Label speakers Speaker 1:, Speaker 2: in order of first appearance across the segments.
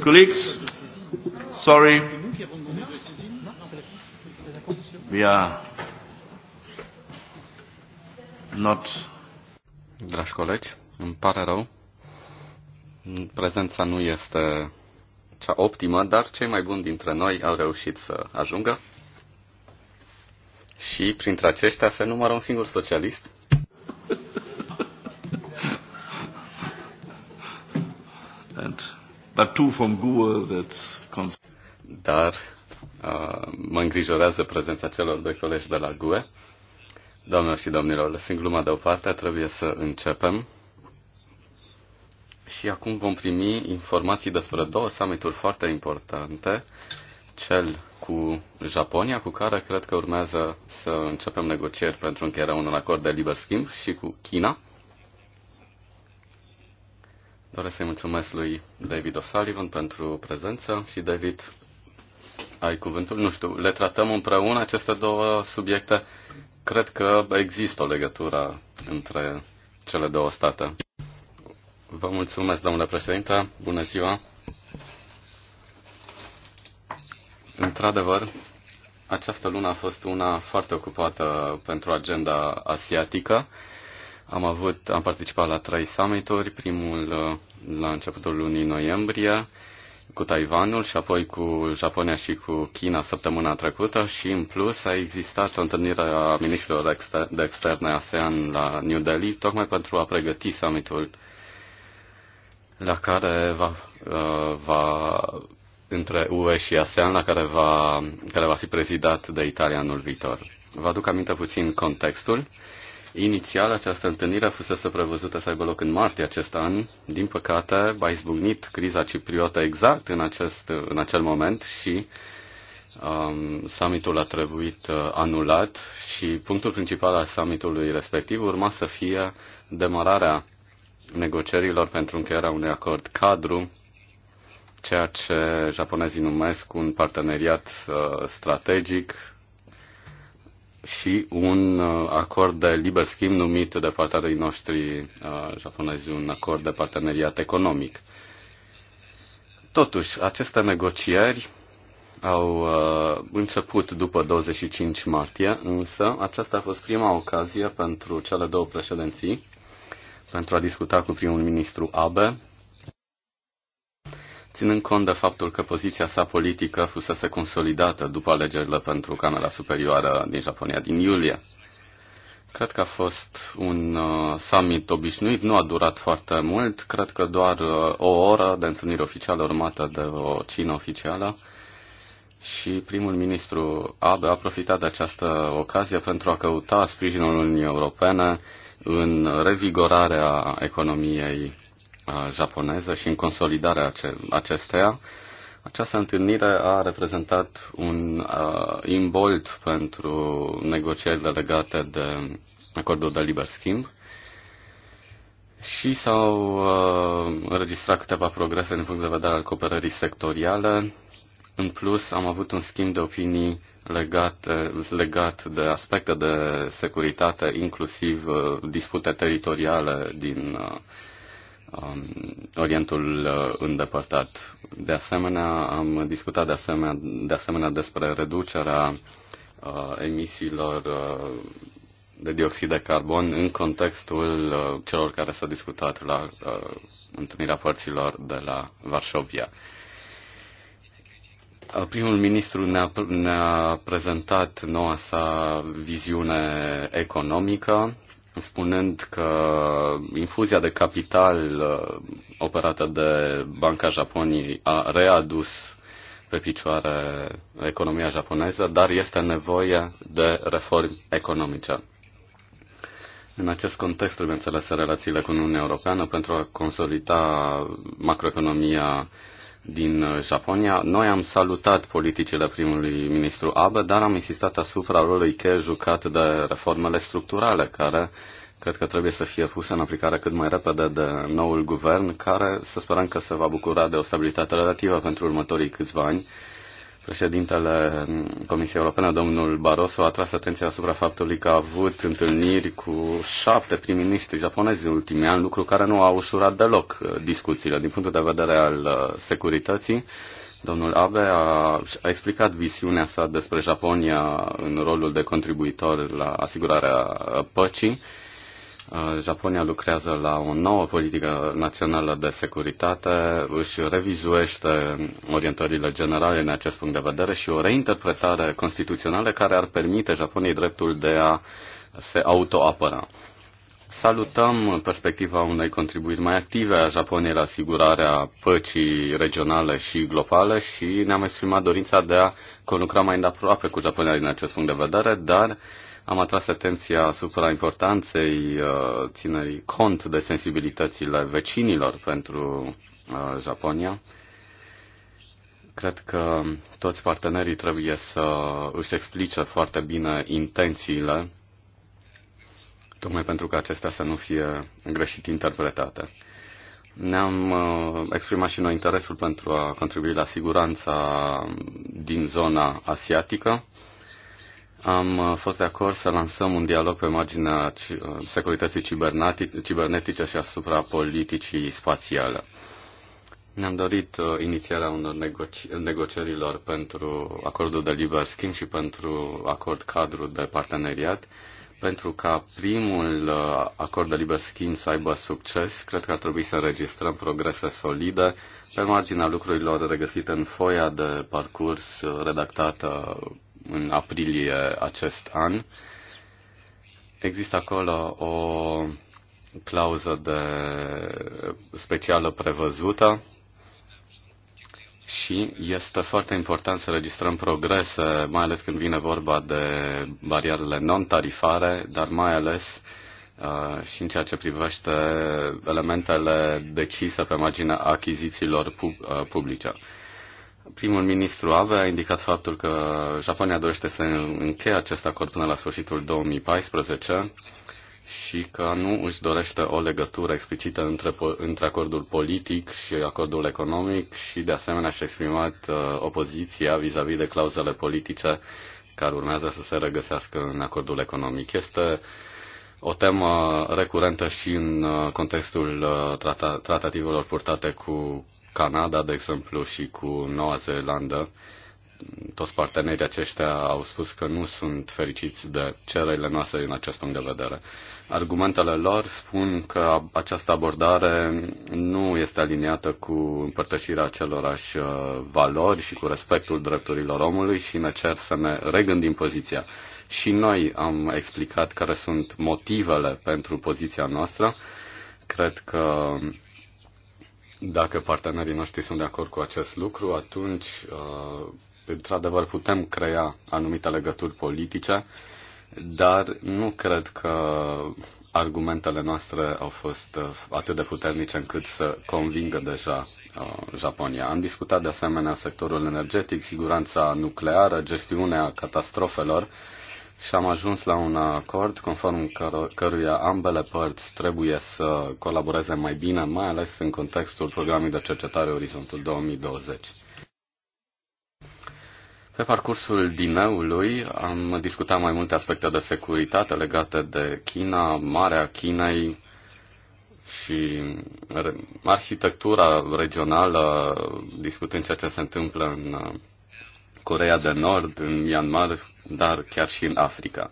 Speaker 1: Colleagues, sorry. We are not. Dragi colegi, îmi pare rău. Prezența nu este cea optimă, dar cei mai buni dintre noi au reușit să ajungă. Și printre aceștia se numără un singur socialist, Dar mă îngrijorează prezența celor doi colegi de la GUE. Doamnelor și domnilor, lăsând gluma deoparte, trebuie să începem. Și acum vom primi informații despre două summituri foarte importante, cel cu Japonia, cu care cred că urmează să începem negocieri pentru încheierea unui acord de liber schimb, și cu China, Doresc să-i mulțumesc lui David O'Sullivan pentru prezență și David, ai cuvântul, nu știu, le tratăm împreună aceste două subiecte. Cred că există o legătură între cele două state. Vă mulțumesc, domnule președinte. Bună ziua. Într-adevăr, această lună a fost una foarte ocupată pentru agenda asiatică. Am, avut, am participat la trei summituri, primul uh, la începutul lunii noiembrie cu Taiwanul și apoi cu Japonia și cu China săptămâna trecută și în plus a existat o întâlnire a ministrilor de, exter- de externe ASEAN la New Delhi tocmai pentru a pregăti summitul la care va, uh, va între UE și ASEAN la care va, care va fi prezidat de Italia anul viitor. Vă aduc aminte puțin contextul. Inițial, această întâlnire fusese prevăzută să aibă loc în martie acest an. Din păcate, a izbucnit criza cipriotă exact în, acest, în acel moment și um, summitul a trebuit uh, anulat și punctul principal al summitului respectiv urma să fie demararea negocierilor pentru încheierea unui acord cadru, ceea ce japonezii numesc un parteneriat uh, strategic și un uh, acord de liber schimb numit de partenerii noștri uh, japonezi un acord de parteneriat economic. Totuși, aceste negocieri au uh, început după 25 martie, însă aceasta a fost prima ocazie pentru cele două președinții pentru a discuta cu primul ministru Abe ținând cont de faptul că poziția sa politică fusese consolidată după alegerile pentru Camera Superioară din Japonia din iulie. Cred că a fost un uh, summit obișnuit, nu a durat foarte mult, cred că doar uh, o oră de întâlnire oficială urmată de o cină oficială și primul ministru Abe a profitat de această ocazie pentru a căuta sprijinul Uniunii Europene în revigorarea economiei japoneză și în consolidarea acesteia. Această întâlnire a reprezentat un uh, imbolt pentru negocierile legate de acordul de liber schimb și s-au uh, înregistrat câteva progrese din punct de vedere al cooperării sectoriale. În plus, am avut un schimb de opinii legat, legat de aspecte de securitate, inclusiv uh, dispute teritoriale din uh, Um, Orientul uh, îndepărtat. De asemenea, am discutat de asemenea, de asemenea despre reducerea uh, emisiilor uh, de dioxid de carbon în contextul celor care s-au discutat la întâlnirea părților de la Varsovia. Primul ministru ne-a, ne, -a, prezentat noua sa viziune economică spunând că infuzia de capital uh, operată de Banca Japoniei a readus pe picioare economia japoneză, dar este nevoie de reformi economice. În acest context trebuie înțeles relațiile cu Uniunea Europeană pentru a consolida macroeconomia din uh, Japonia. Noi am salutat politicile primului ministru Abe, dar am insistat asupra rolului cheie jucat de reformele structurale, care cred că trebuie să fie puse în aplicare cât mai repede de noul guvern, care să sperăm că se va bucura de o stabilitate relativă pentru următorii câțiva ani Președintele Comisiei Europene, domnul Barroso, a tras atenția asupra faptului că a avut întâlniri cu șapte prim-ministri japonezi în ultimii ani, lucru care nu a ușurat deloc uh, discuțiile din punctul de vedere al uh, securității. Domnul Abe a, a explicat visiunea sa despre Japonia în rolul de contribuitor la asigurarea uh, păcii Uh, Japonia lucrează la o nouă politică națională de securitate, își revizuiește orientările generale în acest punct de vedere și o reinterpretare constituțională care ar permite Japoniei dreptul de a se autoapăra. Salutăm perspectiva unei contribuiri mai active a Japoniei la asigurarea păcii regionale și globale și ne-am exprimat dorința de a conlucra mai îndeaproape cu Japonia din acest punct de vedere, dar uh, am atras atenția asupra importanței uh, ținerii cont de sensibilitățile vecinilor pentru uh, Japonia. Cred că toți partenerii trebuie să își explice foarte bine intențiile, tocmai pentru că acestea să nu fie greșit interpretate. Ne-am uh, exprimat și noi interesul pentru a contribui la siguranța din zona asiatică am uh, fost de acord să lansăm un dialog pe marginea uh, securității cibernetice și asupra politicii spațiale. Ne-am dorit uh, inițierea unor negoci- negocierilor pentru acordul de liber schimb și pentru acord cadru de parteneriat. Pentru ca primul acord de liber schimb să aibă succes, cred că ar trebui să înregistrăm progrese solide pe marginea lucrurilor regăsite în foia de parcurs redactată în aprilie acest an. Există acolo o clauză de specială prevăzută și este foarte important să registrăm progrese, mai ales când vine vorba de barierele non-tarifare, dar mai ales uh, și în ceea ce privește elementele decise pe marginea achizițiilor uh, publice. Primul ministru Abe a indicat faptul că Japonia dorește să încheie acest acord până la sfârșitul 2014 și că nu își dorește o legătură explicită între, între acordul politic și acordul economic și de asemenea și-a exprimat uh, opoziția vis-a-vis -vis de clauzele politice care urmează să se regăsească în acordul economic. Este o temă recurentă și în uh, contextul uh, tratativelor purtate cu Canada, de exemplu, și cu Noua Zeelandă, toți partenerii aceștia au spus că nu sunt fericiți de cererile noastre din acest punct de vedere. Argumentele lor spun că această abordare nu este aliniată cu împărtășirea acelorași uh, valori și cu respectul drepturilor omului și ne cer să ne regândim poziția. Și noi am explicat care sunt motivele pentru poziția noastră. Cred că dacă partenerii noștri sunt de acord cu acest lucru, atunci, uh, într-adevăr, putem crea anumite legături politice, dar nu cred că argumentele noastre au fost uh, atât de puternice încât să convingă deja uh, Japonia. Am discutat de asemenea sectorul energetic, siguranța nucleară, gestiunea catastrofelor, și am ajuns la un acord conform căruia ambele părți trebuie să colaboreze mai bine, mai ales în contextul programului de cercetare Orizontul 2020. Pe parcursul dineului am discutat mai multe aspecte de securitate legate de China, Marea Chinei și arhitectura regională, discutând ceea ce se întâmplă în Corea de Nord, în Myanmar, dar chiar și în Africa.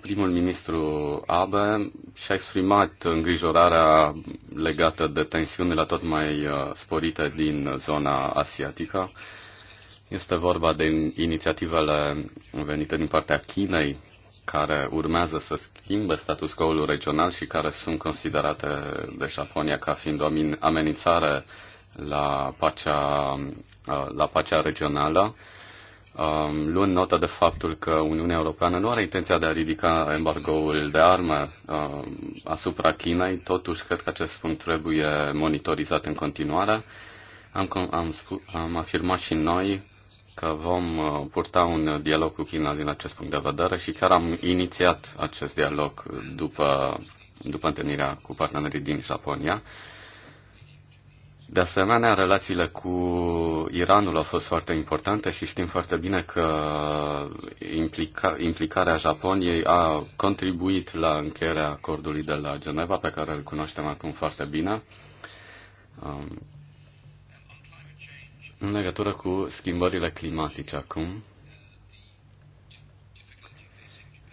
Speaker 1: Primul ministru Abe și-a exprimat îngrijorarea legată de tensiunile tot mai uh, sporite din zona asiatică. Este vorba de inițiativele venite din partea Chinei, care urmează să schimbe status quo-ul regional și care sunt considerate de Japonia ca fiind o amenințare la pacea, uh, la pacea regională. Um, luând notă de faptul că Uniunea Europeană nu are intenția de a ridica embargoul de arme um, asupra Chinei, totuși cred că acest punct trebuie monitorizat în continuare. Am, am, am afirmat și noi că vom uh, purta un dialog cu China din acest punct de vedere și chiar am inițiat acest dialog după, după întâlnirea cu partenerii din Japonia de asemenea, relațiile cu Iranul au fost foarte importante și știm foarte bine că implica, implicarea Japoniei a contribuit la încheierea acordului de la Geneva, pe care îl cunoaștem acum foarte bine. Um, în legătură cu schimbările climatice acum,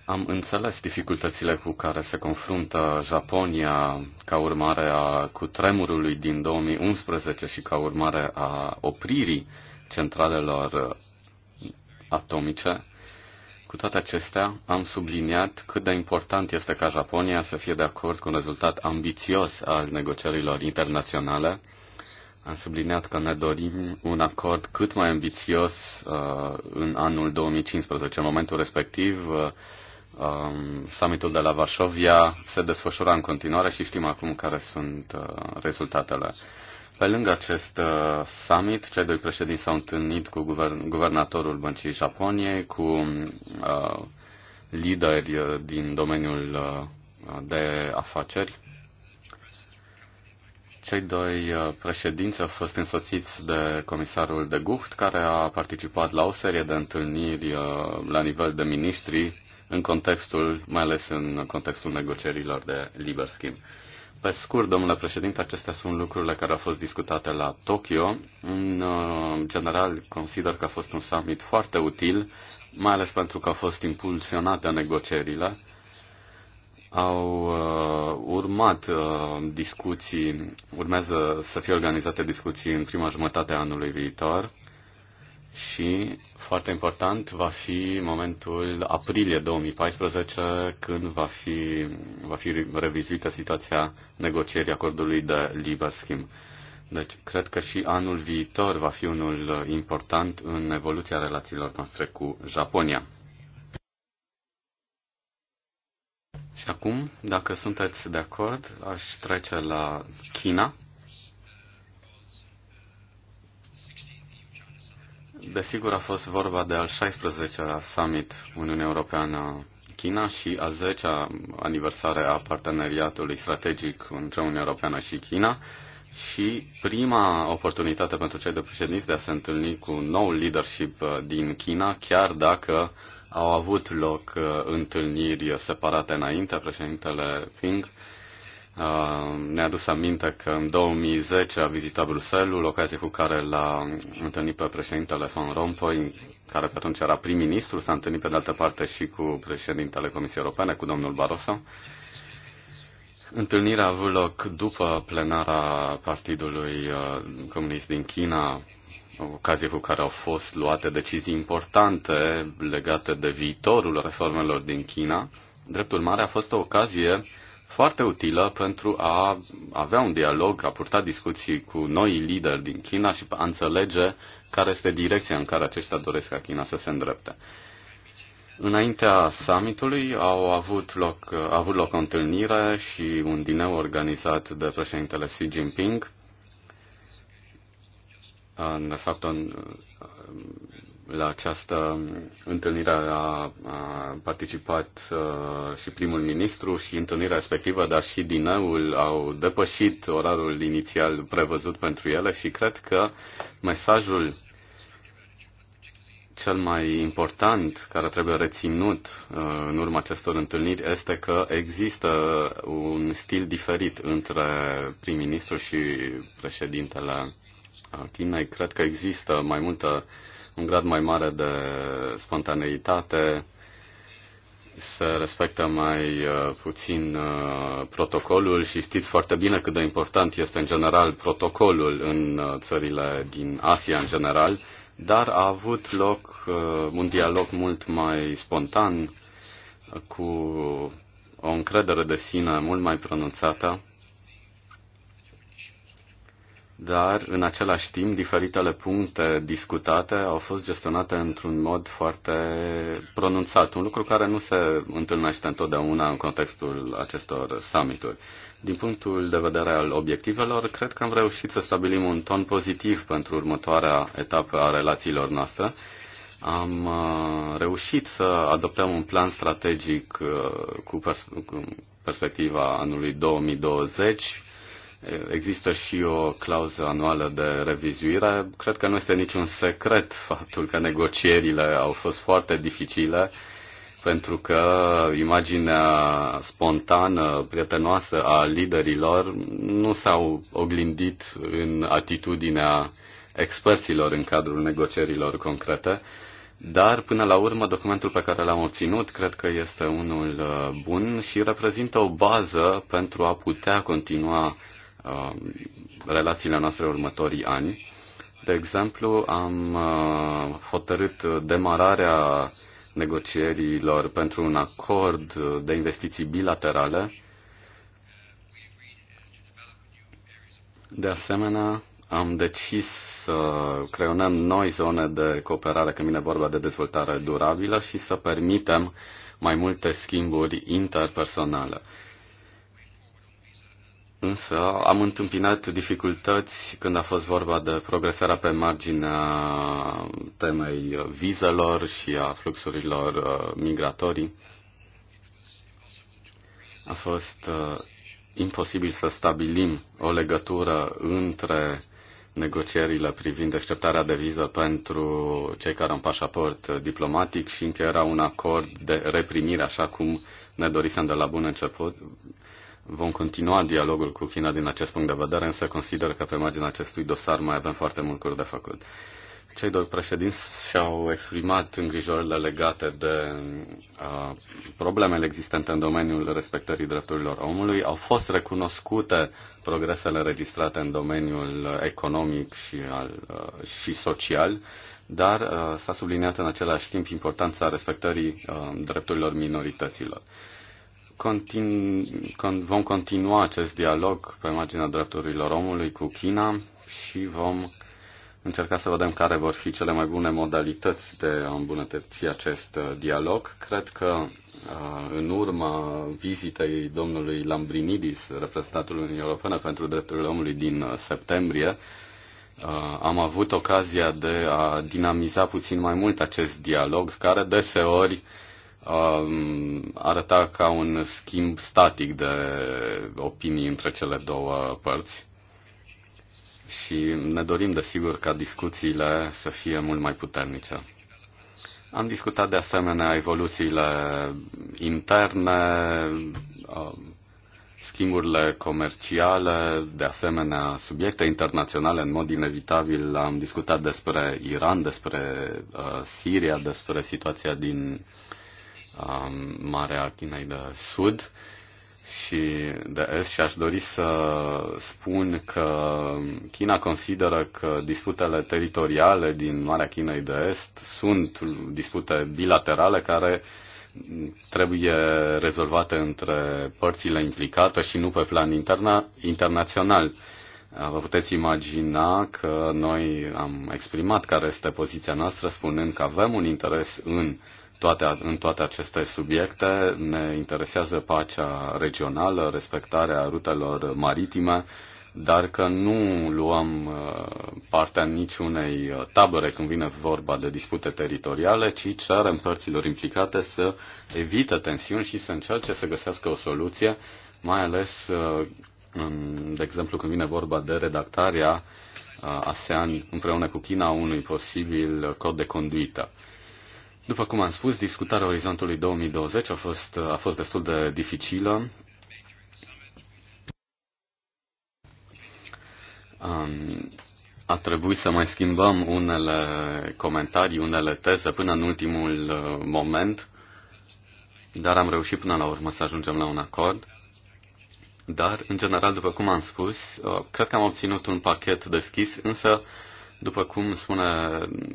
Speaker 1: Am înțeles dificultățile cu care se confruntă Japonia ca urmare a cutremurului din 2011 și ca urmare a opririi centralelor atomice. Cu toate acestea, am subliniat cât de important este ca Japonia să fie de acord cu un rezultat ambițios al negocierilor internaționale. Am subliniat că ne dorim un acord cât mai ambițios uh, în anul 2015. În momentul respectiv, uh, Um, summitul de la Varsovia se desfășura în continuare și știm acum care sunt uh, rezultatele. Pe lângă acest uh, summit, cei doi președinți s-au întâlnit cu guvern, guvernatorul Băncii Japoniei, cu uh, lideri uh, din domeniul uh, de afaceri. Cei doi președinți au fost însoțiți de comisarul de Gucht, care a participat la o serie de întâlniri la nivel de ministri în contextul, mai ales în contextul negocierilor de liber schimb. Pe scurt, domnule președinte, acestea sunt lucrurile care au fost discutate la Tokyo. În uh, general, consider că a fost un summit foarte util, mai ales pentru că au fost impulsionate negocierile. Au uh, urmat uh, discuții, urmează să fie organizate discuții în prima jumătate a anului viitor și, foarte important, va fi momentul aprilie 2014, când va fi, va fi revizuită situația negocierii acordului de liber schimb. Deci, cred că și anul viitor va fi unul important în evoluția relațiilor noastre cu Japonia. Și acum, dacă sunteți de acord, aș trece la China. Desigur a fost vorba de al 16-lea summit Uniunea Europeană China și a 10-a aniversare a parteneriatului strategic între Uniunea Europeană și China și prima oportunitate pentru cei de președinți de a se întâlni cu nou leadership uh, din China, chiar dacă au avut loc uh, întâlniri separate înainte, președintele Ping Uh, ne-a adus aminte că în 2010 a vizitat Bruselul, ocazie cu care l-a întâlnit pe președintele Van Rompuy, care pe atunci era prim-ministru, s-a întâlnit pe de altă parte și cu președintele Comisiei Europene, cu domnul Barroso. Întâlnirea a avut loc după plenara Partidului uh, Comunist din China, ocazie cu care au fost luate decizii importante legate de viitorul reformelor din China. Dreptul mare a fost o ocazie foarte utilă pentru a avea un dialog, a purta discuții cu noi lideri din China și a înțelege care este direcția în care aceștia doresc ca China să se îndrepte. Înaintea summitului au avut loc, a avut loc o întâlnire și un dineu organizat de președintele Xi Jinping. De fapt, la această întâlnire a, participat uh, și primul ministru și întâlnirea respectivă, dar și dineul au depășit orarul inițial prevăzut pentru ele și cred că mesajul cel mai important care trebuie reținut uh, în urma acestor întâlniri este că există un stil diferit între prim-ministru și președintele uh, Chinei. Cred că există mai multă un grad mai mare de spontaneitate, să respectă mai uh, puțin uh, protocolul și știți foarte bine cât de important este în general protocolul în uh, țările din Asia în general, dar a avut loc un dialog mult mai spontan cu o încredere de sine mult mai pronunțată dar în același timp diferitele puncte discutate au fost gestionate într-un mod foarte pronunțat, un lucru care nu se întâlnește întotdeauna în contextul acestor summituri. Din punctul de vedere al obiectivelor, cred că am reușit să stabilim un ton pozitiv pentru următoarea etapă a relațiilor noastre. Am uh, reușit să adoptăm un plan strategic uh, cu perspectiva anului 2020 Există și o clauză anuală de revizuire. Cred că nu este niciun secret faptul că negocierile au fost foarte dificile pentru că imaginea spontană, prietenoasă a liderilor nu s-au oglindit în atitudinea experților în cadrul negocierilor concrete, dar până la urmă documentul pe care l-am obținut cred că este unul uh, bun și reprezintă o bază pentru a putea continua Um, relațiile noastre următorii ani. De exemplu, am uh, hotărât demararea negocierilor pentru un acord de investiții bilaterale. De asemenea, am decis să creionăm noi zone de cooperare când vine vorba de dezvoltare durabilă și să permitem mai multe schimburi interpersonale. Însă am întâmpinat dificultăți când a fost vorba de progresarea pe marginea temei vizelor și a fluxurilor uh, migratorii. A fost uh, imposibil să stabilim o legătură între negocierile privind acceptarea de viză pentru cei care au un pașaport diplomatic și era un acord de reprimire, așa cum ne dorisem de la bun început, Vom continua dialogul cu China din acest punct de vedere, însă consider că pe marginea acestui dosar mai avem foarte mult de făcut. Cei doi președinți și-au exprimat îngrijorările legate de uh, problemele existente în domeniul respectării drepturilor omului. Au fost recunoscute progresele registrate în domeniul economic și, al, uh, și social, dar uh, s-a subliniat în același timp importanța respectării uh, drepturilor minorităților. Uh, continu, vom continua acest dialog pe marginea drepturilor omului cu China și vom încerca să vedem care vor fi cele mai bune modalități de a îmbunătăți acest uh, dialog. Cred că uh, în urma vizitei domnului Lambrinidis, reprezentantul Uniunii Europene pentru drepturile omului din uh, septembrie, am avut ocazia de a dinamiza puțin mai mult acest dialog, care deseori um, arăta ca un schimb static de opinii între cele două părți și ne dorim, desigur, ca discuțiile să fie mult mai puternice. Am discutat de asemenea evoluțiile interne, um, schimburile comerciale, de asemenea subiecte internaționale, în mod inevitabil am discutat despre Iran, despre uh, Siria, despre situația din Marea Chinei de Sud și de Est și aș dori să spun că China consideră că disputele teritoriale din Marea Chinei de Est sunt dispute bilaterale care trebuie rezolvate între părțile implicate și nu pe plan interna- internațional. Vă puteți imagina că noi am exprimat care este poziția noastră spunând că avem un interes în uh, toate, în toate aceste subiecte. Ne interesează pacea regională, respectarea rutelor maritime, dar că nu luăm uh, partea niciunei uh, tabere când vine vorba de dispute teritoriale, ci cerem părților implicate să evite tensiuni și să încerce să găsească o soluție, mai ales, uh, de exemplu, când vine vorba de redactarea ASEAN împreună cu China unui posibil cod de conduită. După cum am spus, discutarea orizontului 2020 a fost, a fost destul de dificilă. Um, a trebuit să mai schimbăm unele comentarii, unele teze până în ultimul uh, moment, dar am reușit până la urmă să ajungem la un acord. Dar, în general, după cum am spus, uh, cred că am obținut un pachet deschis, însă după cum spune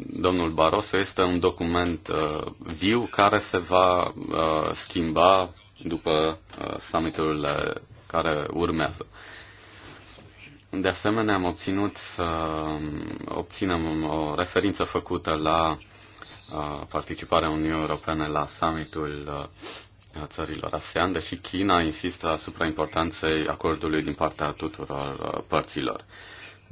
Speaker 1: domnul Barroso, este un document uh, viu care se va uh, schimba după uh, summiturile care urmează. De asemenea, am obținut să um, obținem o referință făcută la uh, participarea Uniunii Europene la summitul uh, țărilor ASEAN, deși China insistă asupra importanței acordului din partea tuturor uh, părților.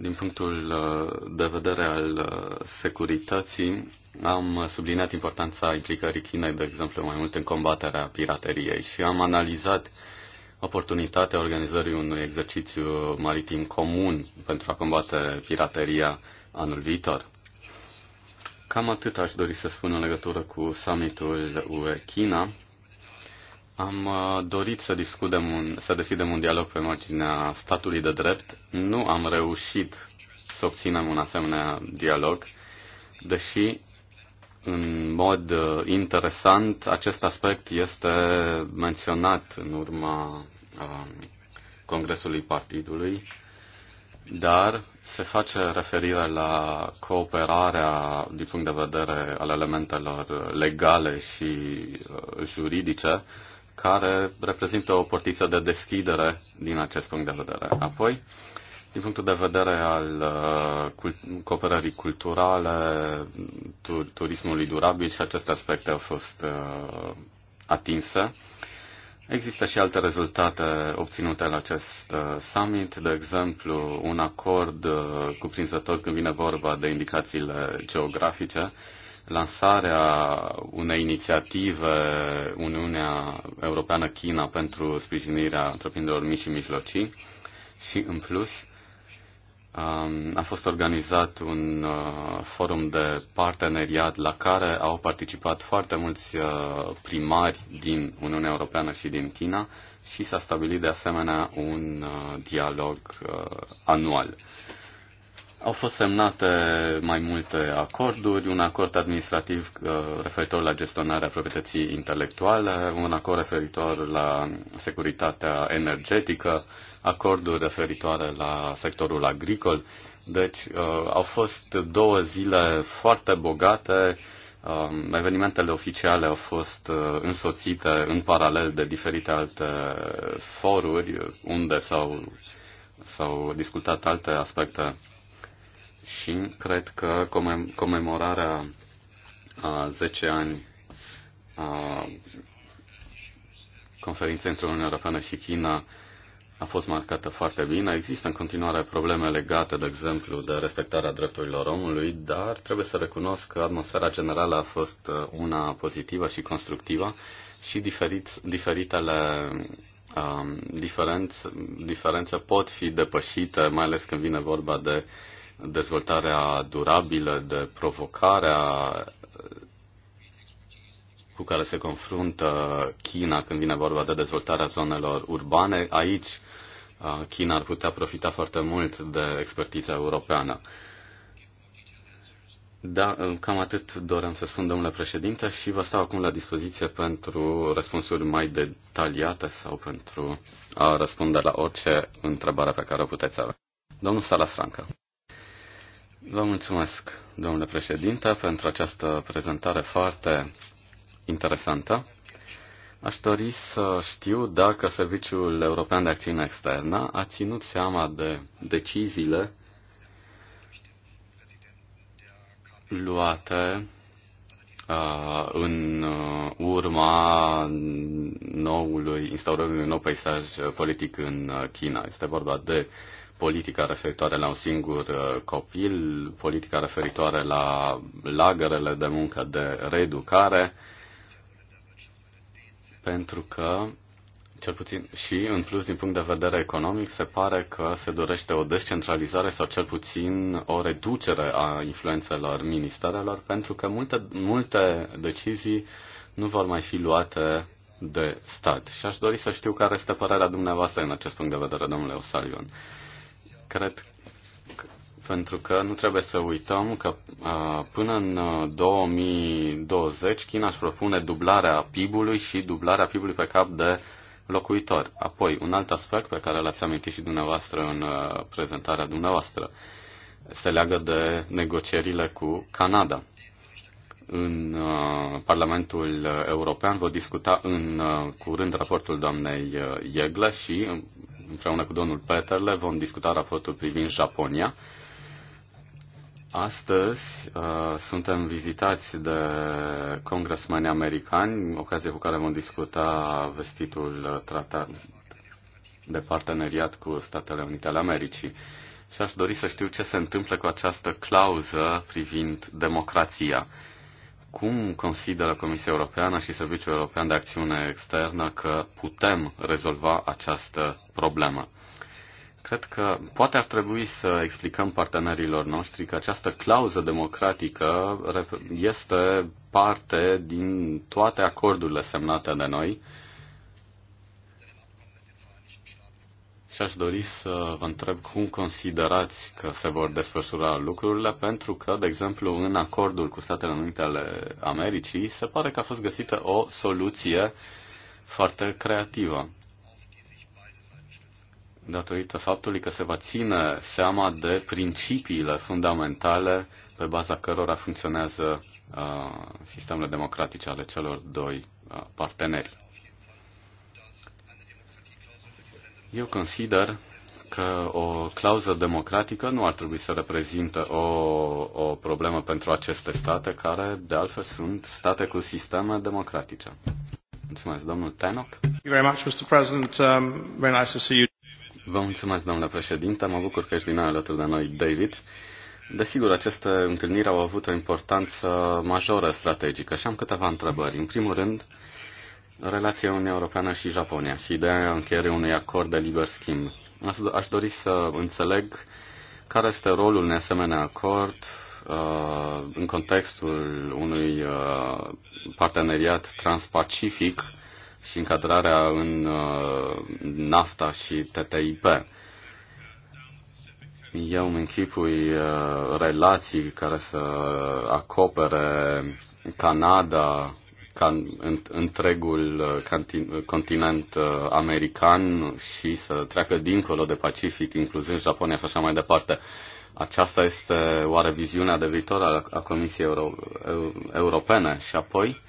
Speaker 1: Din punctul uh, de vedere al uh, securității, am subliniat importanța implicării Chinei, de exemplu, mai mult în combaterea pirateriei și am analizat oportunitatea organizării unui exercițiu maritim comun pentru a combate pirateria anul viitor. Cam atât aș dori să spun în legătură cu summitul UE-China am uh, dorit să discutăm un, să deschidem un dialog pe marginea statului de drept. Nu am reușit să obținem un asemenea dialog, deși în mod uh, interesant acest aspect este menționat în urma uh, Congresului Partidului, dar se face referire la cooperarea din punct de vedere al elementelor legale și juridice care reprezintă o portiță de deschidere din acest punct de vedere. Apoi, din punctul de vedere al uh, cooperării culturale, turismului durabil și aceste aspecte au fost uh, atinse. Există și alte rezultate obținute la acest uh, summit, de exemplu un acord cuprinzător când vine vorba de indicațiile geografice, lansarea unei inițiative Uniunea Europeană-China pentru sprijinirea întreprinderilor mici și mijlocii și, în plus, um, a fost organizat un uh, forum de parteneriat la care au participat foarte mulți uh, primari din Uniunea Europeană și din China și s-a stabilit de asemenea un uh, dialog anual. Au fost semnate mai multe acorduri, un acord administrativ uh, referitor la gestionarea proprietății intelectuale, un acord referitor la securitatea energetică, acorduri referitoare la sectorul agricol. Deci uh, au fost două zile foarte bogate. Um, evenimentele oficiale au fost uh, însoțite în paralel de diferite alte foruri unde s-au, s-au discutat alte aspecte și cred că comem- comemorarea a 10 ani a conferinței între Uniunea Europeană și China a fost marcată foarte bine. Există în continuare probleme legate, de exemplu, de respectarea drepturilor omului, dar trebuie să recunosc că atmosfera generală a fost una pozitivă și constructivă și diferit, diferitele um, diferențe, diferențe pot fi depășite, mai ales când vine vorba de uh, dezvoltarea durabilă, de provocarea cu care se confruntă China când vine vorba de dezvoltarea zonelor urbane. Aici China ar putea profita foarte mult de expertiza europeană. Da, cam atât doream să spun, domnule președinte, și vă stau acum la dispoziție pentru răspunsuri mai detaliate sau pentru a răspunde la orice întrebare pe care o puteți avea. Domnul Sala Franca. Vă mulțumesc, domnule președinte, pentru această prezentare foarte interesantă. Aș dori să știu dacă Serviciul European de Acțiune Externă a ținut seama de deciziile luate în uh, urma noului, instaurării unui nou peisaj politic în China. Este vorba de uh, politica referitoare la un singur uh, copil, politica referitoare la lagărele de muncă de reeducare, pentru că, cel puțin și în plus din punct de vedere economic, se pare că se dorește o descentralizare sau cel puțin o reducere a influențelor ministerelor, pentru că multe, multe decizii nu vor mai fi luate de stat. Și aș dori să știu care este părerea dumneavoastră în acest punct de vedere, domnule Osalion. Cred pentru că nu trebuie să uităm că uh, până în 2020 uh, China își propune dublarea PIB-ului și dublarea PIB-ului pe cap de locuitor. Apoi, un alt aspect pe care l-ați amintit și dumneavoastră în uh, prezentarea dumneavoastră se leagă de negocierile cu Canada în uh, Parlamentul European. vor discuta în uh, curând raportul doamnei uh, Iegle și împreună cu domnul Peterle vom discuta raportul privind Japonia. Astăzi uh, suntem vizitați de congresmeni americani, ocazie cu care vom discuta vestitul tratat de parteneriat cu Statele Unite ale Americii. Și aș dori să știu ce se întâmplă cu această clauză privind democrația. Cum consideră Comisia Europeană și Serviciul European de Acțiune Externă că putem rezolva această problemă? Cred că poate ar trebui să explicăm partenerilor noștri că această clauză democratică este parte din toate acordurile semnate de noi Și aș dori să vă întreb cum considerați că se vor desfășura lucrurile, pentru că, de exemplu, în acordul cu Statele Unite ale Americii, se pare că a fost găsită o soluție foarte creativă. Datorită faptului că se va ține seama de principiile fundamentale pe baza cărora funcționează uh, sistemele democratice ale celor doi uh, parteneri. Eu consider că o clauză democratică nu ar trebui să reprezintă o, o problemă pentru aceste state, care de altfel sunt state cu sisteme democratice. Mulțumesc, domnul Tenok. Um, Vă mulțumesc, domnule președinte. Mă bucur că ești din nou alături de noi, David. Desigur, aceste întâlniri au avut o importanță majoră strategică și am câteva întrebări. În primul rând, relația Uniunea Europeană și Japonia și ideea încheierii unui acord de liber schimb. Aș dori să înțeleg care este rolul unui asemenea acord uh, în contextul unui uh, parteneriat transpacific și încadrarea în uh, NAFTA și TTIP. Eu îmi închipui relații care să acopere Canada, can, întregul uh, cantin, uh, continent uh, american și să treacă dincolo de Pacific, incluzând Japonia și așa mai departe. Aceasta este oare viziunea de viitor a, a Comisiei Euro, Europene și apoi,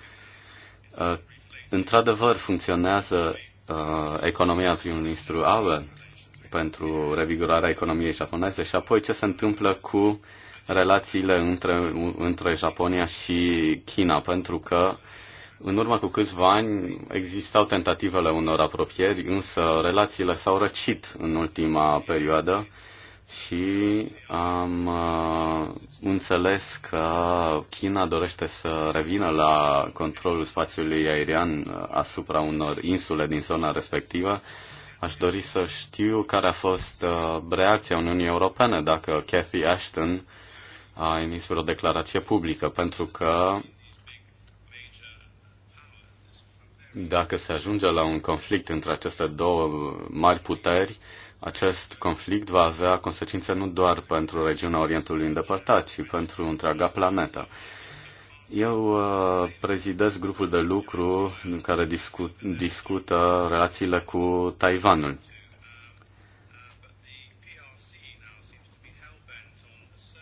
Speaker 1: într-adevăr, funcționează economia prin ministru Abe pentru revigorarea economiei japoneze și apoi ce se întâmplă cu relațiile între, între Japonia și China, pentru că în urmă cu câțiva ani existau tentativele unor apropieri, însă relațiile s-au răcit în ultima perioadă și am uh, înțeles că China dorește să revină la controlul spațiului aerian uh, asupra unor insule din zona respectivă. Aș dori să știu care a fost uh, reacția Uniunii Europene dacă Cathy Ashton a emis vreo declarație publică, pentru că Dacă se ajunge la un conflict între aceste două mari puteri, acest conflict va avea consecințe nu doar pentru regiunea Orientului îndepărtat, ci pentru întreaga planetă. Eu uh, prezidez grupul de lucru în care discu- discută relațiile cu Taiwanul.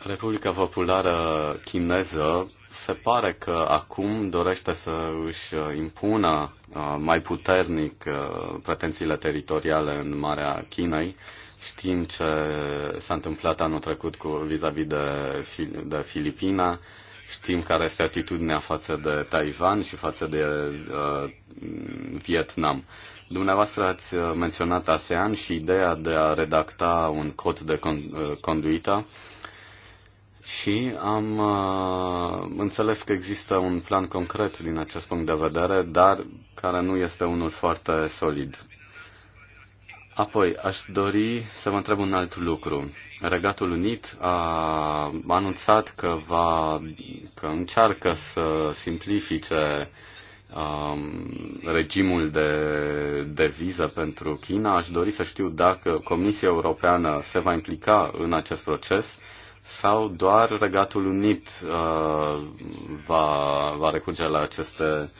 Speaker 1: Republica Populară Chineză se pare că acum dorește să își uh, impună uh, mai puternic uh, pretențiile teritoriale în Marea Chinei. Știm ce s-a întâmplat anul trecut cu vis-a-vis -vis de, de Filipina, știm care este atitudinea față de Taiwan și față de uh, Vietnam. Dumneavoastră ați menționat ASEAN și ideea de a redacta un cod de conduită. Uh, și am uh, înțeles că există un plan concret din acest punct de vedere, dar care nu este unul foarte solid. Apoi, aș dori să vă întreb un alt lucru. Regatul Unit a anunțat că, va, că încearcă să simplifice um, regimul de, de viză pentru China. Aș dori să știu dacă Comisia Europeană se va implica în acest proces sau doar Regatul Unit uh, va, va recurge la aceste,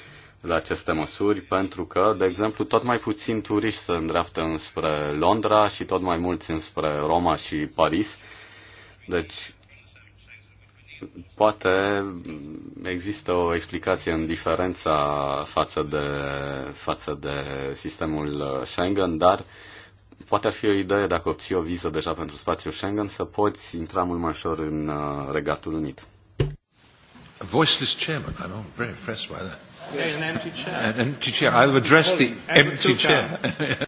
Speaker 1: la aceste măsuri, pentru că, de exemplu, tot mai puțin turiști se îndreaptă înspre Londra și tot mai mulți înspre Roma și Paris. Deci, poate există o explicație în diferența față de, față de sistemul Schengen, dar uh, poate ar fi o idee dacă obții o viză deja pentru spațiul Schengen să poți intra mult mai ușor în uh, Regatul Unit. A voiceless chairman. I'm I'm very impressed by that.
Speaker 2: There's an empty chair. An empty chair. I'll address the empty chair.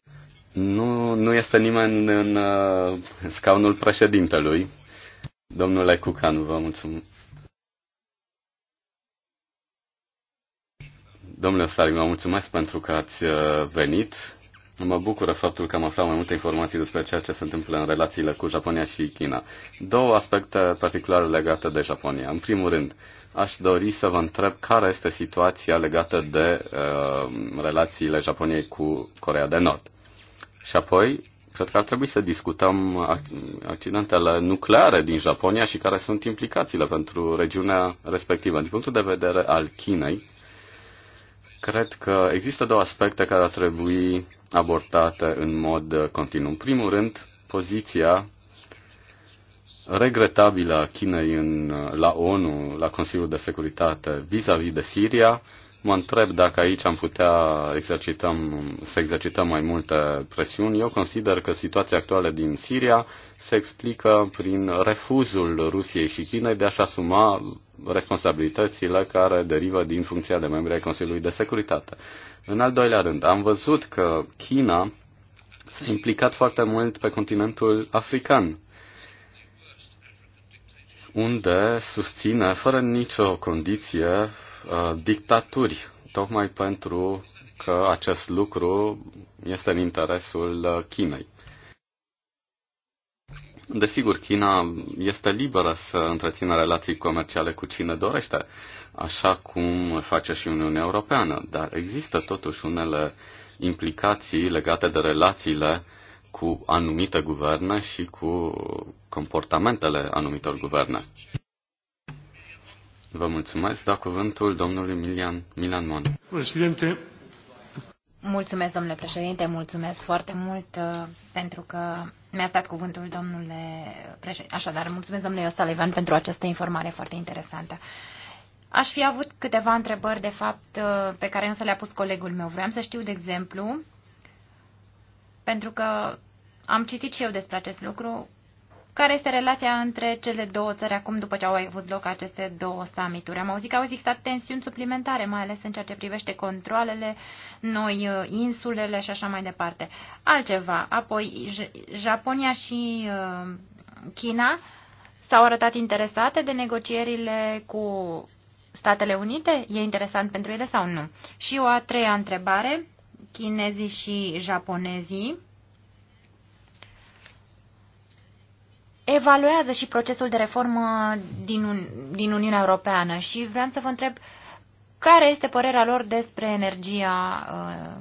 Speaker 1: nu, nu este nimeni în uh, scaunul președintelui. Domnule Cucan, vă mulțumesc. Domnule Salim, vă mulțumesc pentru că ați uh, venit. Mă bucură faptul că am aflat mai multe informații despre ceea ce se întâmplă în relațiile cu Japonia și China. Două aspecte particulare legate de Japonia. În primul rând, aș dori să vă întreb care este situația legată de uh, relațiile Japoniei cu Corea de Nord. Și apoi, cred că ar trebui să discutăm accidentele nucleare din Japonia și care sunt implicațiile pentru regiunea respectivă. Din punctul de vedere al Chinei, cred că există două aspecte care ar trebui abortată în mod continuu. În primul rând, poziția regretabilă a Chinei în, la ONU, la Consiliul de Securitate, vis-a-vis -vis de Siria, mă întreb dacă aici am putea exercităm, să exercităm mai multe presiuni. Eu consider că situația actuală din Siria se explică prin refuzul Rusiei și Chinei de a-și asuma responsabilitățile care derivă din funcția de membri ai Consiliului de Securitate. În al doilea rând, am văzut că China s-a implicat foarte mult pe continentul african, unde susține, fără nicio condiție, uh, dictaturi, tocmai pentru că acest lucru este în interesul uh, Chinei. Desigur, China este liberă să întrețină relații comerciale cu cine dorește, așa cum face și Uniunea Europeană, dar există totuși unele implicații legate de relațiile cu anumite guverne și cu comportamentele anumitor guverne. Vă mulțumesc, da cuvântul domnului Milian, Milan Mon. Președinte,
Speaker 3: Mulțumesc, domnule președinte, mulțumesc foarte mult uh, pentru că mi-a dat cuvântul, domnule președinte. Așadar, mulțumesc, domnule Ivan pentru această informare foarte interesantă. Aș fi avut câteva întrebări, de fapt, uh, pe care însă le-a pus colegul meu. Vreau să știu, de exemplu, pentru că am citit și eu despre acest lucru, care este relația între cele două țări acum după ce au avut loc aceste două summituri? Am auzit că au existat tensiuni suplimentare, mai ales în ceea ce privește controlele, noi uh, insulele și așa mai departe. Altceva, apoi Japonia și uh, China s-au arătat interesate de negocierile cu Statele Unite? E interesant pentru ele sau nu? Și o a treia întrebare, chinezii și japonezii evaluează și procesul de reformă din, Un- din Uniunea Europeană și vreau să vă întreb care este părerea lor despre energia uh,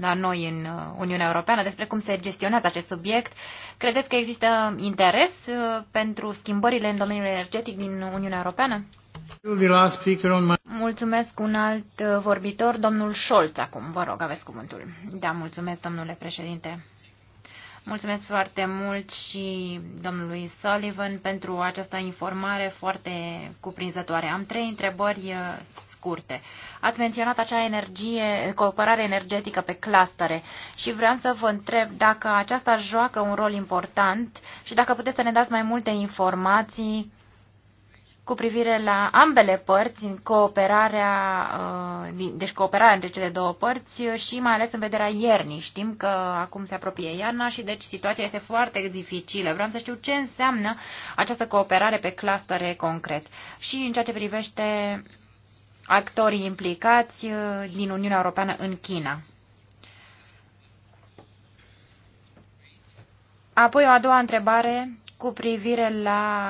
Speaker 3: la noi în uh, Uniunea Europeană, despre cum se gestionează acest subiect. Credeți că există interes uh, pentru schimbările în domeniul energetic din Uniunea Europeană? Mulțumesc un alt uh, vorbitor, domnul Scholz, acum. Vă rog, aveți cuvântul. Da, mulțumesc, domnule președinte. Mulțumesc foarte mult și domnului Sullivan pentru această informare foarte cuprinzătoare. Am trei întrebări uh, scurte. Ați menționat acea energie, cooperare energetică pe clastere și vreau să vă întreb dacă aceasta joacă un rol important și dacă puteți să ne dați mai multe informații cu privire la ambele părți, în cooperarea, uh, deci cooperarea între cele două părți uh, și mai ales în vederea iernii. Știm că acum se apropie iarna și deci situația este foarte dificilă. Vreau să știu ce înseamnă această cooperare pe clastere concret. Și în ceea ce privește actorii implicați uh, din Uniunea Europeană în China. Apoi o a doua întrebare cu privire la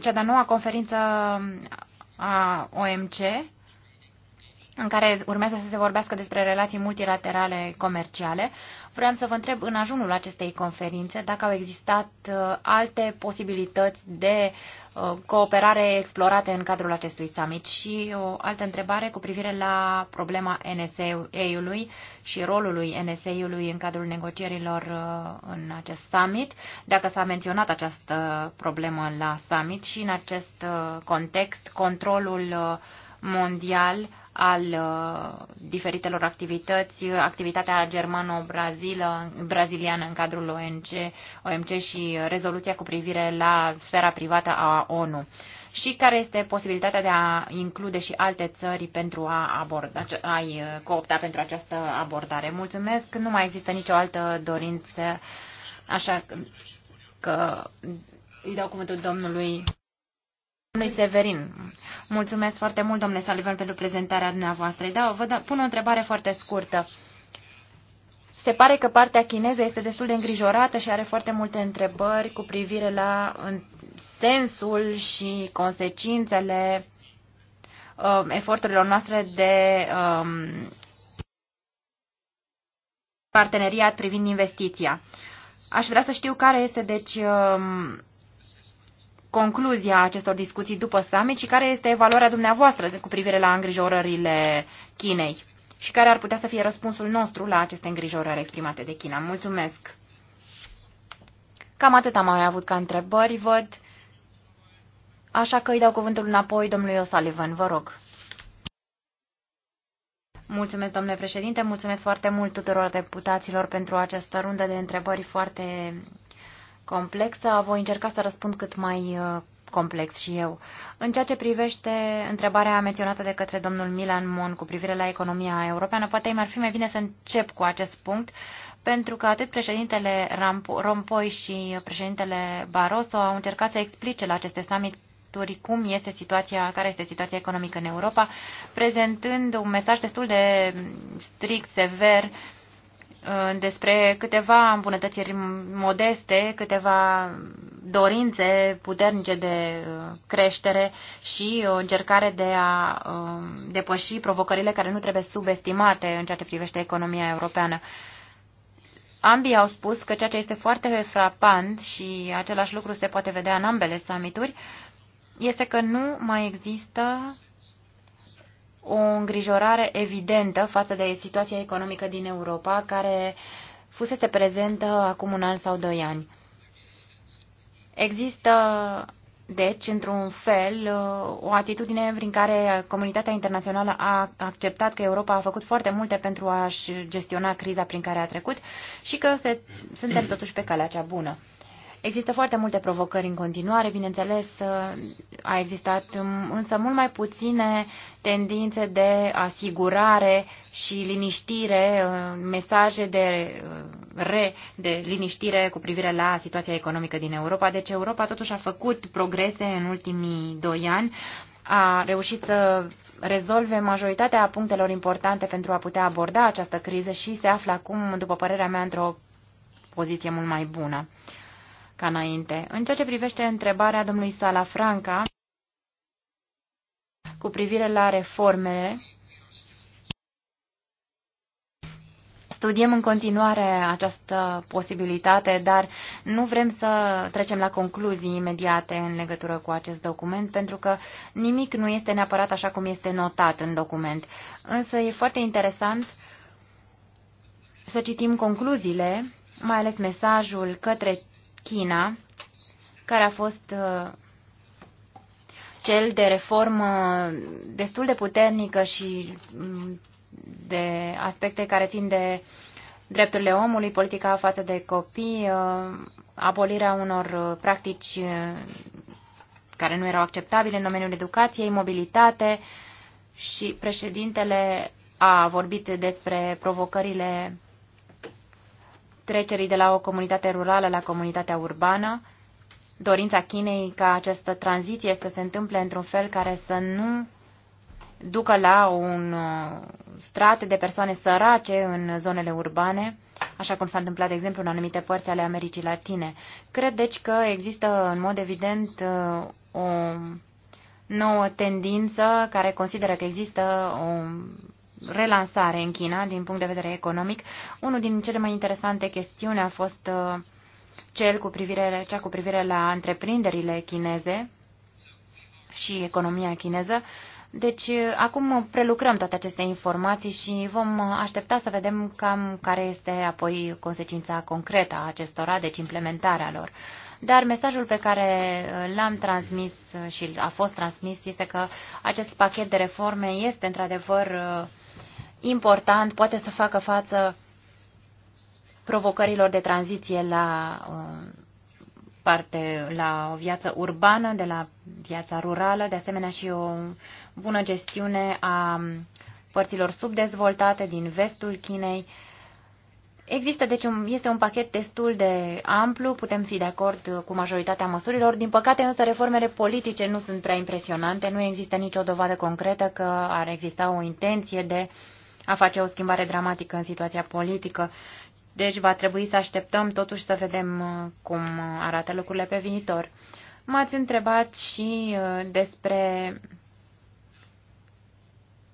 Speaker 3: cea de-a noua conferință a OMC în care urmează să se vorbească despre relații multilaterale comerciale. Vreau să vă întreb în ajunul acestei conferințe dacă au existat uh, alte posibilități de uh, cooperare explorate în cadrul acestui summit și o altă întrebare cu privire la problema NSA-ului și rolului NSA-ului în cadrul negocierilor uh, în acest summit, dacă s-a menționat această problemă la summit și în acest context controlul mondial al uh, diferitelor activități, activitatea germano-braziliană în cadrul ONG, OMC și rezoluția cu privire la sfera privată a ONU și care este posibilitatea de a include și alte țări pentru a aborda, ai coopta pentru această abordare. Mulțumesc, nu mai există nicio altă dorință, așa că îi dau cuvântul domnului Domnului Severin, mulțumesc foarte mult, domnule Salivan, pentru prezentarea dumneavoastră. Da, vă pun o întrebare foarte scurtă. Se pare că partea chineză este destul de îngrijorată și are foarte multe întrebări cu privire la sensul și consecințele uh, eforturilor noastre de um, parteneriat privind investiția. Aș vrea să știu care este, deci, um, concluzia acestor discuții după summit și care este evaluarea dumneavoastră cu privire la îngrijorările Chinei și care ar putea să fie răspunsul nostru la aceste îngrijorări exprimate de China. Mulțumesc! Cam atât am mai avut ca întrebări, văd. Așa că îi dau cuvântul înapoi domnului O'Sullivan, vă rog. Mulțumesc, domnule președinte, mulțumesc foarte mult tuturor deputaților pentru această rundă de întrebări foarte complexă, voi încerca să răspund cât mai uh, complex și eu. În ceea ce privește întrebarea menționată de către domnul Milan Mon cu privire la economia europeană, poate mi-ar fi mai bine să încep cu acest punct, pentru că atât președintele Rompoi și președintele Barroso au încercat să explice la aceste summit cum este situația, care este situația economică în Europa, prezentând un mesaj destul de strict, sever, Uh, despre câteva îmbunătățiri modeste, câteva dorințe puternice de uh, creștere și o încercare de a uh, depăși provocările care nu trebuie subestimate în ceea ce privește economia europeană. Ambii au spus că ceea ce este foarte frapant și același lucru se poate vedea în ambele summituri este că nu mai există o îngrijorare evidentă față de situația economică din Europa, care fusese prezentă acum un an sau doi ani. Există, deci, într-un fel, o atitudine prin care comunitatea internațională a acceptat că Europa a făcut foarte multe pentru a-și gestiona criza prin care a trecut și că se, suntem totuși pe calea cea bună. Există foarte multe provocări în continuare, bineînțeles, uh, a existat um, însă mult mai puține tendințe de asigurare și liniștire, uh, mesaje de uh, re, de liniștire cu privire la situația economică din Europa. Deci Europa totuși a făcut progrese în ultimii doi ani, a reușit să rezolve majoritatea punctelor importante pentru a putea aborda această criză și se află acum, după părerea mea, într-o poziție mult mai bună ca înainte. În ceea ce privește întrebarea domnului Salafranca cu privire la reformele, studiem în continuare această posibilitate, dar nu vrem să trecem la concluzii imediate în legătură cu acest document, pentru că nimic nu este neapărat așa cum este notat în document. Însă e foarte interesant să citim concluziile, mai ales mesajul către China, care a fost uh, cel de reformă destul de puternică și mm, de aspecte care țin de drepturile omului, politica față de copii, uh, abolirea unor uh, practici care nu erau acceptabile în domeniul educației, mobilitate și președintele a vorbit despre provocările trecerii de la o comunitate rurală la comunitatea urbană, dorința Chinei ca această tranziție să se întâmple într-un fel care să nu ducă la un uh, strat de persoane sărace în zonele urbane, așa cum s-a întâmplat, de exemplu, în anumite părți ale Americii Latine. Cred, deci, că există, în mod evident, uh, o nouă tendință care consideră că există o relansare în China din punct de vedere economic. Unul din cele mai interesante chestiuni a fost uh, cel cu privire, cea cu privire la întreprinderile chineze și economia chineză. Deci uh, acum prelucrăm toate aceste informații și vom uh, aștepta să vedem cam care este apoi consecința concretă a acestora, deci implementarea lor. Dar mesajul pe care l-am transmis și a fost transmis este că acest pachet de reforme este într-adevăr uh, important, poate să facă față provocărilor de tranziție la, um, parte, la o viață urbană, de la viața rurală, de asemenea și o bună gestiune a părților subdezvoltate din vestul Chinei. Există, deci, un, este un pachet destul de amplu, putem fi de acord cu majoritatea măsurilor. Din păcate, însă, reformele politice nu sunt prea impresionante, nu există nicio dovadă concretă că ar exista o intenție de uh, a face o schimbare dramatică în situația politică. Deci va trebui să așteptăm totuși să vedem uh, cum arată lucrurile pe viitor. M-ați întrebat și uh, despre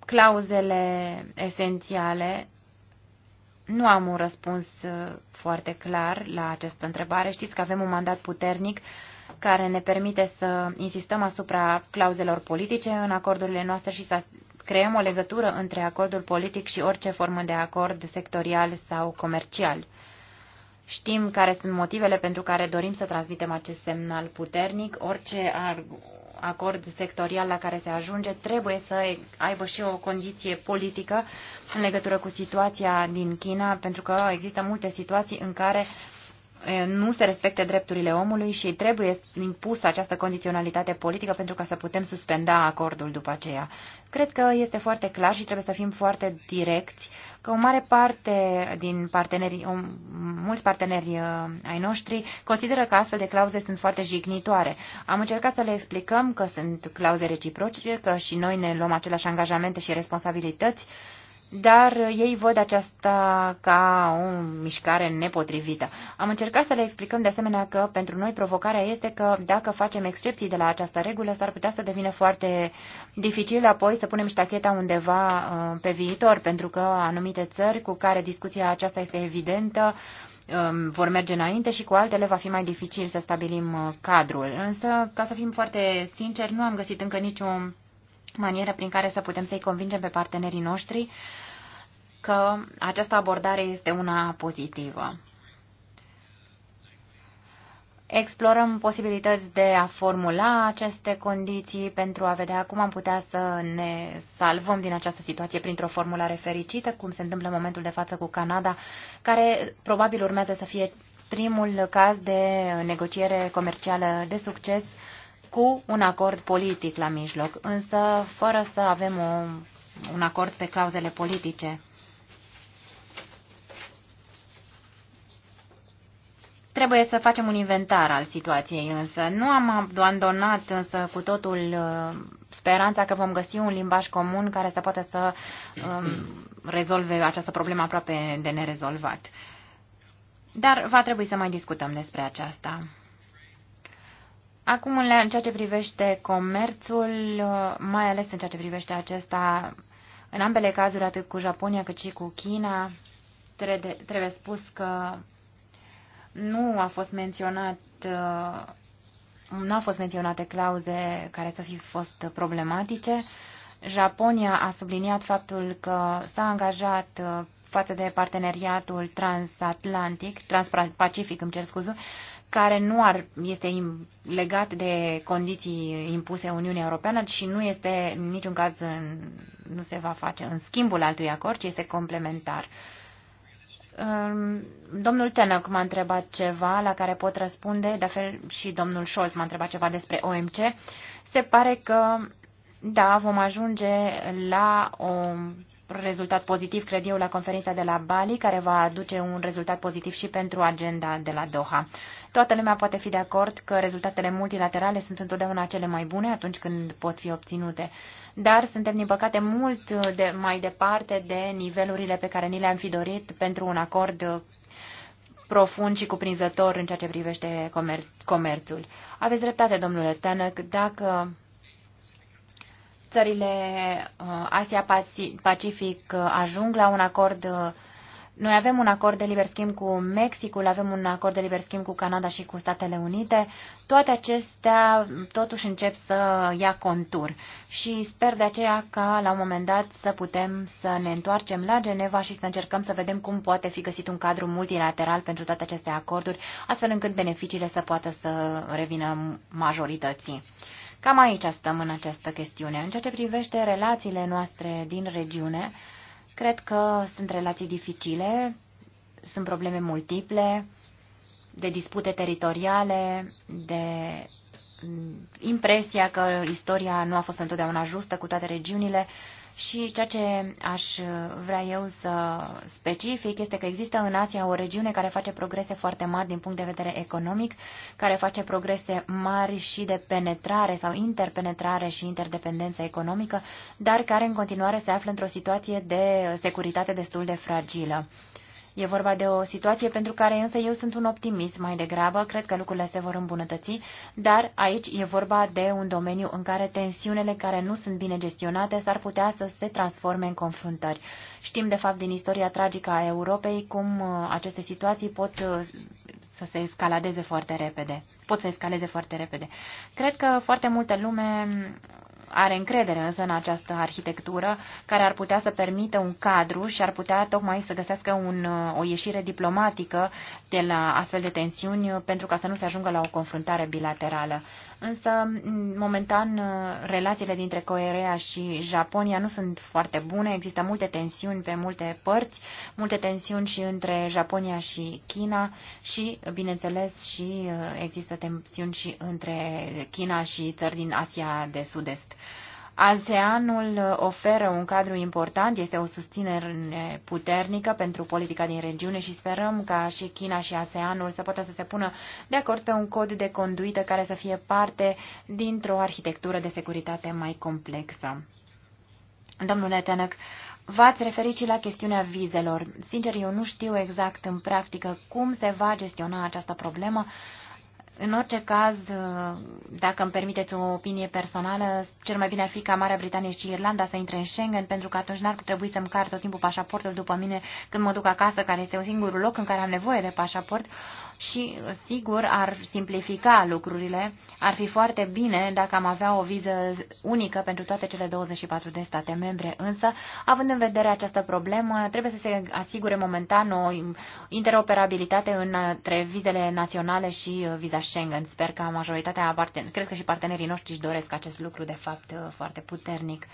Speaker 3: clauzele esențiale. Nu am un răspuns uh, foarte clar la această întrebare. Știți că avem un mandat puternic care ne permite să insistăm asupra clauzelor politice în acordurile noastre și să creăm o legătură între acordul politic și orice formă de acord sectorial sau comercial. Știm care sunt motivele pentru care dorim să transmitem acest semnal puternic. Orice acord sectorial la care se ajunge trebuie să aibă și o condiție politică în legătură cu situația din China, pentru că există multe situații în care nu se respecte drepturile omului și trebuie impusă această condiționalitate politică pentru ca să putem suspenda acordul după aceea. Cred că este foarte clar și trebuie să fim foarte direcți că o mare parte din partenerii, o, mulți parteneri ai noștri consideră că astfel de clauze sunt foarte jignitoare. Am încercat să le explicăm că sunt clauze reciproce, că și noi ne luăm aceleași angajamente și responsabilități dar ei văd aceasta ca o mișcare nepotrivită. Am încercat să le explicăm de asemenea că pentru noi provocarea este că dacă facem excepții de la această regulă, s-ar putea să devină foarte dificil apoi să punem ștacheta undeva uh, pe viitor, pentru că anumite țări cu care discuția aceasta este evidentă, um, vor merge înainte și cu altele va fi mai dificil să stabilim uh, cadrul. Însă, ca să fim foarte sinceri, nu am găsit încă niciun manieră prin care să putem să-i convingem pe partenerii noștri că această abordare este una pozitivă. Explorăm posibilități de a formula aceste condiții pentru a vedea cum am putea să ne salvăm din această situație printr-o formulare fericită, cum se întâmplă în momentul de față cu Canada, care probabil urmează să fie primul caz de negociere comercială de succes cu un acord politic la mijloc, însă fără să avem o, un acord pe clauzele politice. Trebuie să facem un inventar al situației însă. Nu am abandonat însă cu totul uh, speranța că vom găsi un limbaj comun care să poată să um, rezolve această problemă aproape de nerezolvat. Dar va trebui să mai discutăm despre aceasta. Acum, în ceea ce privește comerțul, uh, mai ales în ceea ce privește acesta, în ambele cazuri, atât cu Japonia cât și cu China, trebuie spus că nu a fost menționat uh, nu au fost menționate clauze care să fi fost problematice. Japonia a subliniat faptul că s-a angajat uh, față de parteneriatul transatlantic, transpacific, îmi cer scuze, care nu ar, este legat de condiții impuse Uniunii Europeană și nu este în niciun caz în, nu se va face în schimbul altui acord, ci este complementar. Um, domnul Tenăc m-a întrebat ceva la care pot răspunde, de fel și domnul Scholz m-a întrebat ceva despre OMC. Se pare că, da, vom ajunge la o rezultat pozitiv, cred eu, la conferința de la Bali, care va aduce un rezultat pozitiv și pentru agenda de la Doha. Toată lumea poate fi de acord că rezultatele multilaterale sunt întotdeauna cele mai bune atunci când pot fi obținute. Dar suntem, din păcate, mult de, mai departe de nivelurile pe care ni le-am fi dorit pentru un acord profund și cuprinzător în ceea ce privește comer comerțul. Aveți dreptate, domnule Tanăc, dacă țările uh, Asia-Pacific uh, ajung la un acord uh, noi avem un acord de liber schimb cu Mexicul, avem un acord de liber schimb cu Canada și cu Statele Unite. Toate acestea totuși încep să ia contur și sper de aceea ca la un moment dat să putem să ne întoarcem la Geneva și să încercăm să vedem cum poate fi găsit un cadru multilateral pentru toate aceste acorduri, astfel încât beneficiile să poată să revină majorității. Cam aici stăm în această chestiune. În ceea ce privește relațiile noastre din regiune, Cred că sunt relații dificile, sunt probleme multiple, de dispute teritoriale, de mm, impresia că istoria nu a fost întotdeauna justă cu toate regiunile și ceea ce aș vrea eu să specific este că există în Asia o regiune care face progrese foarte mari din punct de vedere economic, care face progrese mari și de penetrare sau interpenetrare și interdependență economică, dar care în continuare se află într-o situație de securitate destul de fragilă. E vorba de o situație pentru care însă eu sunt un optimist mai degrabă, cred că lucrurile se vor îmbunătăți, dar aici e vorba de un domeniu în care tensiunile care nu sunt bine gestionate s-ar putea să se transforme în confruntări. Știm de fapt din istoria tragică a Europei cum uh, aceste situații pot uh, să se escaladeze foarte repede pot să escaleze foarte repede. Cred că foarte multă lume are încredere însă în această arhitectură care ar putea să permită un cadru și ar putea tocmai să găsească un, o ieșire diplomatică de la astfel de tensiuni pentru ca să nu se ajungă la o confruntare bilaterală însă momentan uh, relațiile dintre Coreea și Japonia nu sunt foarte bune, există multe tensiuni pe multe părți, multe tensiuni și între Japonia și China și, bineînțeles, și uh, există tensiuni și între China și țări din Asia de Sud-Est. ASEANul oferă un cadru important, este o susținere puternică pentru politica din regiune și sperăm ca și China și ASEANul să poată să se pună de acord pe un cod de conduită care să fie parte dintr-o arhitectură de securitate mai complexă. Domnule Tenăc, V-ați referit și la chestiunea vizelor. Sincer, eu nu știu exact în practică cum se va gestiona această problemă, în orice caz, dacă îmi permiteți o opinie personală, cel mai bine ar fi ca Marea Britanie și Irlanda să intre în Schengen, pentru că atunci n-ar trebui să-mi car tot timpul pașaportul după mine când mă duc acasă, care este un singurul loc în care am nevoie de pașaport și, sigur, ar simplifica lucrurile. Ar fi foarte bine dacă am avea o viză unică pentru toate cele 24 de state membre, însă, având în vedere această problemă, trebuie să se asigure momentan o interoperabilitate între vizele naționale și uh, viza Schengen. Sper că majoritatea, cred că și partenerii noștri își doresc acest lucru, de fapt, uh, foarte puternic.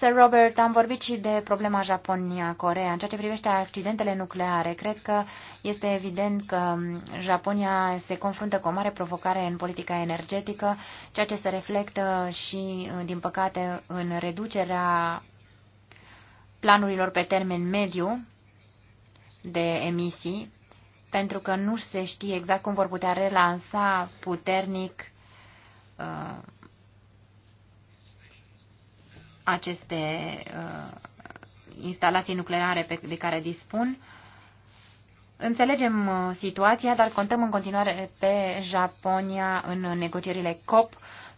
Speaker 3: Sir Robert, am vorbit și de problema Japonia-Corea. În ceea ce privește accidentele nucleare, cred că este evident că um, Japonia se confruntă cu o mare provocare în politica energetică, ceea ce se reflectă și, uh, din păcate, în reducerea planurilor pe termen mediu de emisii, pentru că nu se știe exact cum vor putea relansa puternic uh, aceste uh, instalații nucleare pe, de care dispun. Înțelegem uh, situația, dar contăm în continuare pe Japonia în negocierile COP.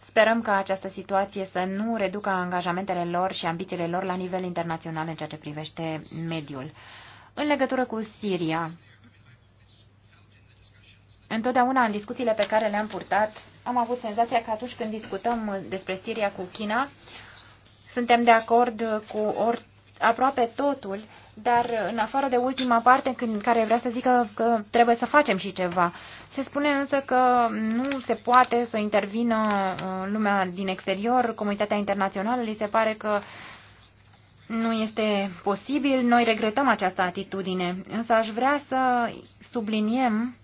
Speaker 3: Sperăm ca această situație să nu reducă angajamentele lor și ambițiile lor la nivel internațional în ceea ce privește mediul. În legătură cu Siria, întotdeauna în discuțiile pe care le-am purtat, am avut senzația că atunci când discutăm despre Siria cu China, suntem de acord cu or, aproape totul, dar în afară de ultima parte când, care vrea să zică că trebuie să facem și ceva. Se spune însă că nu se poate să intervină uh, lumea din exterior, comunitatea internațională, li se pare că nu este posibil. Noi regretăm această atitudine, însă aș vrea să subliniem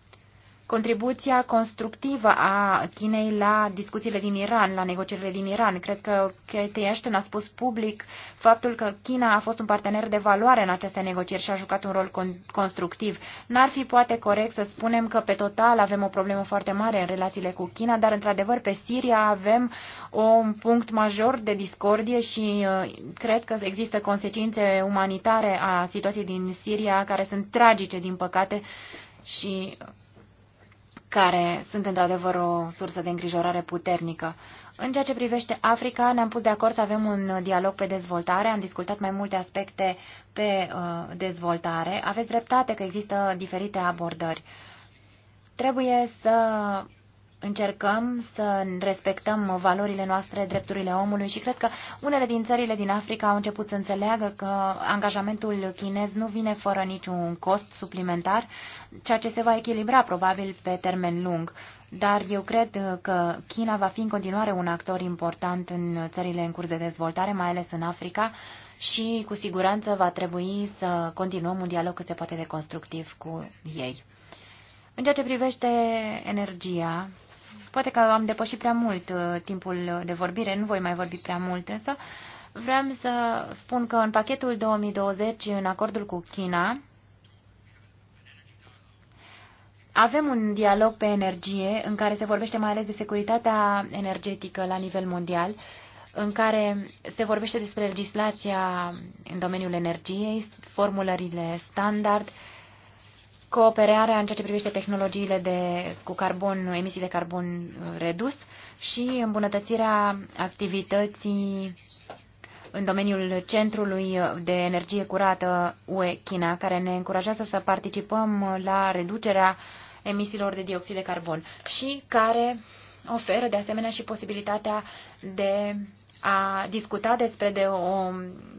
Speaker 3: contribuția constructivă a Chinei la discuțiile din Iran, la negocierile din Iran. Cred că Kate Ashton a spus public faptul că China a fost un partener de valoare în aceste negocieri și a jucat un rol con- constructiv. N-ar fi poate corect să spunem că pe total avem o problemă foarte mare în relațiile cu China, dar într-adevăr pe Siria avem un punct major de discordie și uh, cred că există consecințe umanitare a situației din Siria care sunt tragice, din păcate, și care sunt într-adevăr o sursă de îngrijorare puternică. În ceea ce privește Africa, ne-am pus de acord să avem un dialog pe dezvoltare, am discutat mai multe aspecte pe uh, dezvoltare. Aveți dreptate că există diferite abordări. Trebuie să încercăm să respectăm valorile noastre, drepturile omului și cred că unele din țările din Africa au început să înțeleagă că angajamentul chinez nu vine fără niciun cost suplimentar, ceea ce se va echilibra probabil pe termen lung. Dar eu cred că China va fi în continuare un actor important în țările în curs de dezvoltare, mai ales în Africa, și cu siguranță va trebui să continuăm un dialog cât se poate de constructiv cu ei. În ceea ce privește energia, Poate că am depășit prea mult uh, timpul de vorbire, nu voi mai vorbi prea mult, însă vreau să spun că în pachetul 2020, în acordul cu China, avem un dialog pe energie în care se vorbește mai ales de securitatea energetică la nivel mondial, în care se vorbește despre legislația în domeniul energiei, formulările standard, uh, cooperarea în ceea ce privește tehnologiile de, cu carbon, emisii de carbon redus și îmbunătățirea activității în domeniul Centrului de Energie Curată UE China, care ne încurajează să participăm la reducerea emisiilor de dioxid de carbon și care oferă de asemenea și posibilitatea de a discutat despre de o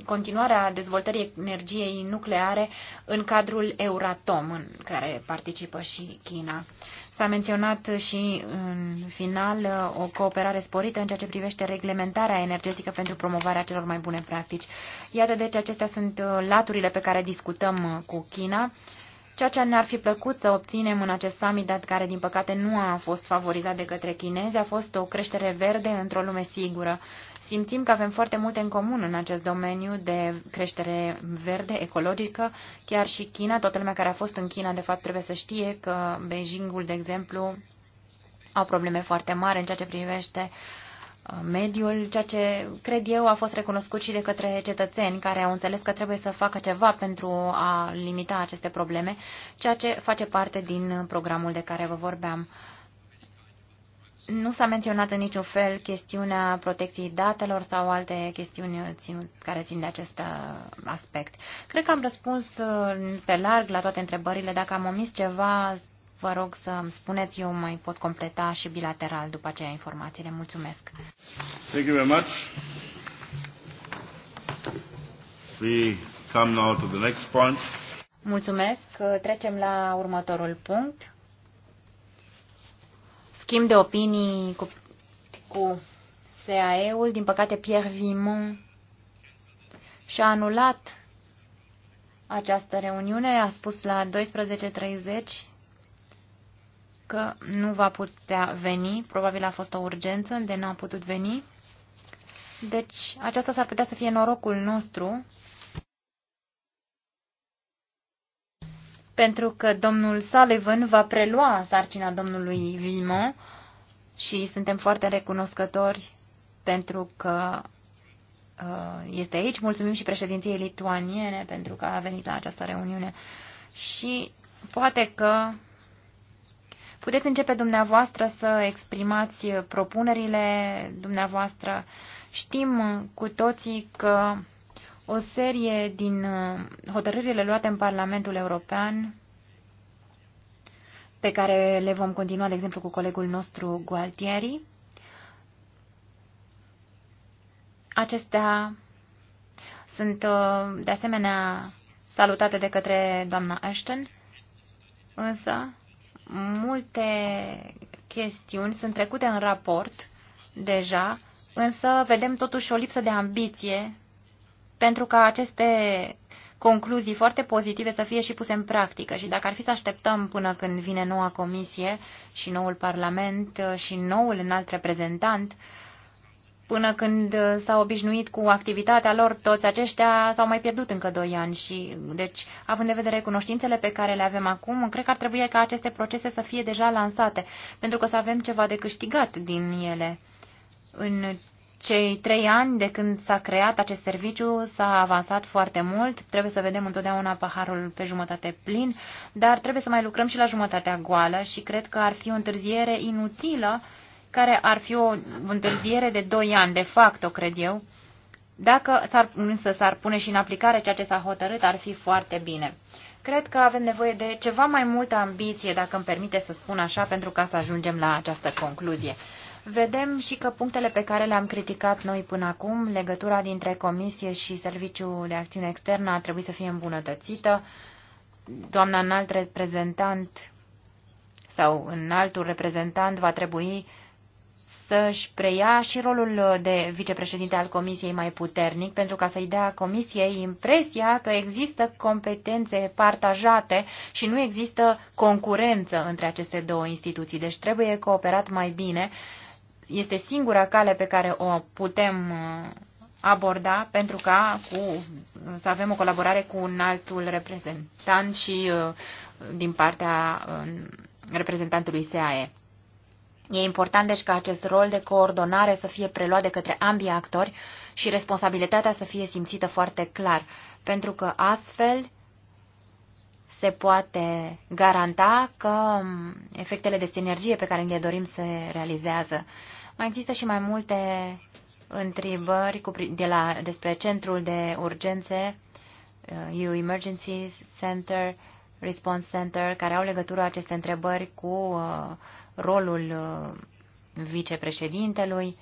Speaker 3: continuare a dezvoltării energiei nucleare în cadrul Euratom, în care participă și China. S-a menționat și în final o cooperare sporită în ceea ce privește reglementarea energetică pentru promovarea celor mai bune practici. Iată deci acestea sunt uh, laturile pe care discutăm uh, cu China. Ceea ce ne-ar fi plăcut să obținem în acest summit, dar care din păcate nu a fost favorizat de către chinezi, a fost o creștere verde într-o lume sigură. Simțim că avem foarte multe în comun în acest domeniu de creștere verde, ecologică, chiar și China. Toată lumea care a fost în China, de fapt, trebuie să știe că Beijingul, de exemplu, au probleme foarte mari în ceea ce privește uh, mediul, ceea ce cred eu a fost recunoscut și de către cetățeni care au înțeles că trebuie să facă ceva pentru a limita aceste probleme, ceea ce face parte din programul de care vă vorbeam. Nu s-a menționat în niciun fel chestiunea protecției datelor sau alte chestiuni care țin de acest uh, aspect. Cred că am răspuns uh, pe larg la toate întrebările. Dacă am omis ceva, vă rog să îmi spuneți, eu mai pot completa și bilateral după aceea informațiile. Mulțumesc!
Speaker 1: Thank you very much. We come now to the next point.
Speaker 3: Mulțumesc! Trecem la următorul punct schimb de opinii cu, cu SAE-ul. Din păcate, Pierre Vimon și-a anulat această reuniune. A spus la 12.30 că nu va putea veni. Probabil a fost o urgență de n-a putut veni. Deci, aceasta s-ar putea să fie norocul nostru pentru că domnul Sullivan va prelua sarcina domnului Vimo și suntem foarte recunoscători pentru că uh, este aici. Mulțumim și președinției lituaniene pentru că a venit la această reuniune. Și poate că puteți începe dumneavoastră să exprimați propunerile dumneavoastră. Știm cu toții că o serie din uh, hotărârile luate în Parlamentul European pe care le vom continua, de exemplu, cu colegul nostru Gualtieri. Acestea sunt, uh, de asemenea, salutate de către doamna Ashton, însă multe chestiuni sunt trecute în raport deja, însă vedem totuși o lipsă de ambiție pentru ca aceste concluzii foarte pozitive să fie și puse în practică. Și dacă ar fi să așteptăm până când vine noua comisie și noul parlament și noul înalt reprezentant, până când s-au obișnuit cu activitatea lor, toți aceștia s-au mai pierdut încă doi ani și, deci, având în vedere cunoștințele pe care le avem acum, cred că ar trebui ca aceste procese să fie deja lansate, pentru că să avem ceva de câștigat din ele în cei trei ani de când s-a creat acest serviciu s-a avansat foarte mult. Trebuie să vedem întotdeauna paharul pe jumătate plin, dar trebuie să mai lucrăm și la jumătatea goală și cred că ar fi o întârziere inutilă, care ar fi o întârziere de doi ani, de fapt, o cred eu. Dacă s-ar, însă s-ar pune și în aplicare ceea ce s-a hotărât, ar fi foarte bine. Cred că avem nevoie de ceva mai multă ambiție, dacă îmi permite să spun așa, pentru ca să ajungem la această concluzie vedem și că punctele pe care le-am criticat noi până acum, legătura dintre Comisie și Serviciul de Acțiune Externă, ar trebui să fie îmbunătățită. Doamna înalt reprezentant sau înaltul reprezentant va trebui să-și preia și rolul de vicepreședinte al Comisiei mai puternic, pentru ca să-i dea Comisiei impresia că există competențe partajate și nu există concurență între aceste două instituții. Deci trebuie cooperat mai bine este singura cale pe care o putem uh, aborda pentru ca cu, să avem o colaborare cu un altul reprezentant și uh, din partea uh, reprezentantului SAE. E important deci ca acest rol de coordonare să fie preluat de către ambii actori și responsabilitatea să fie simțită foarte clar, pentru că astfel se poate garanta că um, efectele de sinergie pe care le dorim se realizează. Mai există și mai multe întrebări cu, de la, despre centrul de urgențe, uh, EU Emergency Center, Response Center, care au legătură aceste întrebări cu uh, rolul uh, vicepreședintelui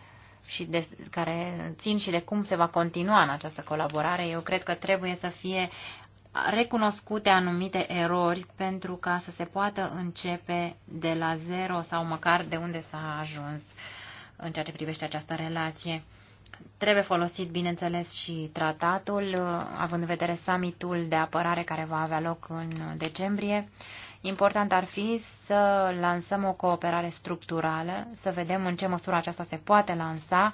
Speaker 3: și de, care țin și de cum se va continua în această colaborare. Eu cred că trebuie să fie recunoscute anumite erori pentru ca să se poată începe de la zero sau măcar de unde s-a ajuns. Uh, în ceea ce privește această relație. Trebuie folosit, bineînțeles, și tratatul, uh, având în vedere summitul de apărare care va avea loc în decembrie. Important ar fi să lansăm o cooperare structurală, să vedem în ce măsură aceasta se poate lansa.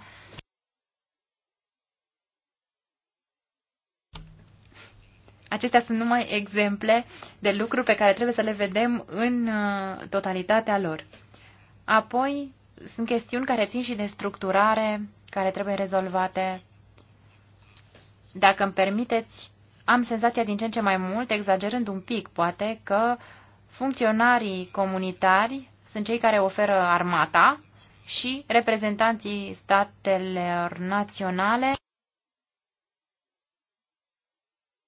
Speaker 3: Acestea sunt numai exemple de lucruri pe care trebuie să le vedem în uh, totalitatea lor. Apoi, sunt chestiuni care țin și de structurare, care trebuie rezolvate. Dacă îmi permiteți, am senzația din ce în ce mai mult, exagerând un pic, poate, că funcționarii comunitari sunt cei care oferă armata și reprezentanții statelor naționale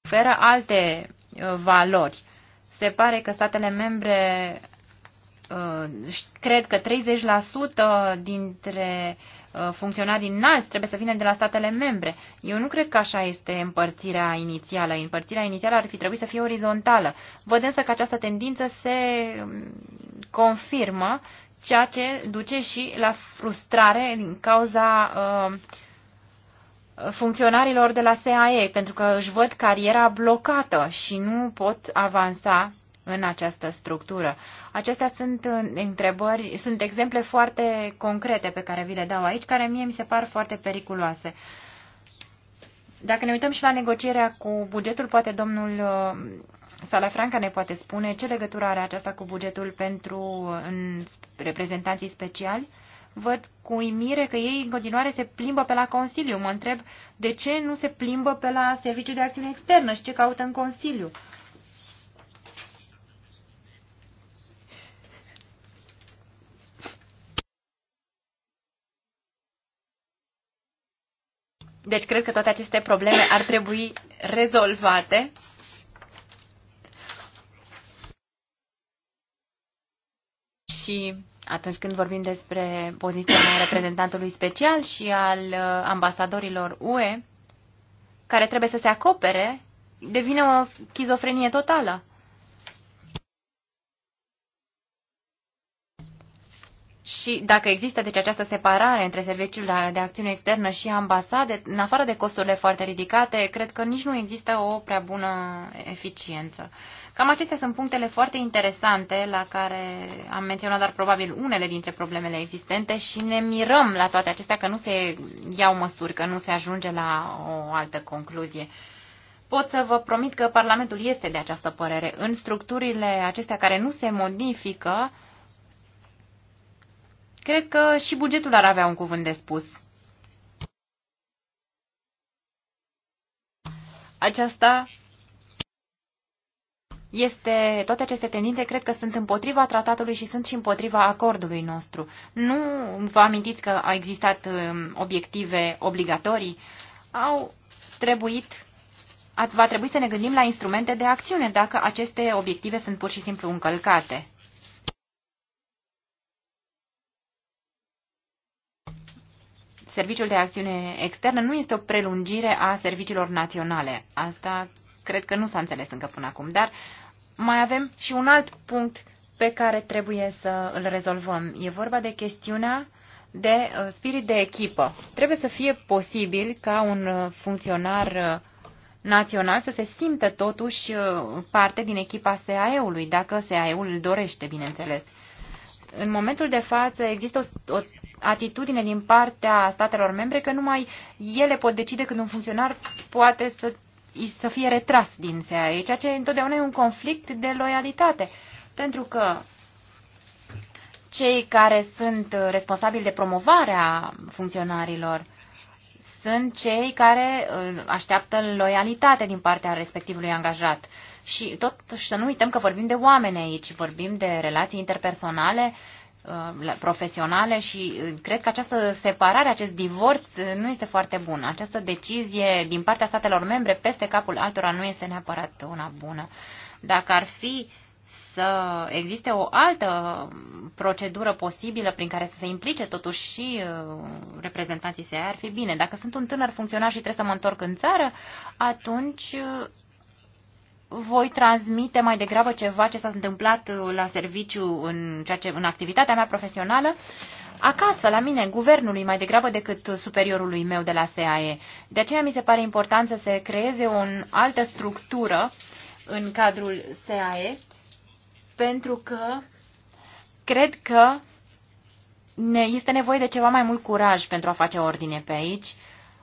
Speaker 3: oferă alte uh, valori. Se pare că statele membre Uh, cred că 30% dintre uh, funcționarii înalți trebuie să vină de la statele membre. Eu nu cred că așa este împărțirea inițială. Împărțirea inițială ar fi trebuit să fie orizontală. Văd însă că această tendință se um, confirmă, ceea ce duce și la frustrare din cauza uh, funcționarilor de la SAE, pentru că își văd cariera blocată și nu pot avansa în această structură. Acestea sunt uh, întrebări, sunt exemple foarte concrete pe care vi le dau aici, care mie mi se par foarte periculoase. Dacă ne uităm și la negocierea cu bugetul, poate domnul uh, Salafranca ne poate spune ce legătură are aceasta cu bugetul pentru uh, în reprezentanții speciali. Văd cu imire că ei în continuare se plimbă pe la Consiliu. Mă întreb de ce nu se plimbă pe la Serviciul de Acțiune Externă și ce caută în Consiliu. Deci cred că toate aceste probleme ar trebui rezolvate. Și atunci când vorbim despre poziția reprezentantului special și al uh, ambasadorilor UE, care trebuie să se acopere, devine o schizofrenie totală. Și dacă există deci această separare între serviciul de acțiune externă și ambasade, în afară de costurile foarte ridicate, cred că nici nu există o prea bună eficiență. Cam acestea sunt punctele foarte interesante la care am menționat doar probabil unele dintre problemele existente și ne mirăm la toate acestea că nu se iau măsuri, că nu se ajunge la o altă concluzie. Pot să vă promit că Parlamentul este de această părere. În structurile acestea care nu se modifică, Cred că și bugetul ar avea un cuvânt de spus. Aceasta este, toate aceste tendințe cred că sunt împotriva tratatului și sunt și împotriva acordului nostru. Nu vă amintiți că au existat um, obiective obligatorii? Au trebuit, va trebui să ne gândim la instrumente de acțiune dacă aceste obiective sunt pur și simplu încălcate. Serviciul de Acțiune Externă nu este o prelungire a serviciilor naționale. Asta cred că nu s-a înțeles încă până acum, dar mai avem și un alt punct pe care trebuie să îl rezolvăm. E vorba de chestiunea de uh, spirit de echipă. Trebuie să fie posibil ca un uh, funcționar uh, național să se simtă totuși parte din echipa SAE-ului, dacă SAE-ul îl dorește, bineînțeles în momentul de față există o, o atitudine din partea statelor membre că numai ele pot decide când un funcționar poate să, să fie retras din SEAE, ceea ce întotdeauna e un conflict de loialitate. Pentru că cei care sunt responsabili de promovarea funcționarilor sunt cei care uh, așteaptă loialitate din partea respectivului angajat. Și tot să nu uităm că vorbim de oameni aici, vorbim de relații interpersonale, uh, profesionale și uh, cred că această separare, acest divorț uh, nu este foarte bun. Această decizie din partea statelor membre peste capul altora nu este neapărat una bună. Dacă ar fi să existe o altă procedură posibilă prin care să se implice totuși și reprezentanții SEA ar fi bine. Dacă sunt un tânăr funcționar și trebuie să mă întorc în țară, atunci voi transmite mai degrabă ceva ce s-a întâmplat uh, la serviciu în, ceea ce, în activitatea mea profesională, acasă, la mine, guvernului, mai degrabă decât superiorului meu de la SAE. De aceea mi se pare important să se creeze o altă structură în cadrul SAE, pentru că cred că ne este nevoie de ceva mai mult curaj pentru a face ordine pe aici,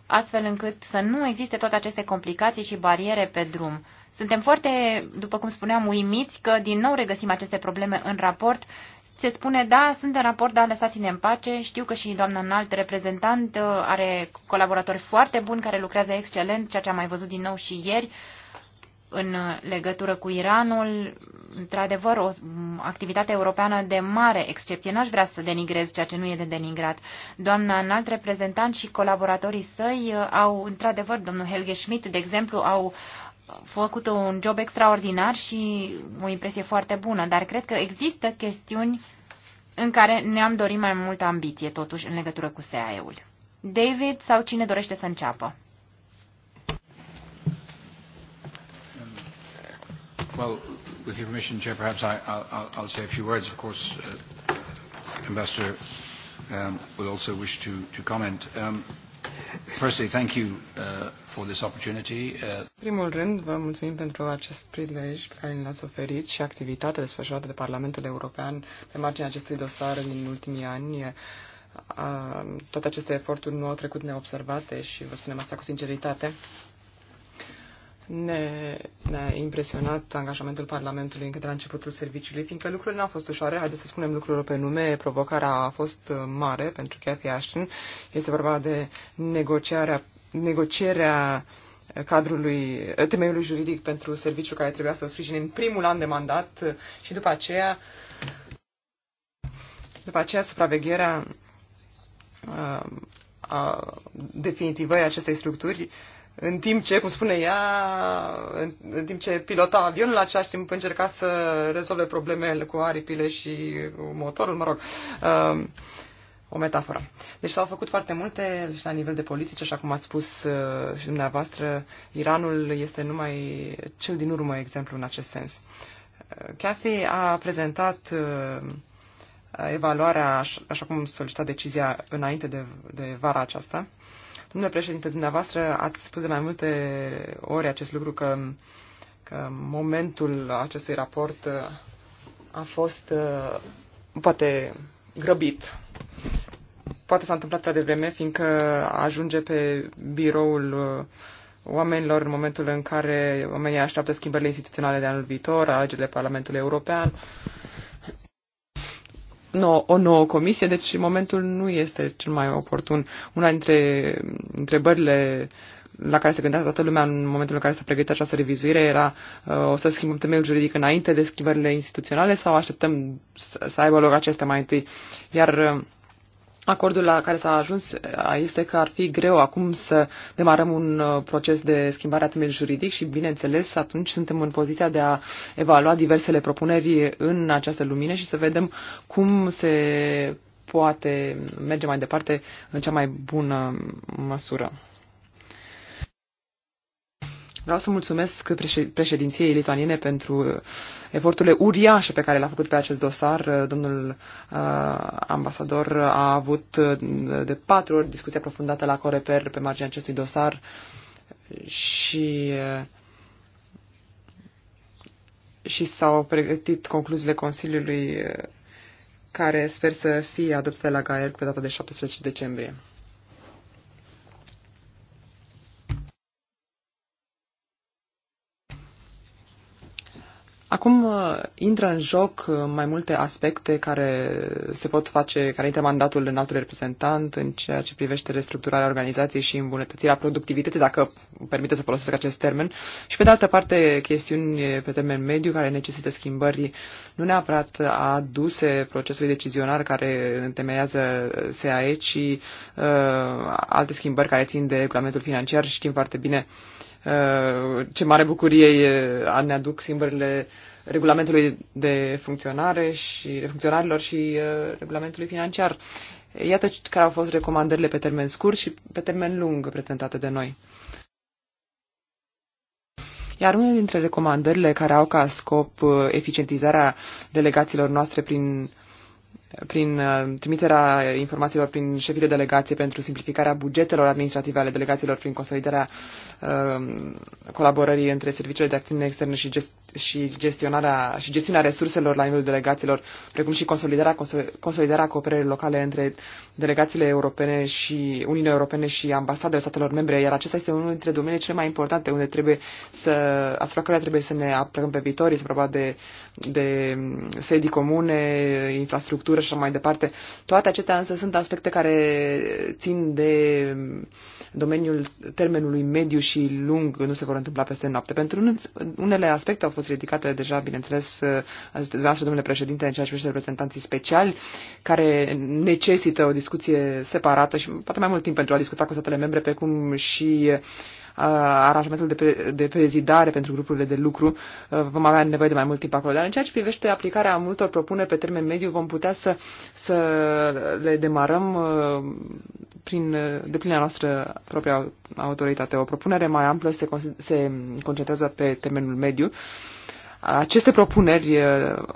Speaker 3: astfel încât să nu existe toate aceste complicații și bariere pe drum. Suntem foarte, după cum spuneam, uimiți că din nou regăsim aceste probleme în raport. Se spune, da, sunt în raport, dar lăsați-ne în pace. Știu că și doamna înalt reprezentant uh, are colaboratori foarte buni care lucrează excelent, ceea ce am mai văzut din nou și ieri în uh, legătură cu Iranul, într-adevăr, o activitate europeană de mare excepție. N-aș vrea să denigrez ceea ce nu e de denigrat. Doamna înalt reprezentant și colaboratorii săi uh, au, într-adevăr, domnul Helge Schmidt, de exemplu, au făcut un job extraordinar și o impresie foarte bună, dar cred că există chestiuni în care ne-am dorit mai multă ambiție, totuși, în legătură cu sea ul David sau cine dorește să înceapă? Well, with your permission, Chair, perhaps I, I'll, I'll say a few words. Of course, uh, Ambassador um, will also wish to, to comment. Um, Uh, uh,
Speaker 2: primul rând, vă mulțumim pentru acest prilej pe care ne ați oferit și activitatea desfășurată de Parlamentul European pe marginea acestui dosar din ultimii ani. Uh, toate aceste eforturi nu au trecut neobservate și vă spunem asta cu sinceritate. Ne, ne-a impresionat angajamentul Parlamentului încă de la începutul serviciului, fiindcă lucrurile n-au fost ușoare. Haideți să spunem lucrurile pe nume. Provocarea a fost uh, mare pentru Cathy Ashton. Este vorba de negocierea, negocierea cadrului, uh, temeiului juridic pentru serviciul care trebuia să sprijine în primul an de mandat uh, și după aceea după aceea supravegherea a, a, definitivă acestei structuri în timp ce, cum spune ea, în, în timp ce pilota avionul, la același timp încerca să rezolve problemele cu aripile și cu motorul, mă rog, um, o metaforă. Deci s-au făcut foarte multe și deci la nivel de politici, așa cum ați spus uh, și dumneavoastră, Iranul este numai cel din urmă exemplu în acest sens. Uh, Cathy a prezentat uh, evaluarea, așa, așa cum solicita decizia înainte de, de vara aceasta, uh, Domnule președinte, dumneavoastră ați spus de mai multe ori acest lucru că, că momentul acestui raport uh, a fost uh, poate grăbit. Poate s-a întâmplat prea devreme, fiindcă ajunge pe biroul uh, oamenilor în momentul în care oamenii așteaptă schimbările instituționale de anul viitor, alegerile Parlamentului European. Uh, nou, o nouă comisie, deci momentul nu este cel mai oportun. Una dintre întrebările la care se gândea toată lumea în momentul în care s-a pregătit această revizuire era uh, o să schimbăm temeiul juridic înainte de schimbările instituționale sau așteptăm să, să aibă loc acestea mai întâi. Iar uh, Acordul la care s-a ajuns este că ar fi greu acum să demarăm un uh, proces de schimbare a temeiului juridic și, bineînțeles, atunci suntem în poziția de a evalua diversele propuneri în această lumină și să vedem cum se poate merge mai departe în cea mai bună măsură. Vreau să mulțumesc președinției lituaniene pentru uh, eforturile uriașe pe care le-a făcut pe acest dosar. Uh, domnul uh, ambasador a avut de patru ori discuția profundată la Coreper pe marginea acestui dosar și și s-au pregătit concluziile Consiliului care sper să fie adoptate la GAER pe data de 17 decembrie. Acum uh, intră în joc uh, mai multe aspecte care se pot face, care intră mandatul în altul reprezentant în ceea ce privește restructurarea organizației și îmbunătățirea productivității, dacă permite să folosesc acest termen, și pe de altă parte chestiuni pe termen mediu care necesită schimbări nu neapărat aduse procesului decizionar care întemeiază SAE, ci uh, alte schimbări care țin de regulamentul financiar. Știm foarte bine uh, Uh, ce mare bucurie e, ne aduc simbările regulamentului de funcționare și de funcționarilor și uh, regulamentului financiar. Iată care au fost recomandările pe termen scurt și pe termen lung prezentate de noi. Iar unele dintre recomandările care au ca scop uh, eficientizarea delegațiilor noastre prin prin uh, trimiterea informațiilor prin șefii de delegație pentru simplificarea bugetelor administrative ale delegațiilor, prin consolidarea uh, colaborării între serviciile de acțiune externă și, gest și, gestionarea, și gestiunea resurselor la nivelul delegațiilor, precum și consolidarea, consolidarea cooperării locale între delegațiile europene și Uniunea Europene și ambasadele statelor membre, iar acesta este unul dintre domeniile cele mai importante unde trebuie să, asupra care trebuie să ne aplicăm pe viitor, este vorba de, de um, sedii comune, infrastructură și așa mai departe. Toate acestea însă sunt aspecte care țin de domeniul termenului mediu și lung, nu se vor întâmpla peste noapte. Pentru unele aspecte au fost ridicate deja, bineînțeles, azi, dumneavoastră, domnule președinte, în ceea ce privește reprezentanții speciali, care necesită o discuție separată și poate mai mult timp pentru a discuta cu statele membre, precum și uh, Uh, aranjamentul de, pre, de prezidare pentru grupurile de lucru, uh, vom avea nevoie de mai mult timp acolo. Dar în ceea ce privește aplicarea multor propuneri pe termen mediu, vom putea să, să le demarăm uh, prin deplina noastră propria autoritate. O propunere mai amplă se, se concentrează pe termenul mediu. Aceste propuneri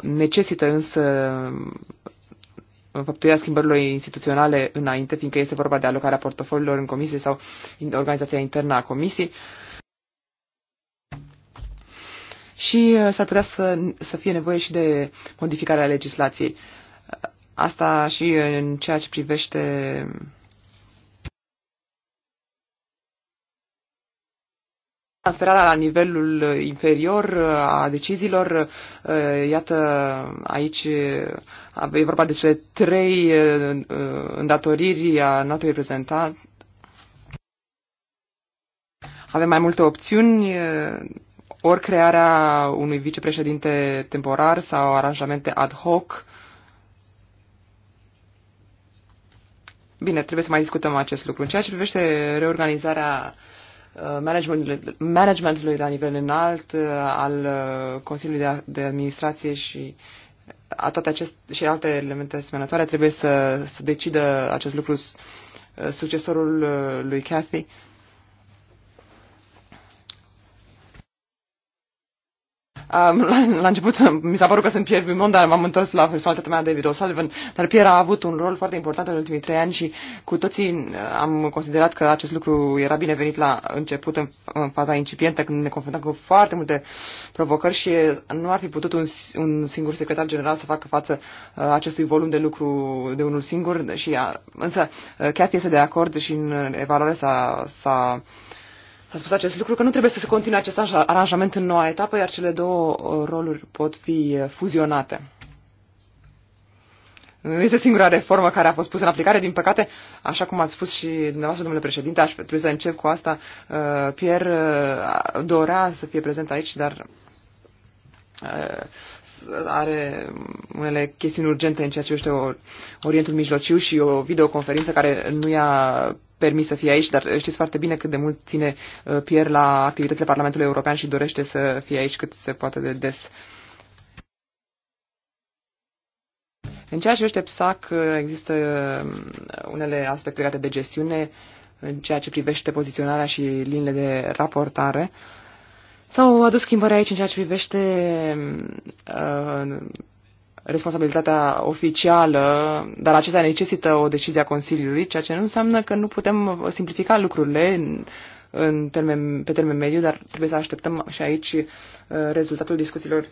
Speaker 2: necesită însă făptuirea schimbărilor instituționale înainte, fiindcă este vorba de alocarea portofoliilor în comisie sau în organizația internă a comisiei. Și uh, s-ar putea să, să fie nevoie și de modificarea legislației. Uh, asta și în ceea ce privește Transferarea la nivelul inferior a deciziilor, eh, iată aici eh, e vorba de cele trei eh, îndatoriri a NATO reprezentant. Avem mai multe opțiuni, ori crearea unui vicepreședinte temporar sau aranjamente ad hoc. Bine, trebuie să mai discutăm acest lucru. În ceea ce privește reorganizarea uh, Uh, managementului, managementului la nivel înalt, uh, al uh, Consiliului de Administrație și a toate acest, și alte elemente asemănătoare trebuie să, să decidă acest lucru succesorul lui Cathy la, la început mi s-a părut că sunt Pierre Bimon, dar m-am întors la personalitatea mea David O'Sullivan. Dar Pierre a avut un rol foarte important în ultimii trei ani și cu toții uh, am considerat că acest lucru era binevenit la început, în, în faza incipientă, când ne confruntam cu foarte multe provocări și nu ar fi putut un, un singur secretar general să facă față uh, acestui volum de lucru de unul singur. Și a, uh, însă Cathy este de acord și în evaluare s-a, s-a s-a spus acest lucru, că nu trebuie să se continue acest aranjament în noua etapă, iar cele două uh, roluri pot fi uh, fuzionate. Nu este singura reformă care a fost pusă în aplicare, din păcate, așa cum ați spus și dumneavoastră, domnule președinte, aș trebui să încep cu asta. Uh, Pierre dorea să fie prezent aici, dar are unele chestiuni urgente în ceea ce este Orientul Mijlociu și o videoconferință care nu i-a permis să fie aici, dar știți foarte bine cât de mult ține uh, Pierre la activitățile Parlamentului European și dorește să fie aici cât se poate de des. În ceea ce privește PSAC, uh, există um, unele aspecte legate de gestiune, în ceea ce privește poziționarea și liniile de raportare. S-au adus schimbări aici în ceea ce privește um, uh, responsabilitatea oficială, dar acesta necesită o decizie a Consiliului, ceea ce nu înseamnă că nu putem simplifica lucrurile în, în termen, pe termen mediu, dar trebuie să așteptăm și aici uh, rezultatul discuțiilor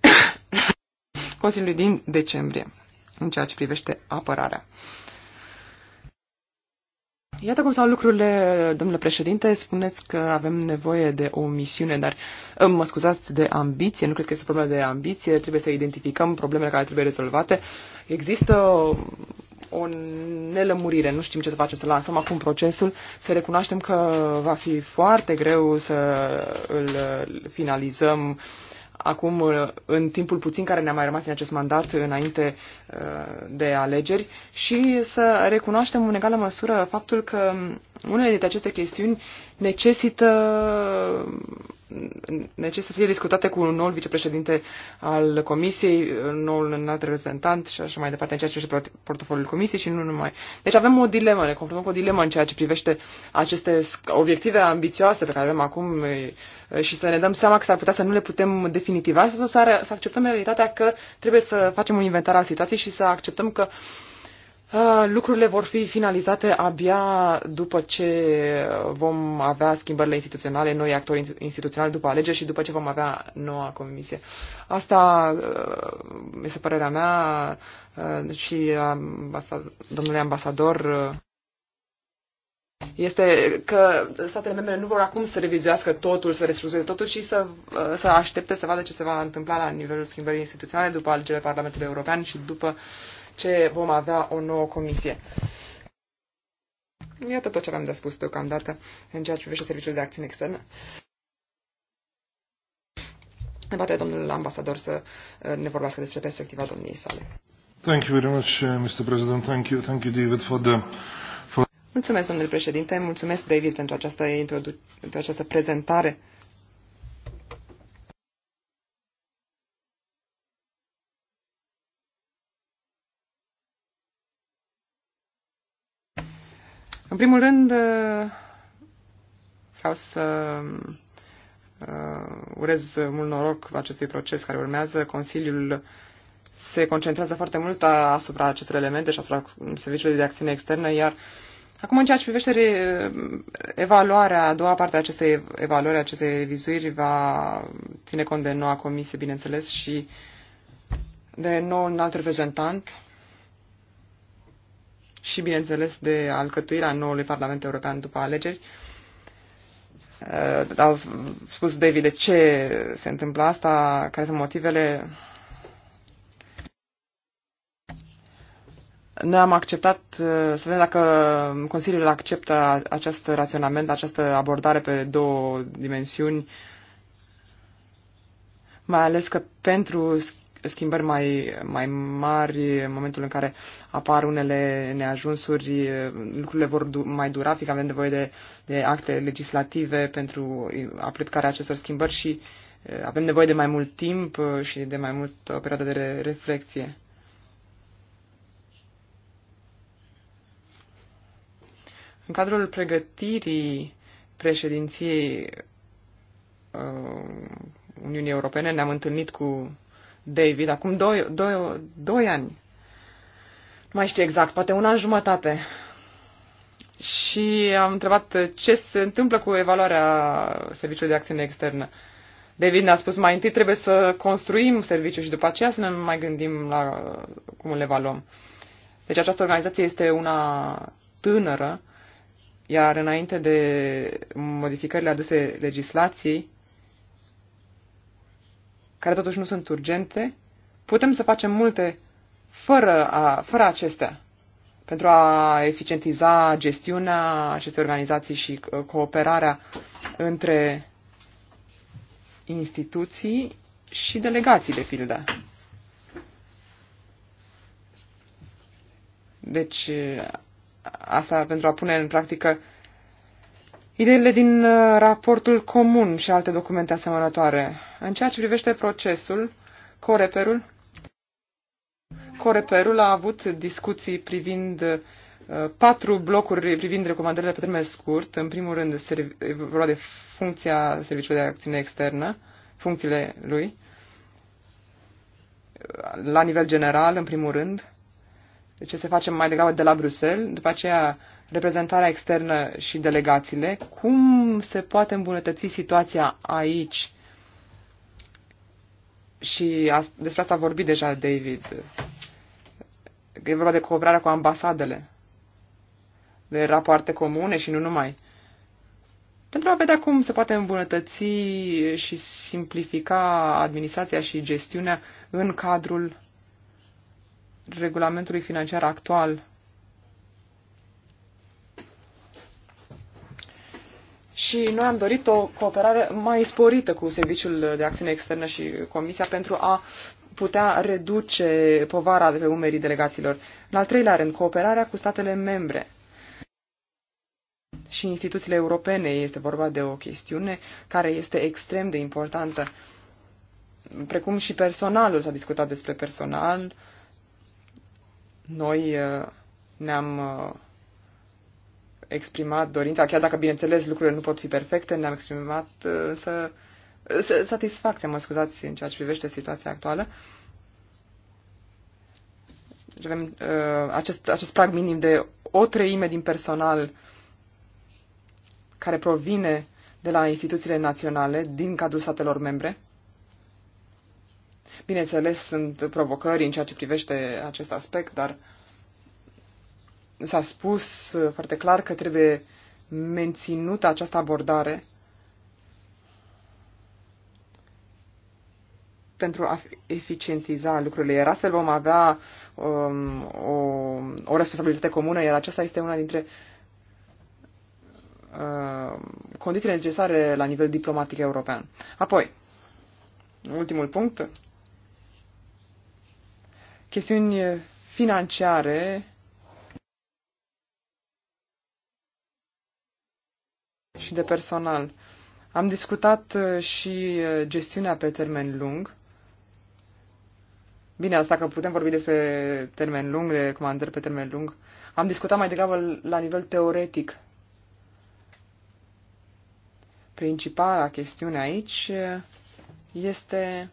Speaker 2: Consiliului din decembrie în ceea ce privește apărarea. Iată cum stau lucrurile, domnule președinte. Spuneți că avem nevoie de o misiune, dar ă, mă scuzați de ambiție. Nu cred că este o problemă de ambiție. Trebuie să identificăm problemele care trebuie rezolvate. Există o nelămurire. Nu știm ce să facem, să lansăm acum procesul, să recunoaștem că va fi foarte greu să îl finalizăm acum, uh, în timpul puțin care ne-a mai rămas în acest mandat, uh, înainte uh, de alegeri, și să recunoaștem în egală măsură faptul că um, unele dintre aceste chestiuni necesită necesită să fie discutate cu un nou vicepreședinte al comisiei, nou înalt reprezentant și așa mai departe în ceea ce privește portofoliul comisiei și nu numai. Deci avem o dilemă, ne confruntăm cu o dilemă în ceea ce privește aceste obiective ambițioase pe care avem acum și să ne dăm seama că s-ar putea să nu le putem definitiva să, să acceptăm realitatea că trebuie să facem un inventar al situației și să acceptăm că uh, Uh, lucrurile vor fi finalizate abia după ce vom avea schimbările instituționale, noi actori instituționali după alegeri și după ce vom avea noua comisie. Asta uh, este părerea mea uh, și ambasad- domnule ambasador este că statele membre nu vor acum să revizuiască totul, să restructureze totul, și să, să aștepte să vadă ce se va întâmpla la nivelul schimbării instituționale după alegerile Parlamentului European și după uh, ce vom avea o nouă comisie. Iată tot ce aveam de spus deocamdată în ceea ce privește serviciul de acțiune externă. Ne poate domnul ambasador să uh, ne vorbească despre perspectiva domniei sale.
Speaker 3: Thank you very much, uh, Mr. President. Thank you, thank you, David, for the for...
Speaker 2: Mulțumesc, domnule președinte. Mulțumesc, David, pentru această, introdu- pentru această prezentare În primul rând, uh, vreau să uh, urez mult noroc acestui proces care urmează. Consiliul se concentrează foarte mult asupra acestor elemente și asupra serviciului de acțiune externă, iar acum în ceea ce privește evaluarea, a doua parte a acestei evaluări, a acestei vizuiri, va ține cont de noua comisie, bineînțeles, și de nou un alt reprezentant și, bineînțeles, de alcătuirea noului Parlament European după alegeri. Uh, au spus David de ce se întâmplă asta, care sunt motivele. Noi am acceptat, uh, să vedem dacă Consiliul acceptă acest raționament, această abordare pe două dimensiuni, mai ales că pentru schimbări mai, mai mari în momentul în care apar unele neajunsuri, lucrurile vor du- mai dura, fiindcă avem nevoie de, de acte legislative pentru aplicarea acestor schimbări și eh, avem nevoie de mai mult timp eh, și de mai multă perioadă de re- reflexie. În cadrul pregătirii președinției eh, Uniunii Europene ne-am întâlnit cu David, acum doi doi, doi ani. Nu mai știu exact, poate un an jumătate. Și am întrebat ce se întâmplă cu evaluarea serviciului de acțiune externă. David ne-a spus mai întâi trebuie să construim serviciul și după aceea să ne mai gândim la cum îl evaluăm. Deci această organizație este una tânără, iar înainte de modificările aduse legislației, care totuși nu sunt urgente, putem să facem multe fără, a, fără acestea, pentru a eficientiza gestiunea acestei organizații și uh, cooperarea între instituții și delegații, de pildă. Deci, uh, asta pentru a pune în practică Ideile din uh, raportul comun și alte documente asemănătoare. În ceea ce privește procesul, Coreperul, Coreperul a avut discuții privind uh, patru blocuri privind recomandările pe termen scurt. În primul rând, vorba de funcția Serviciului de Acțiune Externă, funcțiile lui, la nivel general, în primul rând, deci, ce se face mai degrabă de la Bruxelles, după aceea reprezentarea externă și delegațiile, cum se poate îmbunătăți situația aici? Și a, despre asta a vorbit deja David. E vorba de cooperarea cu ambasadele, de rapoarte comune și nu numai. Pentru a vedea cum se poate îmbunătăți și simplifica administrația și gestiunea în cadrul regulamentului financiar actual și noi am dorit o cooperare mai sporită cu Serviciul de Acțiune Externă și Comisia pentru a putea reduce povara de pe umerii delegaților. În al treilea rând, cooperarea cu statele membre și instituțiile europene este vorba de o chestiune care este extrem de importantă, precum și personalul. S-a discutat despre personal. Noi uh, ne-am uh, exprimat dorința, chiar dacă, bineînțeles, lucrurile nu pot fi perfecte, ne-am exprimat uh, însă satisfacție, mă scuzați, în ceea ce privește situația actuală. Deci avem uh, acest, acest prag minim de o treime din personal care provine de la instituțiile naționale din cadrul statelor membre. Bineînțeles, sunt provocări în ceea ce privește acest aspect, dar uh, s-a spus uh, foarte clar că trebuie menținută această abordare pentru a eficientiza lucrurile. Era să vom avea um, o, o responsabilitate comună, iar aceasta este una dintre uh, condițiile necesare la nivel diplomatic european. Apoi, ultimul punct, chestiuni financiare și de personal. Am discutat uh, și uh, gestiunea pe termen lung. Bine, asta că putem vorbi despre termen lung, de comandări pe termen lung. Am discutat mai degrabă la nivel teoretic. Principala chestiune aici uh, este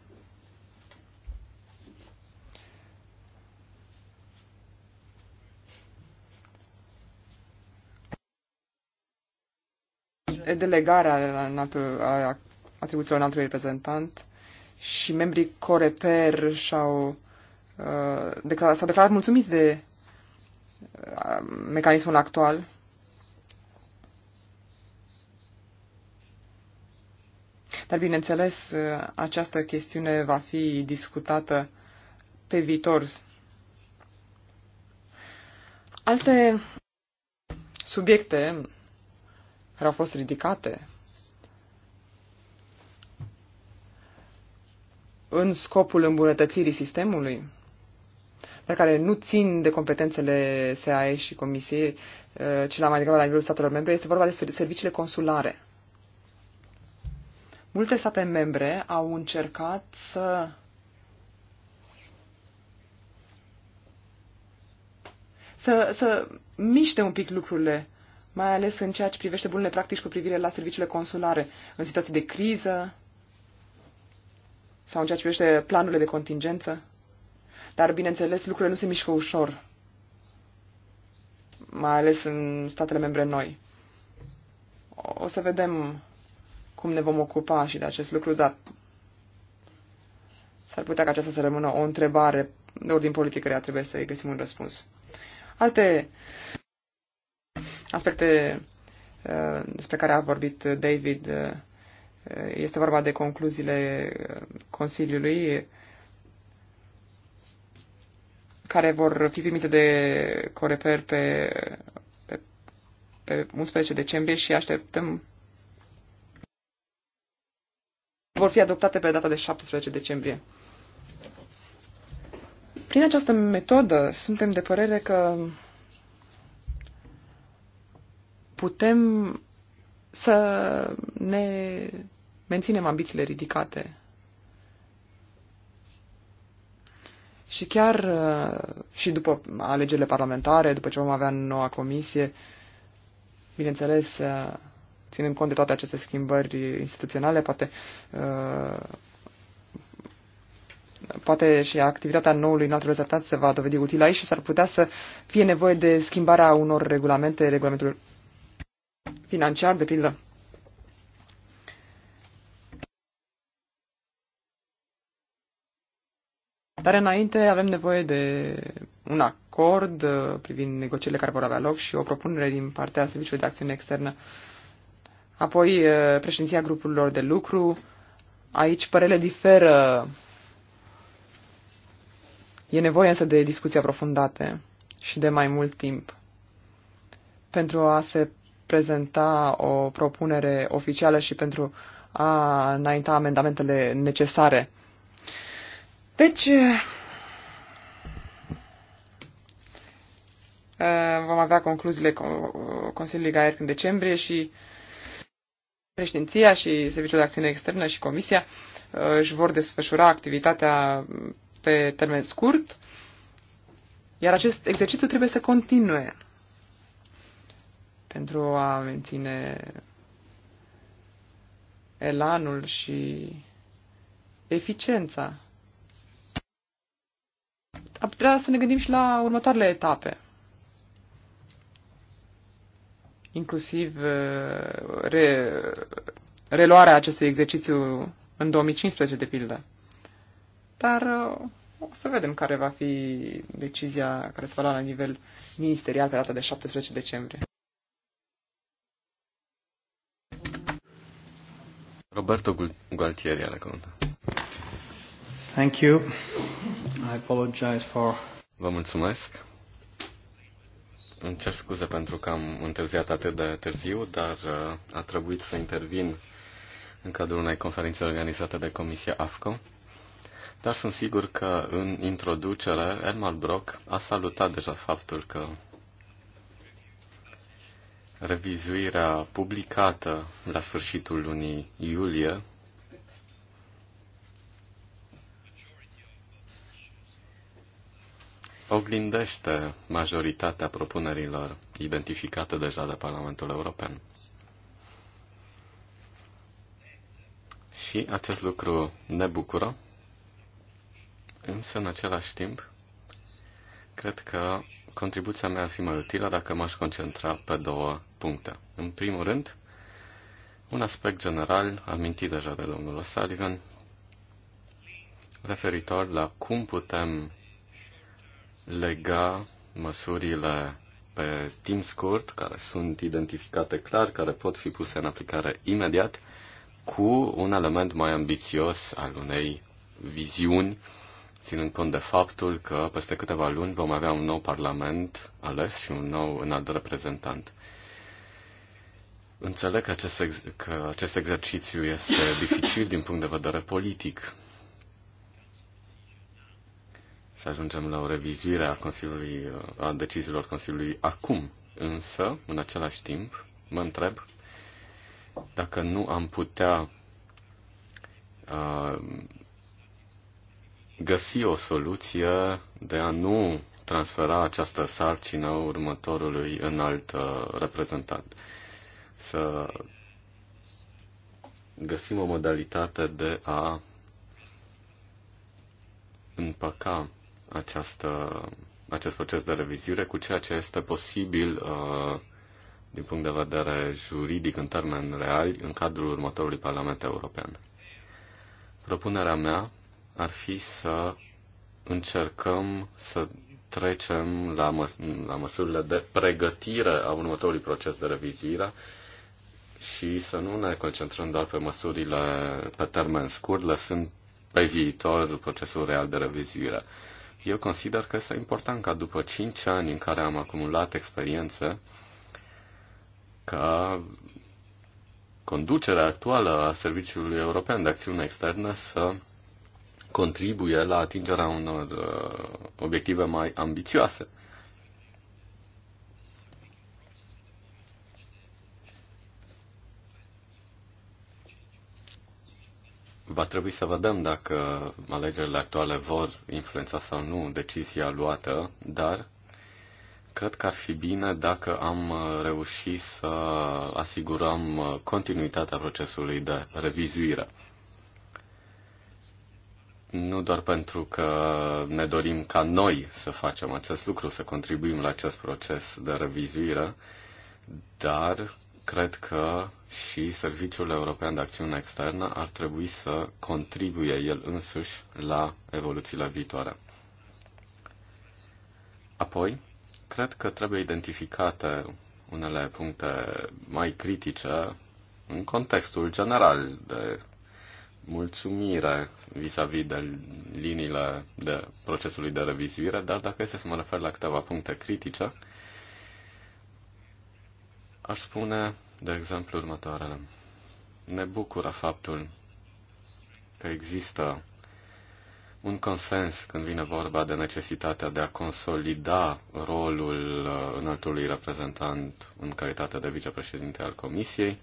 Speaker 2: delegarea la înaltul, a atribuțiilor înaltului reprezentant și membrii Coreper și-au uh, declarat, s-au declarat mulțumiți de uh, mecanismul actual. Dar, bineînțeles, uh, această chestiune va fi discutată pe viitor. Alte subiecte care au fost ridicate în scopul îmbunătățirii sistemului, dar care nu țin de competențele SAE și Comisiei, eh, ci la mai degrabă la nivelul statelor membre, este vorba despre serviciile consulare. Multe state membre au încercat să să, să miște un pic lucrurile mai ales în ceea ce privește bunele practici cu privire la serviciile consulare, în situații de criză sau în ceea ce privește planurile de contingență. Dar, bineînțeles, lucrurile nu se mișcă ușor, mai ales în statele membre noi. O să vedem cum ne vom ocupa și de acest lucru, dar s-ar putea ca aceasta să rămână o întrebare de ordin politic, care trebuie să găsim un răspuns. Alte aspecte uh, despre care a vorbit David. Uh, este vorba de concluziile uh, Consiliului care vor fi primite de Coreper pe, pe, pe 11 decembrie și așteptăm vor fi adoptate pe data de 17 decembrie. Prin această metodă suntem de părere că putem să ne menținem ambițiile ridicate. Și chiar uh, și după alegerile parlamentare, după ce vom avea noua comisie, bineînțeles, uh, ținând cont de toate aceste schimbări instituționale, poate, uh, poate și activitatea noului înalt reprezentant se va dovedi utilă aici și s-ar putea să fie nevoie de schimbarea unor regulamente, regulamentul financiar, de pildă. Dar înainte avem nevoie de un acord uh, privind negocierile care vor avea loc și o propunere din partea Serviciului de Acțiune Externă. Apoi uh, președinția grupurilor de lucru. Aici părele diferă. E nevoie însă de discuții aprofundate și de mai mult timp pentru a se prezenta o propunere oficială și pentru a înainta amendamentele necesare. Deci, eh, vom avea concluziile Consiliului Gaier în decembrie și președinția și Serviciul de Acțiune Externă și Comisia eh, își vor desfășura activitatea pe termen scurt, iar acest exercițiu trebuie să continue pentru a menține elanul și eficiența. Ar putea să ne gândim și la următoarele etape, inclusiv uh, re, reluarea acestui exercițiu în 2015, de pildă. Dar uh, o să vedem care va fi decizia care se va lua la nivel ministerial pe data de 17 decembrie.
Speaker 1: Roberto Gualtieri are cuvântul. Thank you. I apologize for... Vă mulțumesc. Îmi cer scuze pentru că am întârziat atât de târziu, dar uh, a trebuit să intervin în cadrul unei conferințe organizate de Comisia AFCO. Dar sunt sigur că în introducere Elmar Brock a salutat deja faptul că revizuirea publicată la sfârșitul lunii iulie oglindește majoritatea propunerilor identificate deja de Parlamentul European. Și acest lucru ne bucură, însă în același timp Cred că contribuția mea ar fi mai utilă dacă m-aș concentra pe două puncte. În primul rând, un aspect general, amintit deja de domnul O'Sullivan, referitor la cum putem lega măsurile pe timp scurt, care sunt identificate clar, care pot fi puse în aplicare imediat, cu un element mai ambițios al unei viziuni ținând cont de faptul că peste câteva luni vom avea un nou parlament ales și un nou înalt reprezentant. Înțeleg că acest, ex- că acest exercițiu este dificil din punct de vedere politic. Să ajungem la o revizuire a, Consiliului, a deciziilor Consiliului acum, însă, în același timp, mă întreb dacă nu am putea uh, găsi o soluție de a nu transfera această sarcină următorului înalt uh, reprezentant. Să găsim o modalitate de a împăca această, acest proces de revizuire cu ceea ce este posibil uh, din punct de vedere juridic în termeni reali în cadrul următorului Parlament European. Propunerea mea ar fi să încercăm să trecem la, măs- la măsurile de pregătire a următorului proces de revizuire și să nu ne concentrăm doar pe măsurile pe termen scurt, lăsând pe viitor procesul real de revizuire. Eu consider că este important ca după 5 ani în care am acumulat experiență, ca conducerea actuală a Serviciului European de Acțiune Externă să contribuie la atingerea unor uh, obiective mai ambițioase. Va trebui să vedem dacă alegerile actuale vor influența sau nu decizia luată, dar cred că ar fi bine dacă am uh, reușit să asigurăm uh, continuitatea procesului de revizuire nu doar pentru că ne dorim ca noi să facem acest lucru, să contribuim la acest proces de revizuire, dar cred că și Serviciul European de Acțiune Externă ar trebui să contribuie el însuși la evoluțiile viitoare. Apoi, cred că trebuie identificate unele puncte mai critice în contextul general de mulțumire vis-a-vis -vis de liniile de procesului de revizuire, dar dacă este să mă refer la câteva puncte critice, aș spune, de exemplu, următoarele. Ne bucură faptul că există un consens când vine vorba de necesitatea de a consolida rolul înaltului reprezentant în calitate de vicepreședinte al Comisiei,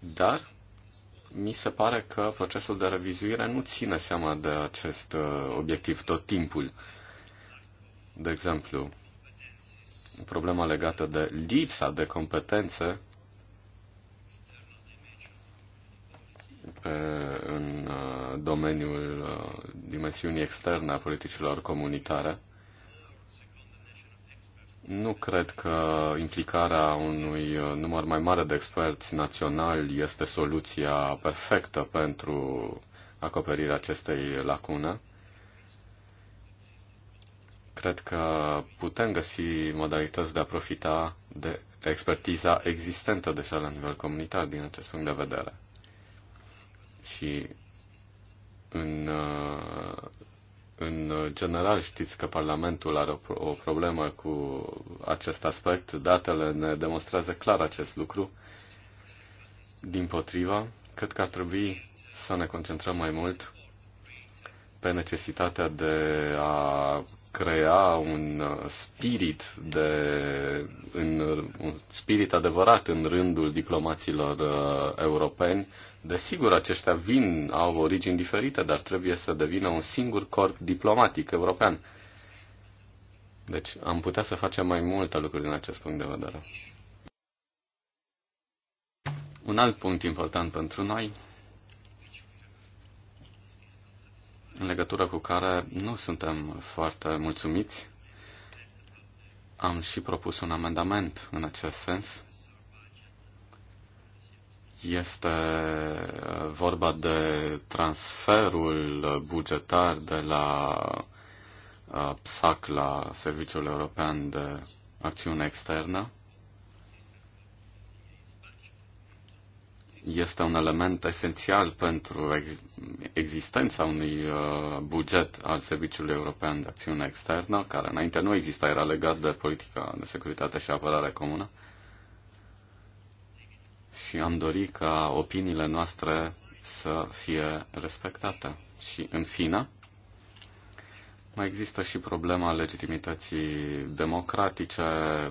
Speaker 1: dar mi se pare că procesul de revizuire nu ține seama de acest uh, obiectiv tot timpul. De exemplu, problema legată de lipsa de competențe pe, în uh, domeniul uh, dimensiunii externe a politicilor comunitare. Nu cred că implicarea unui număr mai mare de experți naționali este soluția perfectă pentru acoperirea acestei lacune. Cred că putem găsi modalități de a profita de expertiza existentă deja la nivel comunitar din acest punct de vedere. Și în în general știți că Parlamentul are o, o problemă cu acest aspect. Datele ne demonstrează clar acest lucru. Din potriva, cred că ar trebui să ne concentrăm mai mult pe necesitatea de a crea un uh, spirit de în, un spirit adevărat în rândul diplomaților uh, europeni. Desigur, aceștia vin, au origini diferite, dar trebuie să devină un singur corp diplomatic european. Deci am putea să facem mai multe lucruri din acest punct de vedere. Un alt punct important pentru noi în legătură cu care nu suntem foarte mulțumiți. Am și propus un amendament în acest sens. Este vorba de transferul bugetar de la uh, PSAC la Serviciul European de Acțiune Externă. este un element esențial pentru ex- existența unui uh, buget al Serviciului European de Acțiune Externă, care înainte nu exista, era legat de politica de securitate și apărare comună. Și am dorit ca opiniile noastre să fie respectate. Și în fine, mai există și problema legitimității democratice,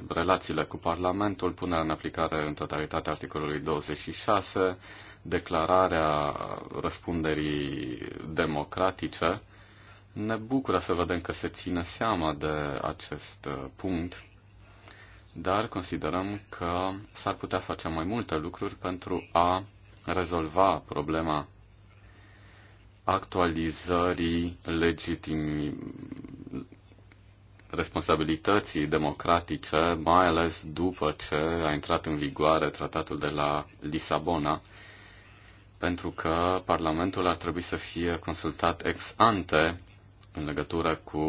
Speaker 1: relațiile cu Parlamentul, punerea în aplicare în totalitate articolului 26, declararea răspunderii democratice. Ne bucură să vedem că se ține seama de acest punct, dar considerăm că s-ar putea face mai multe lucruri pentru a rezolva problema actualizării legitimi responsabilității democratice, mai ales după ce a intrat în vigoare tratatul de la Lisabona, pentru că Parlamentul ar trebui să fie consultat ex ante în legătură cu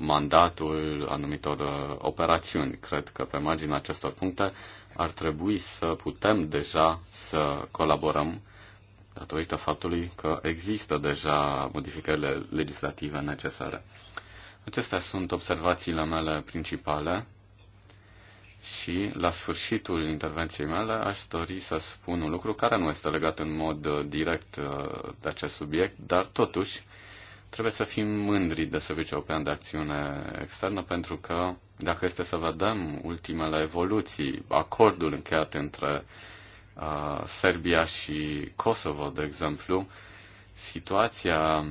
Speaker 1: mandatul anumitor uh, operațiuni. Cred că pe marginea acestor puncte ar trebui să putem deja să colaborăm datorită faptului că există deja modificările legislative necesare. Acestea sunt observațiile mele principale și la sfârșitul intervenției mele aș dori să spun un lucru care nu este legat în mod uh, direct uh, de acest subiect, dar totuși trebuie să fim mândri de Serviciul European de Acțiune Externă pentru că dacă este să vedem ultimele evoluții, acordul încheiat între Serbia și Kosovo, de exemplu, situația,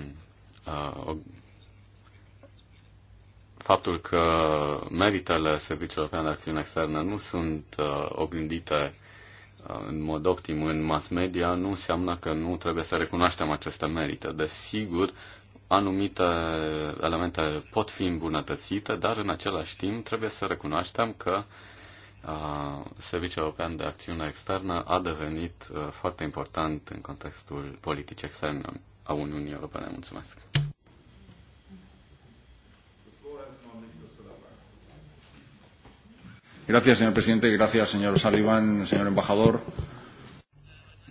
Speaker 1: faptul că meritele Serviciului European de Acțiune Externă nu sunt oglindite în mod optim în mass media, nu înseamnă că nu trebuie să recunoaștem aceste merite. Desigur, anumite elemente pot fi îmbunătățite, dar în același timp trebuie să recunoaștem că uh, Serviciul European de Acțiune Externă a devenit foarte important în contextul politic extern a Uniunii Europene. Mulțumesc! Gracias, señor presidente. Gracias, señor Sullivan, señor embajador.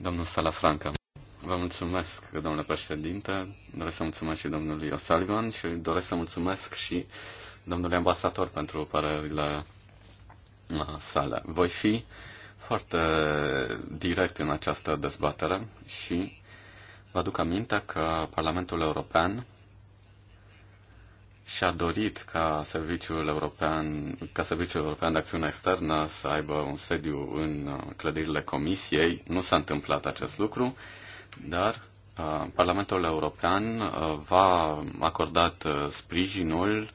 Speaker 1: Domnul Salafranca. Vă mulțumesc, domnule președinte. Doresc să mulțumesc și domnului O'Sullivan și doresc să mulțumesc și domnului ambasador pentru părerile Uh, sale. Voi fi foarte direct în această dezbatere și vă aduc aminte că Parlamentul European și-a dorit ca Serviciul European, ca Serviciul European de Acțiune Externă să aibă un sediu în uh, clădirile Comisiei. Nu s-a întâmplat acest lucru, dar uh, Parlamentul European va acordat sprijinul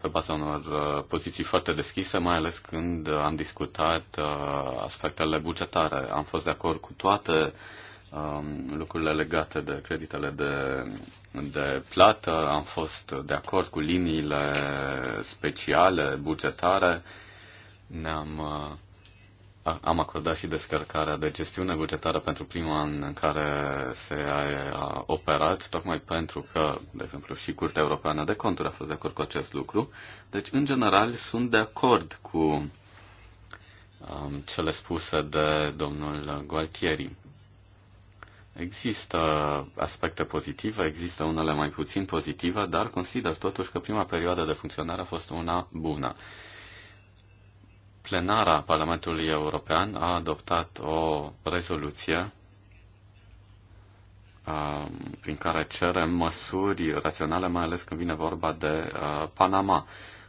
Speaker 1: pe baza unor poziții foarte deschise, mai ales când am discutat aspectele bugetare. Am fost de acord cu toate lucrurile legate de creditele de, de plată, am fost de acord cu liniile speciale bugetare, ne-am am acordat și descărcarea de gestiune bugetară pentru primul an în care se a operat, tocmai pentru că, de exemplu, și Curtea Europeană de Conturi a fost de acord cu acest lucru. Deci, în general, sunt de acord cu um, cele spuse de domnul Gualtieri. Există aspecte pozitive, există unele mai puțin pozitive, dar consider totuși că prima perioadă de funcționare a fost una bună. Plenara Parlamentului European a adoptat o rezoluție um, prin care cerem măsuri raționale, mai ales când vine vorba de uh, Panama.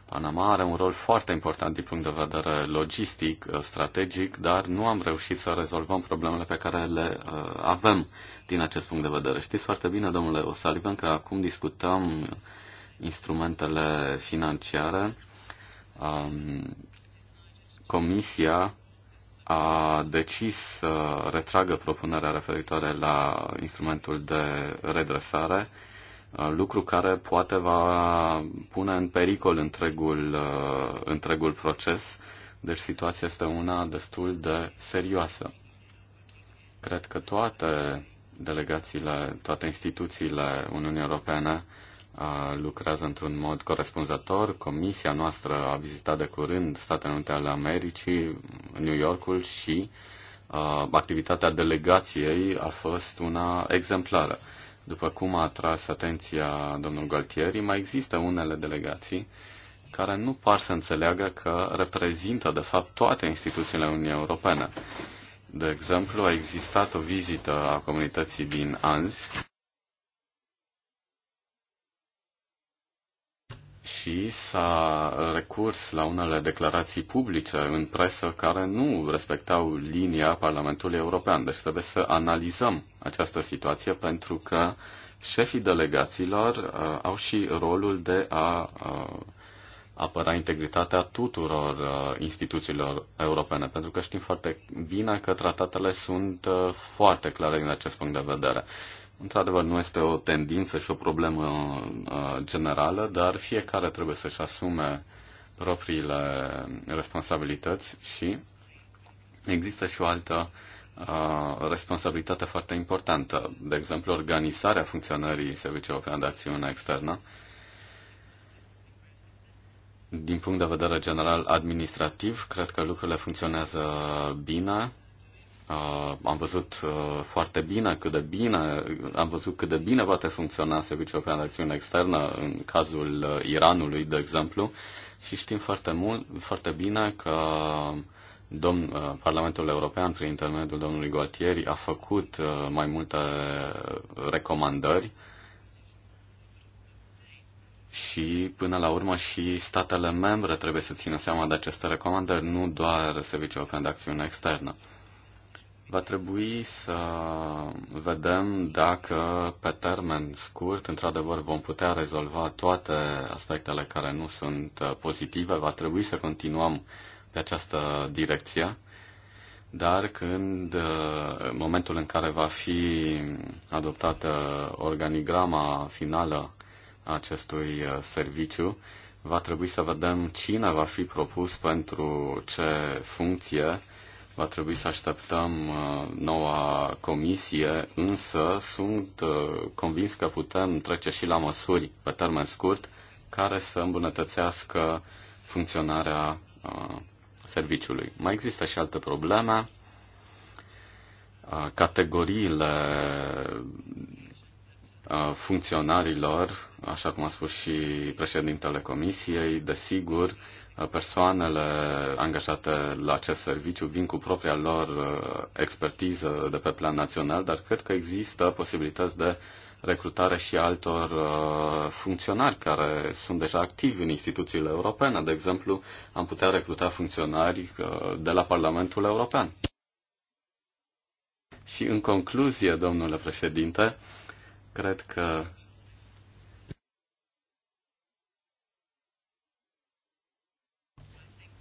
Speaker 1: Panama are un rol foarte important din punct de vedere logistic, uh, strategic, dar nu am reușit să rezolvăm problemele pe care le uh, avem din acest punct de vedere. Știți foarte bine, domnule O'Sullivan, că acum discutăm instrumentele financiare um, Comisia a decis să retragă propunerea referitoare la instrumentul de redresare, lucru care poate va pune în pericol întregul, întregul proces, deci situația este una destul de serioasă. Cred că toate delegațiile, toate instituțiile Uniunii Europene lucrează într-un mod corespunzător. Comisia noastră a vizitat de curând Statele Unite ale Americii, New Yorkul și uh, activitatea delegației a fost una exemplară. După cum a atras atenția domnul Galtieri, mai există unele delegații care nu par să înțeleagă că reprezintă, de fapt, toate instituțiile Uniunii Europene. De exemplu, a existat o vizită a comunității din Anzi, și s-a recurs la unele declarații publice în presă care nu respectau linia Parlamentului European. Deci trebuie să analizăm această situație pentru că șefii delegațiilor uh, au și rolul de a uh, apăra integritatea tuturor uh, instituțiilor europene, pentru că știm foarte bine că tratatele sunt uh, foarte clare din acest punct de vedere. Uh, Într-adevăr, nu este o tendință și o problemă uh, generală, dar fiecare trebuie să-și asume propriile responsabilități și există și o altă uh, responsabilitate foarte importantă, de exemplu organizarea funcționării Serviciului European de Acțiune Externă, din punct de vedere general administrativ, cred că lucrurile funcționează bine. Uh, am văzut uh, foarte bine cât de bine am văzut cât de bine poate funcționa Serviciul pe Acțiune Externă în cazul uh, Iranului, de exemplu, și știm foarte mult, foarte bine că domn, uh, Parlamentul European, prin intermediul domnului Gualtieri, a făcut uh, mai multe recomandări și, până la urmă, și statele membre trebuie să țină seama de aceste recomandări, nu doar Serviciul pe Acțiune Externă. Va trebui să vedem dacă pe termen scurt, într-adevăr, vom putea rezolva toate aspectele care nu sunt uh, pozitive. Va trebui să continuăm pe această direcție, dar când, uh, în momentul în care va fi adoptată organigrama finală a acestui uh, serviciu, va trebui să vedem cine va fi propus pentru ce funcție Va trebui să așteptăm uh, noua comisie, însă sunt uh, convins că putem trece și la măsuri pe termen scurt care să îmbunătățească funcționarea uh, serviciului. Mai există și alte probleme. Categoriile funcționarilor, așa cum a spus și președintele comisiei, desigur, persoanele angajate la acest serviciu vin cu propria lor uh, expertiză de pe plan național, dar cred că există posibilități de recrutare și altor uh, funcționari care sunt deja activi în instituțiile europene. De exemplu, am putea recruta funcționari uh, de la Parlamentul European. Și în concluzie, domnule președinte, cred că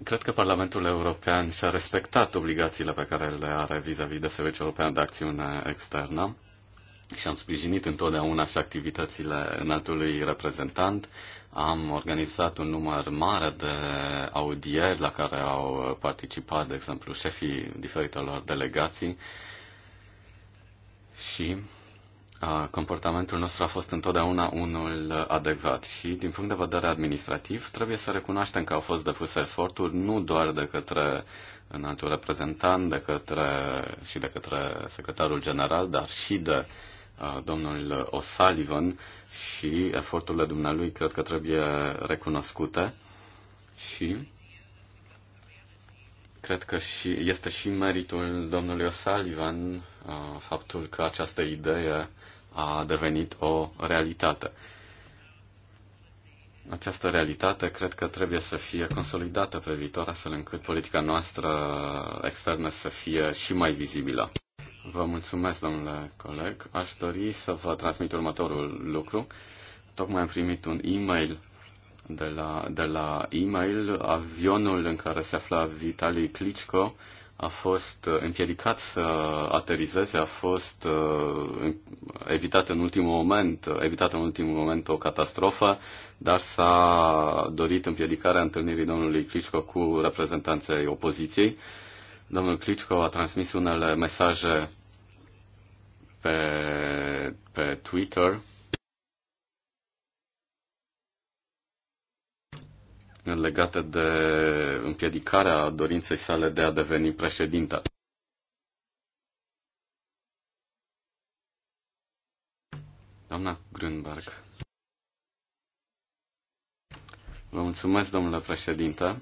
Speaker 1: Cred că Parlamentul European și-a respectat obligațiile pe care le are vis-a-vis -vis de Serviciul European de Acțiune Externă și am sprijinit întotdeauna și activitățile înaltului reprezentant. Am organizat un număr mare de audieri la care au participat, de exemplu, șefii diferitelor delegații și comportamentul nostru a fost întotdeauna unul adecvat și, din punct de vedere administrativ, trebuie să recunoaștem că au fost depuse eforturi nu doar de către înaltul reprezentant de către, și de către secretarul general, dar și de domnul O'Sullivan și eforturile dumnealui cred că trebuie recunoscute și cred că și, este și meritul domnului O'Sullivan faptul că această idee a devenit o realitate. Această realitate cred că trebuie să fie consolidată pe viitor, astfel încât politica noastră externă să fie și mai vizibilă. Vă mulțumesc, domnule coleg. Aș dori să vă transmit următorul lucru. Tocmai am primit un e-mail de la, de la e-mail avionul în care se afla Vitali Klitschko a fost uh, împiedicat să aterizeze, a fost uh, evitat în ultimul moment, uh, evitat în ultimul moment o catastrofă, dar s-a dorit împiedicarea întâlnirii domnului Klitschko cu reprezentanții opoziției. Domnul Klitschko a transmis unele mesaje pe, pe Twitter legate de împiedicarea dorinței sale de a deveni președinte. Doamna Grünberg. Vă mulțumesc, domnule președinte.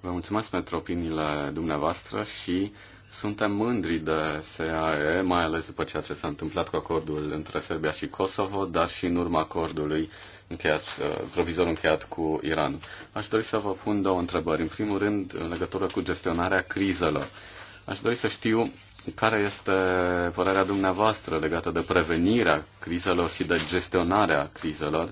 Speaker 1: Vă mulțumesc pentru opiniile dumneavoastră și suntem mândri de SAE, mai ales după ceea ce s-a întâmplat cu acordul între Serbia și Kosovo, dar și în urma acordului încheiat, uh, provizor încheiat cu Iran. Aș dori să vă pun două întrebări. În primul rând, în legătură cu gestionarea crizelor. Aș dori să știu care este părerea dumneavoastră legată de prevenirea crizelor și de gestionarea crizelor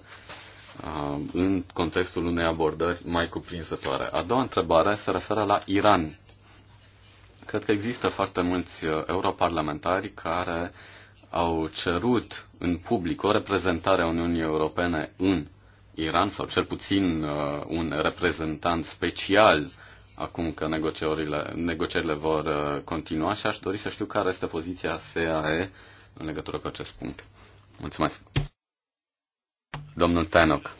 Speaker 1: uh, în contextul unei abordări mai cuprinzătoare. A doua întrebare se referă la Iran. Cred că există foarte mulți uh, europarlamentari care uh, au cerut în public o reprezentare a Uniunii Europene în Iran, sau cel puțin uh, un reprezentant special, acum că negocierile, negocierile vor uh, continua și aș dori să știu care este poziția SAE în legătură cu acest punct. Mulțumesc. Domnul Tanok.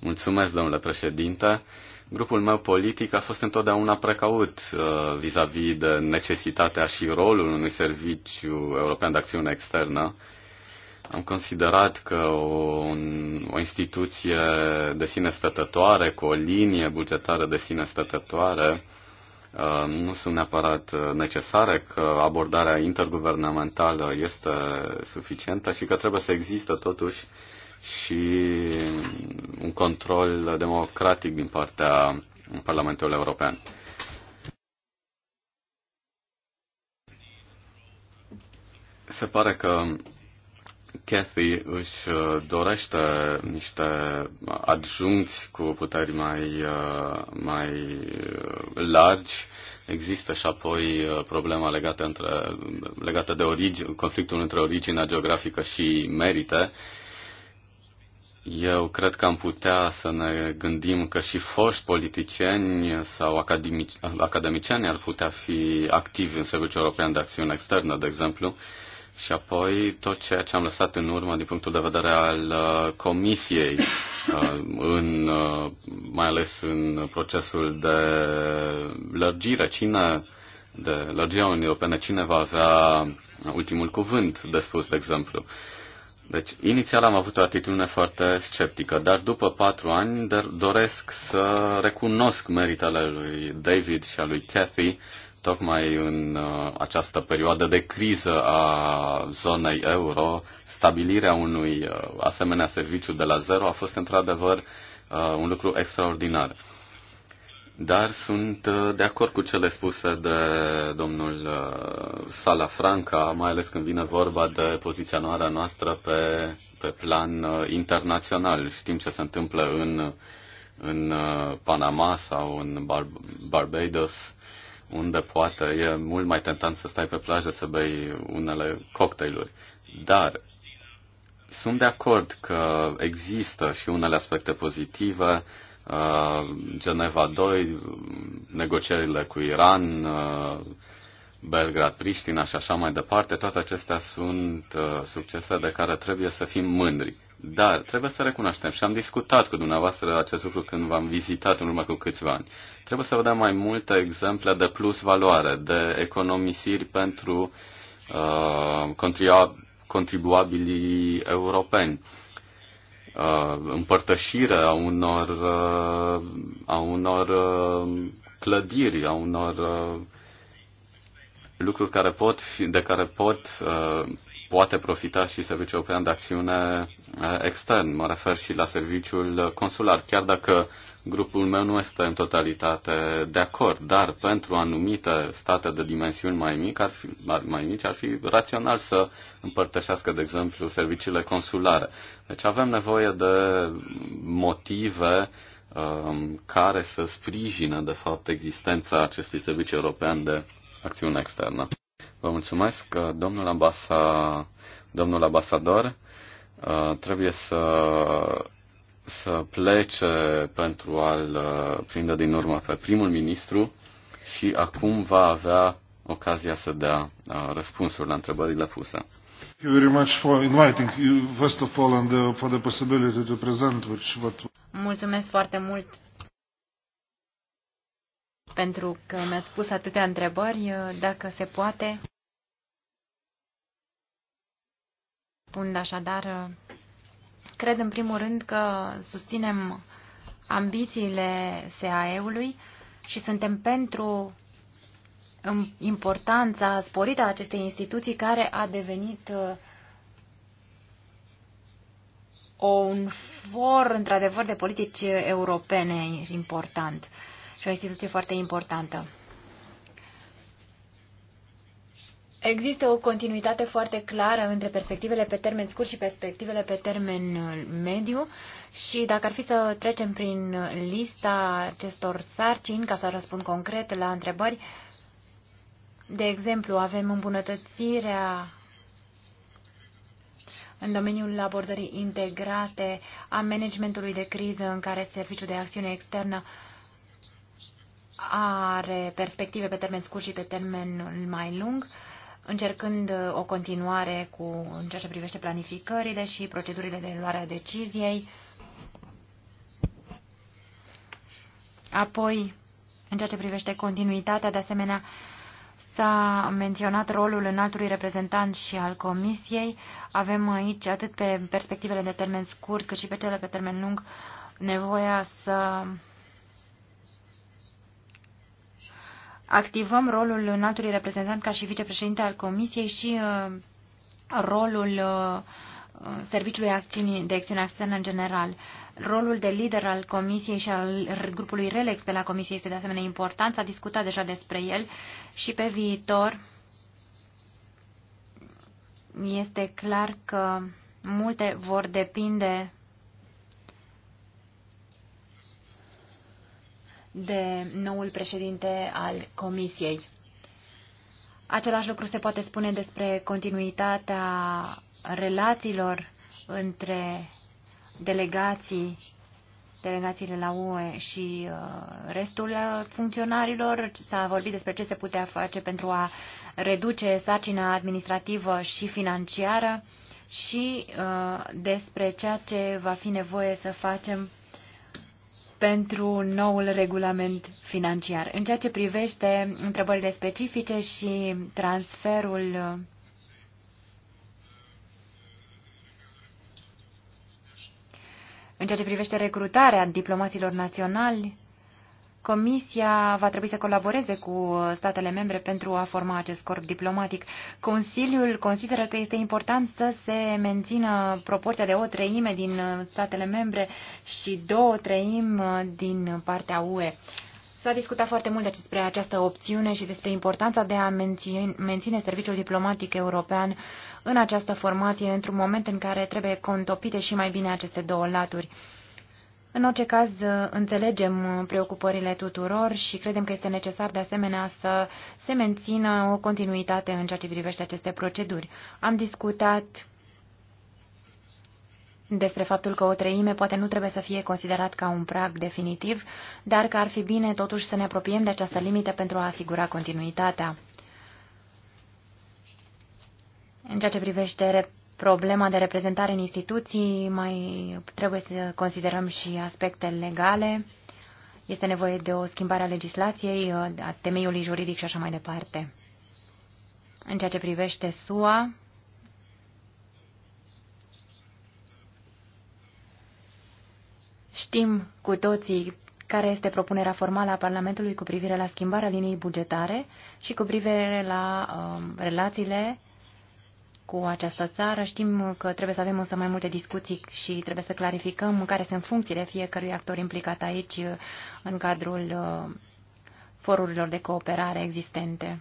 Speaker 1: Mulțumesc, domnule președinte. Grupul meu politic a fost întotdeauna precaut uh, vis-a-vis -vis de necesitatea și rolul unui serviciu european de acțiune externă. Am considerat că o, o instituție de sine stătătoare, cu o linie bugetară de sine stătătoare, uh, nu sunt neapărat uh, necesare, că abordarea interguvernamentală este suficientă și că trebuie să există totuși uh, și un control democratic din partea Parlamentului European. Se pare că Cathy își uh, dorește niște adjuncți cu puteri mai, uh, mai uh, largi. Există și apoi problema legată, între, legată de origine, conflictul între originea geografică și merite. Eu cred că am putea să ne gândim că și foști politicieni sau academici, academiciani ar putea fi activi în Serviciul European de Acțiune Externă, de exemplu, și apoi tot ceea ce am lăsat în urmă din punctul de vedere al uh, Comisiei, uh, în, uh, mai ales în procesul de lărgire, cine, de lărgirea Uniunii Europene, cine va avea ultimul cuvânt de spus, de exemplu. Deci, inițial am avut o atitudine foarte sceptică, dar după patru ani doresc să recunosc meritele lui David și a lui Cathy, tocmai în uh, această perioadă de criză a zonei euro. Stabilirea unui uh, asemenea serviciu de la zero a fost într-adevăr uh, un lucru extraordinar. Dar sunt uh, de acord cu cele spuse de domnul uh, Salafranca, mai ales când vine vorba de poziționarea noastră pe, pe plan uh, internațional. Știm ce se întâmplă în, în Panama sau în Bar- Barbados, unde poate e mult mai tentant să stai pe plajă să bei unele cocktailuri. Dar sunt de acord că există și unele aspecte pozitive, Uh, Geneva 2, negocierile cu Iran, uh, Belgrad, Pristina și așa mai departe, toate acestea sunt uh, succese de care trebuie să fim mândri. Dar trebuie să recunoaștem și am discutat cu dumneavoastră acest lucru când v-am vizitat în urmă cu câțiva ani. Trebuie să vedem mai multe exemple de plus valoare, de economisiri pentru uh, contribuabilii europeni. Uh, Uh, împărtășire a unor, uh, a unor uh, clădiri, a unor lucruri care pot, de care pot, poate profita și Serviciul European de Acțiune Extern. Mă refer și la serviciul consular. Chiar dacă grupul meu nu este în totalitate de acord, dar pentru anumite state de dimensiuni mai, mic, ar fi, mai mici ar fi rațional să împărtășească, de exemplu, serviciile consulare. Deci avem nevoie de motive um, care să sprijină, de fapt, existența acestui serviciu european de acțiune externă. Vă mulțumesc, uh, domnul, ambasa, domnul ambasador. Uh, trebuie să să plece pentru a-l uh, prinde din urmă pe primul ministru și acum va avea ocazia să dea uh, răspunsuri la întrebările puse. Thank you very much for inviting you, first of all, and uh, for the possibility to present what...
Speaker 3: Mulțumesc foarte mult pentru că mi-ați pus atâtea întrebări. Dacă se poate, pun așadar Cred, în primul rând, că susținem ambițiile SAE-ului și suntem pentru importanța sporită a acestei instituții care a devenit uh, un for, într-adevăr, de politici europene important și o instituție foarte importantă. Există o continuitate foarte clară între perspectivele pe termen scurt și perspectivele pe termen uh, mediu și dacă ar fi să trecem prin lista acestor sarcini, ca să răspund concret la întrebări, de exemplu, avem îmbunătățirea în domeniul abordării integrate a managementului de criză în care Serviciul de Acțiune Externă are perspective pe termen scurt și pe termen mai lung încercând uh, o continuare cu, în ceea ce privește planificările și procedurile de luare a deciziei. Apoi, în ceea ce privește continuitatea, de asemenea, s-a menționat rolul înaltului reprezentant și al Comisiei. Avem aici, atât pe perspectivele de termen scurt, cât și pe cele pe termen lung, nevoia să activăm rolul înaltului reprezentant ca și vicepreședinte al Comisiei și uh, rolul uh, Serviciului de Acțiune Externă în general. Rolul de lider al Comisiei și al grupului RELEX de la Comisie este de asemenea important. S-a discutat deja despre el și pe viitor este clar că multe vor depinde de noul președinte al Comisiei. Același lucru se poate spune despre continuitatea relațiilor între delegații, delegațiile la UE și uh, restul uh, funcționarilor. S-a vorbit despre ce se putea face pentru a reduce sarcina administrativă și financiară și uh, despre ceea ce va fi nevoie să facem pentru noul regulament financiar. În ceea ce privește întrebările specifice și transferul în ceea ce privește recrutarea diplomaților naționali, Comisia va trebui să colaboreze cu statele membre pentru a forma acest corp diplomatic. Consiliul consideră că este important să se mențină proporția de o treime din statele membre și două treimi din partea UE. S-a discutat foarte mult despre această opțiune și despre importanța de a menține, menține serviciul diplomatic european în această formație într-un moment în care trebuie contopite și mai bine aceste două laturi. În orice caz, înțelegem preocupările tuturor și credem că este necesar de asemenea să se mențină o continuitate în ceea ce privește aceste proceduri. Am discutat despre faptul că o treime poate nu trebuie să fie considerat ca un prag definitiv, dar că ar fi bine totuși să ne apropiem de această limită pentru a asigura continuitatea. În ceea ce privește problema de reprezentare în instituții, mai trebuie să considerăm și aspecte legale. Este nevoie de o schimbare a legislației, a temeiului juridic și așa mai departe. În ceea ce privește SUA, știm cu toții care este propunerea formală a Parlamentului cu privire la schimbarea liniei bugetare și cu privire la uh, relațiile cu această țară. Știm că trebuie să avem însă mai multe discuții și trebuie să clarificăm care sunt funcțiile fiecărui actor implicat aici în cadrul uh, forurilor de cooperare existente.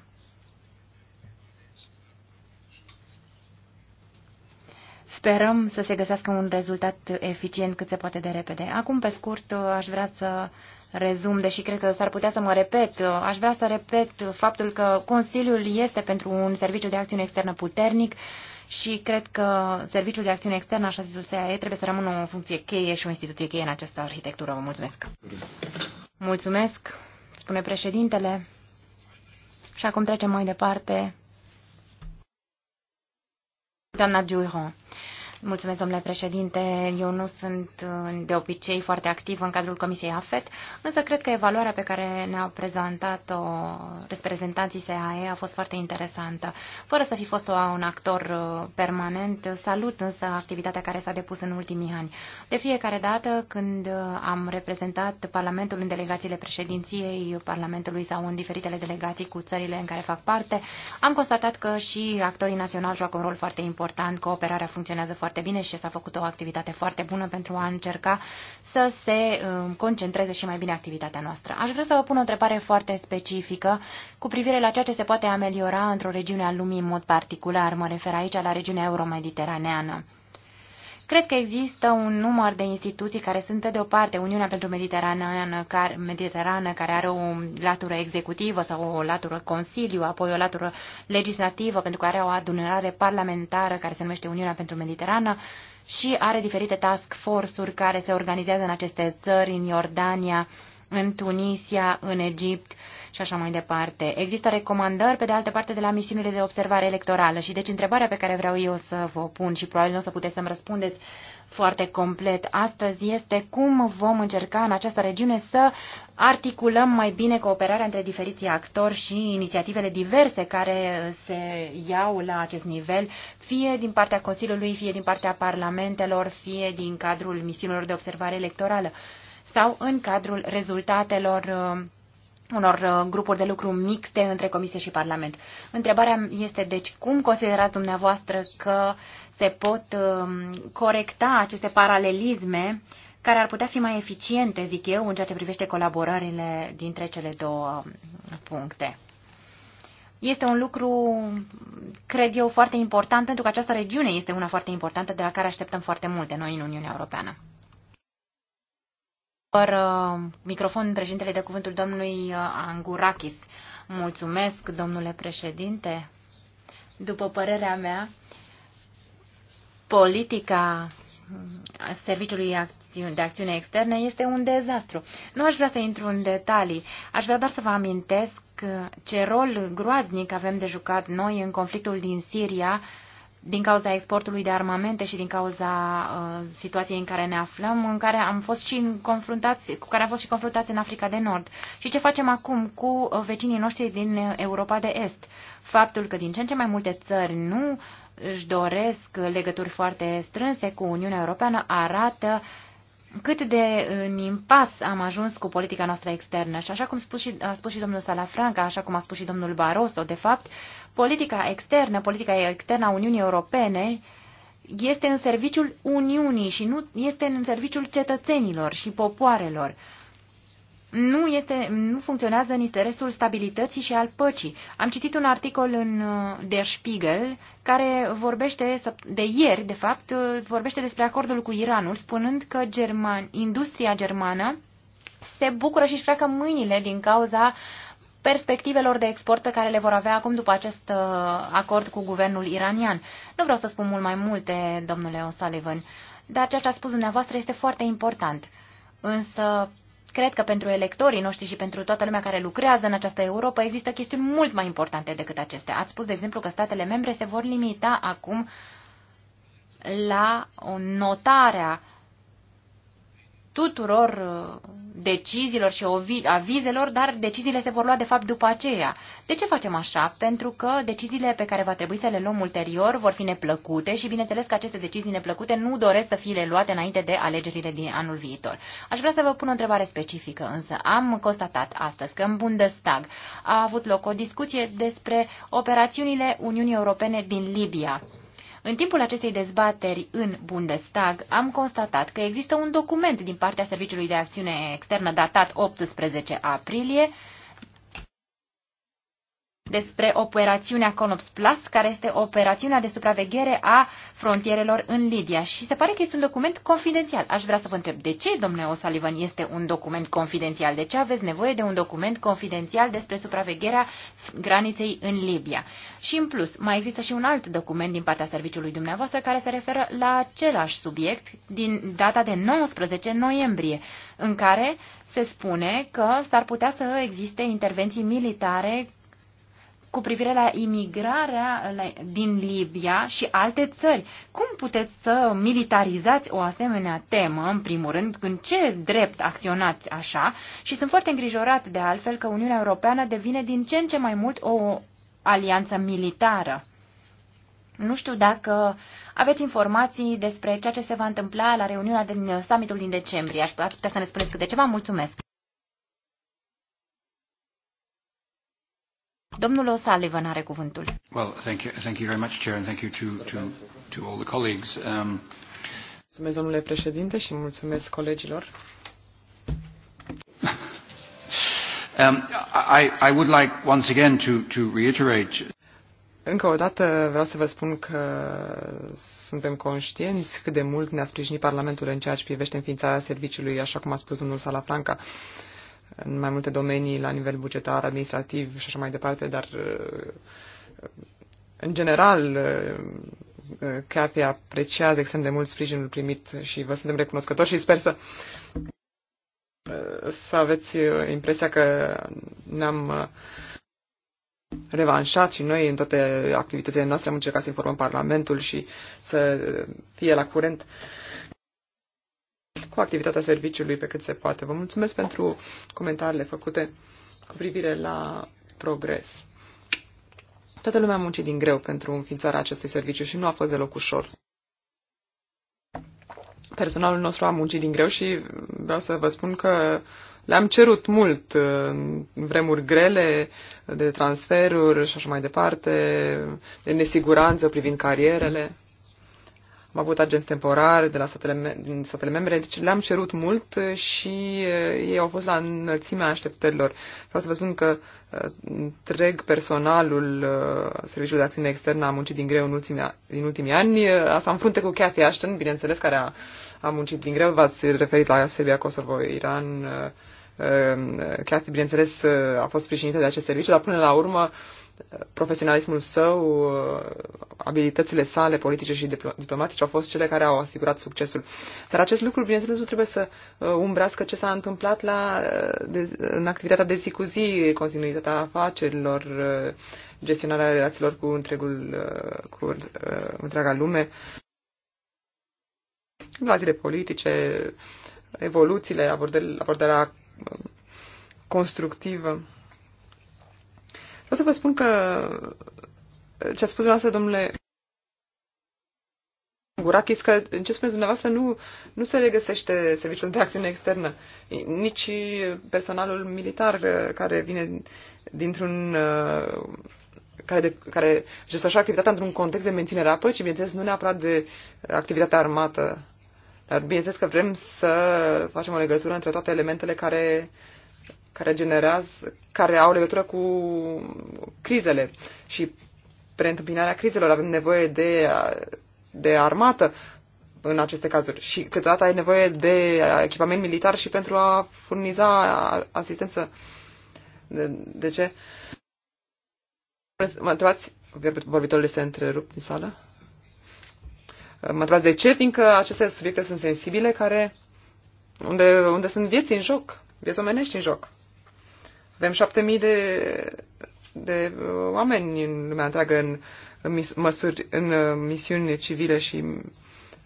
Speaker 3: Sperăm să se găsească un rezultat eficient cât se poate de repede. Acum, pe scurt, uh, aș vrea să rezum, deși cred că s-ar putea să mă repet. Uh, aș vrea să repet faptul că Consiliul este pentru un serviciu de acțiune externă puternic și cred că serviciul de acțiune externă, așa zisul SAE, trebuie să rămână o funcție cheie și o instituție cheie în această arhitectură. Vă mulțumesc! Mulțumesc, spune președintele. Și acum trecem mai departe. Doamna Durand. Mulțumesc, domnule președinte. Eu nu sunt uh, de obicei foarte activ în cadrul Comisiei AFET, însă cred că evaluarea pe care ne-au prezentat-o reprezentanții SAE a fost foarte interesantă. Fără să fi fost un actor uh, permanent, salut însă activitatea care s-a depus în ultimii ani. De fiecare dată când uh, am reprezentat Parlamentul în delegațiile președinției Parlamentului sau în diferitele delegații cu țările în care fac parte, am constatat că și actorii naționali joacă un rol foarte important, cooperarea funcționează foarte foarte bine și s-a făcut o activitate foarte bună pentru a încerca să se um, concentreze și mai bine activitatea noastră. Aș vrea să vă pun o întrebare foarte specifică cu privire la ceea ce se poate ameliora într-o regiune a lumii în mod particular. Mă refer aici la regiunea euromediteraneană. Cred că există un număr de instituții care sunt, pe de o parte, Uniunea pentru Mediterană care, Mediterană, care are o latură executivă sau o latură consiliu, apoi o latură legislativă, pentru că are o adunare parlamentară care se numește Uniunea pentru Mediterană și are diferite task force-uri care se organizează în aceste țări, în Iordania, în Tunisia, în Egipt, uh, și așa mai departe. Există recomandări, pe de altă parte, de la misiunile de observare electorală și deci întrebarea pe care vreau eu să vă pun și probabil nu o să puteți să-mi răspundeți foarte complet astăzi este cum vom încerca în această regiune să articulăm mai bine cooperarea între diferiții actori și inițiativele diverse care se iau la acest nivel, fie din partea Consiliului, fie din partea parlamentelor, fie din cadrul misiunilor de observare electorală sau în cadrul rezultatelor unor uh, grupuri de lucru mixte între Comisie și Parlament. Întrebarea este, deci, cum considerați dumneavoastră că se pot um, corecta aceste paralelisme care ar putea fi mai eficiente, zic eu, în ceea ce privește colaborările dintre cele două um, puncte? Este un lucru, cred eu, foarte important pentru că această regiune este una foarte importantă de la care așteptăm foarte multe noi în Uniunea Europeană. Fără microfon, președintele de cuvântul domnului uh, Angurakis. Mulțumesc, domnule președinte. După părerea mea, politica Serviciului de Acțiune Externe este un dezastru. Nu aș vrea să intru în detalii, aș vrea doar să vă amintesc ce rol groaznic avem de jucat noi în conflictul din Siria, din cauza exportului de armamente și din cauza uh, situației în care ne aflăm, în care am fost și confruntați, cu care am fost și confruntați în Africa de Nord. Și ce facem acum cu uh, vecinii noștri din uh, Europa de Est? Faptul că din ce în ce mai multe țări nu își doresc uh, legături foarte strânse cu Uniunea Europeană arată uh, cât de în impas am ajuns cu politica noastră externă. Și așa cum spus și, a spus și domnul Salafranca, așa cum a spus și domnul Barroso, de fapt, politica externă, politica externă a Uniunii Europene este în serviciul Uniunii și nu este în serviciul cetățenilor și popoarelor nu, este, nu funcționează în interesul stabilității și al păcii. Am citit un articol în uh, Der Spiegel care vorbește, de ieri, de fapt, uh, vorbește despre acordul cu Iranul, spunând că german, industria germană se bucură și își freacă mâinile din cauza perspectivelor de export pe care le vor avea acum după acest uh, acord cu guvernul iranian. Nu vreau să spun mult mai multe, domnule O'Sullivan, dar ceea ce a spus dumneavoastră este foarte important. Însă cred că pentru electorii noștri și pentru toată lumea care lucrează în această Europa există chestiuni mult mai importante decât acestea. Ați spus, de exemplu, că statele membre se vor limita acum la notarea tuturor uh, deciziilor și avizelor, dar deciziile se vor lua de fapt după aceea. De ce facem așa? Pentru că deciziile pe care va trebui să le luăm ulterior vor fi neplăcute și bineînțeles că aceste decizii neplăcute nu doresc să fie le luate înainte de alegerile din anul viitor. Aș vrea să vă pun o întrebare specifică, însă am constatat astăzi că în Bundestag a avut loc o discuție despre operațiunile Uniunii Europene din Libia. În timpul acestei dezbateri în Bundestag am constatat că există un document din partea Serviciului de Acțiune Externă datat 18 aprilie despre operațiunea Conops Plus, care este operațiunea de supraveghere a frontierelor în Libia. Și se pare că este un document confidențial. Aș vrea să vă întreb, de ce, domnule O'Sullivan, este un document confidențial? De ce aveți nevoie de un document confidențial despre supravegherea graniței în Libia? Și, în plus, mai există și un alt document din partea serviciului dumneavoastră care se referă la același subiect din data de 19 noiembrie, în care se spune că s-ar putea să existe intervenții militare cu privire la imigrarea din Libia și alte țări. Cum puteți să militarizați o asemenea temă, în primul rând, în ce drept acționați așa? Și sunt foarte îngrijorat de altfel că Uniunea Europeană devine din ce în ce mai mult o alianță militară. Nu știu dacă aveți informații despre ceea ce se va întâmpla la reuniunea din summitul din decembrie. Aș putea să ne spuneți câte ceva. Mulțumesc! Domnul O'Sullivan are cuvântul.
Speaker 1: Well, thank you, thank you very much, Chair, and thank you to, to, to all the colleagues. Um...
Speaker 3: Mulțumesc,
Speaker 2: domnule președinte, și
Speaker 3: mulțumesc colegilor. Um, I, I would like once again to,
Speaker 1: to reiterate
Speaker 2: încă o dată vreau să vă spun că suntem conștienți cât de mult ne-a sprijinit Parlamentul în ceea ce privește înființarea serviciului, așa cum a spus domnul Salafranca. Uh, în mai multe domenii, la nivel bugetar, administrativ și așa mai departe, dar uh, în general uh, uh, Cathy apreciază extrem de mult sprijinul primit și vă suntem recunoscători și sper să să aveți impresia că ne-am revanșat și noi în toate activitățile noastre am încercat să informăm Parlamentul și să fie la curent uh, cu activitatea serviciului pe cât se poate. Vă mulțumesc pentru comentariile făcute cu privire la progres. Toată lumea a muncit din greu pentru înființarea acestui serviciu și nu a fost deloc ușor. Personalul nostru a muncit din greu și vreau să vă spun că le-am cerut mult uh, în vremuri grele de transferuri și așa mai departe, de nesiguranță privind carierele. Am avut agenți temporari de la statele, din statele membre, deci le-am cerut mult și uh, ei au fost la înălțimea așteptărilor. Vreau să vă spun că uh, întreg personalul uh, Serviciului de Acțiune Externă a muncit din greu în ultimii, din ultimii ani. Asta în frunte cu Cathy Ashton, bineînțeles, care a, a muncit din greu. V-ați referit la Serbia, Kosovo, Iran, Cathy, bineînțeles, a fost sprijinită de acest serviciu, dar până la urmă profesionalismul său, abilitățile sale politice și diplomatice au fost cele care au asigurat succesul. Dar acest lucru, bineînțeles, nu trebuie să uh, umbrească ce s-a întâmplat la, uh, de, în activitatea de zi cu zi, continuitatea afacerilor, uh, gestionarea relațiilor cu, întregul, cu întreaga lume, relațiile politice, evoluțiile, abordarea constructivă. Vreau să vă spun că ce a spus dumneavoastră, domnule Gurachis, că în ce spuneți dumneavoastră nu, nu se regăsește serviciul de acțiune externă, nici personalul militar uh, care vine dintr-un uh, care, de, care își desfășoară activitatea într-un context de menținere a păcii, bineînțeles, nu neapărat de activitatea armată. Dar bineînțeles că vrem să facem o legătură între toate elementele care uh, care generează, care au legătură cu crizele și preîntâmpinarea crizelor. Avem nevoie de, de armată în aceste cazuri și câteodată ai nevoie de echipament militar și pentru a furniza asistență. De, de ce? Mă întrebați, vorbitorul este întrerupt din sală? Mă întrebați de ce? Fiindcă aceste subiecte sunt sensibile care, unde, unde sunt vieți în joc, vieți omenești în joc. Avem șapte mii de, de uh, oameni în lumea întreagă în, în, mis, măsuri, în uh, misiuni civile și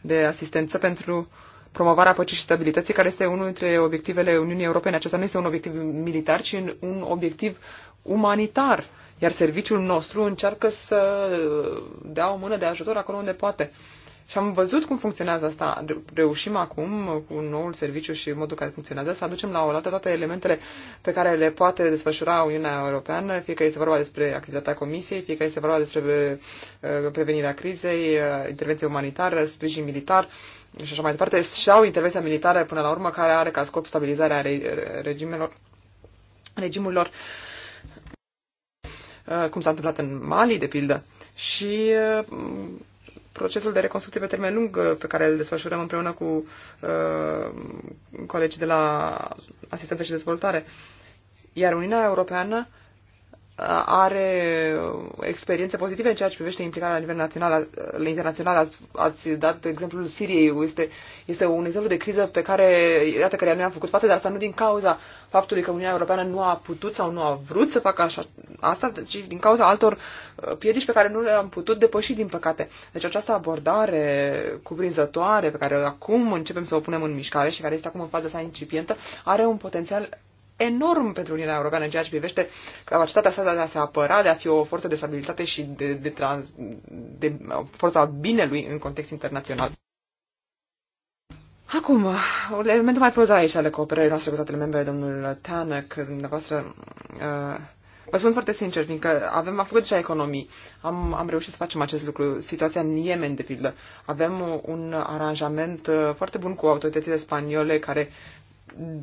Speaker 2: de asistență pentru promovarea păcii și stabilității, care este unul dintre obiectivele Uniunii Europene. Acesta nu este un obiectiv militar, ci un obiectiv umanitar. Iar serviciul nostru încearcă să uh, dea o mână de ajutor acolo unde poate. Și am văzut cum funcționează asta. Reușim acum, cu noul serviciu și modul care funcționează, să aducem la o dată toate elementele pe care le poate desfășura Uniunea Europeană, fie că este vorba despre activitatea Comisiei, fie că este vorba despre uh, prevenirea crizei, uh, intervenție umanitară, sprijin militar și așa mai departe, au intervenția militară până la urmă, care are ca scop stabilizarea regimelor, regimurilor, uh, cum s-a întâmplat în Mali, de pildă. Și procesul de reconstrucție pe termen lung uh, pe care îl desfășurăm împreună cu uh, colegii de la Asistență și Dezvoltare. Iar Uniunea Europeană uh, are experiențe pozitive în ceea ce privește implicarea la nivel național, internațional. Ați, ați dat exemplul Siriei. Este, este un exemplu de criză pe care, iată, care noi am făcut față, dar asta nu din cauza faptului că Uniunea Europeană nu a putut sau nu a vrut să facă așa, asta, ci din cauza altor uh, piedici pe care nu le-am putut depăși, din păcate. Deci această abordare cuprinzătoare pe care acum începem să o punem în mișcare și care este acum în faza sa incipientă, are un potențial enorm pentru Uniunea Europeană în ceea ce privește capacitatea sa de a se apăra, de a fi o forță de stabilitate și de, de, trans, de forța binelui în context internațional. Acum, elementul mai prozaic ale cooperării noastre cu statele membre, domnul Tanăc, dumneavoastră, uh, Vă spun foarte sincer, fiindcă avem, am făcut deja economii, am, am reușit să facem acest lucru. Situația în Yemen, de pildă. Avem un aranjament uh, foarte bun cu autoritățile spaniole care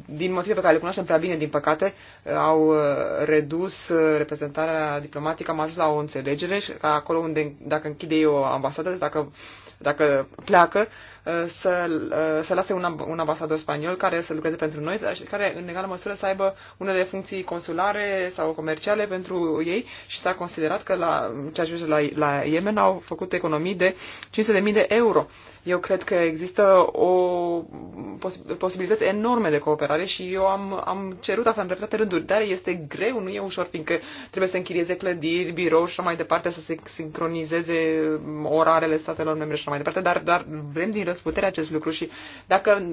Speaker 2: din motive pe care le cunoaștem prea bine, din păcate, au uh, redus uh, reprezentarea diplomatică, am ajuns la o înțelegere și acolo unde, dacă închide eu o ambasadă, dacă, dacă pleacă, să, uh, să lase un, un ambasador spaniol care să lucreze pentru noi, dar și care în egală măsură să aibă unele funcții consulare sau comerciale pentru ei și s-a considerat că la ceea ce la, la Yemen au făcut economii de 500.000 de euro. Eu cred că există o pos, posibilitate enorme de cooperare și eu am, am cerut asta în repetate rânduri, dar este greu, nu e ușor, fiindcă trebuie să închirieze clădiri, birouri și mai departe, să se sincronizeze orarele statelor membre și mai departe, dar, dar vrem din răs aveți putere acest lucru și dacă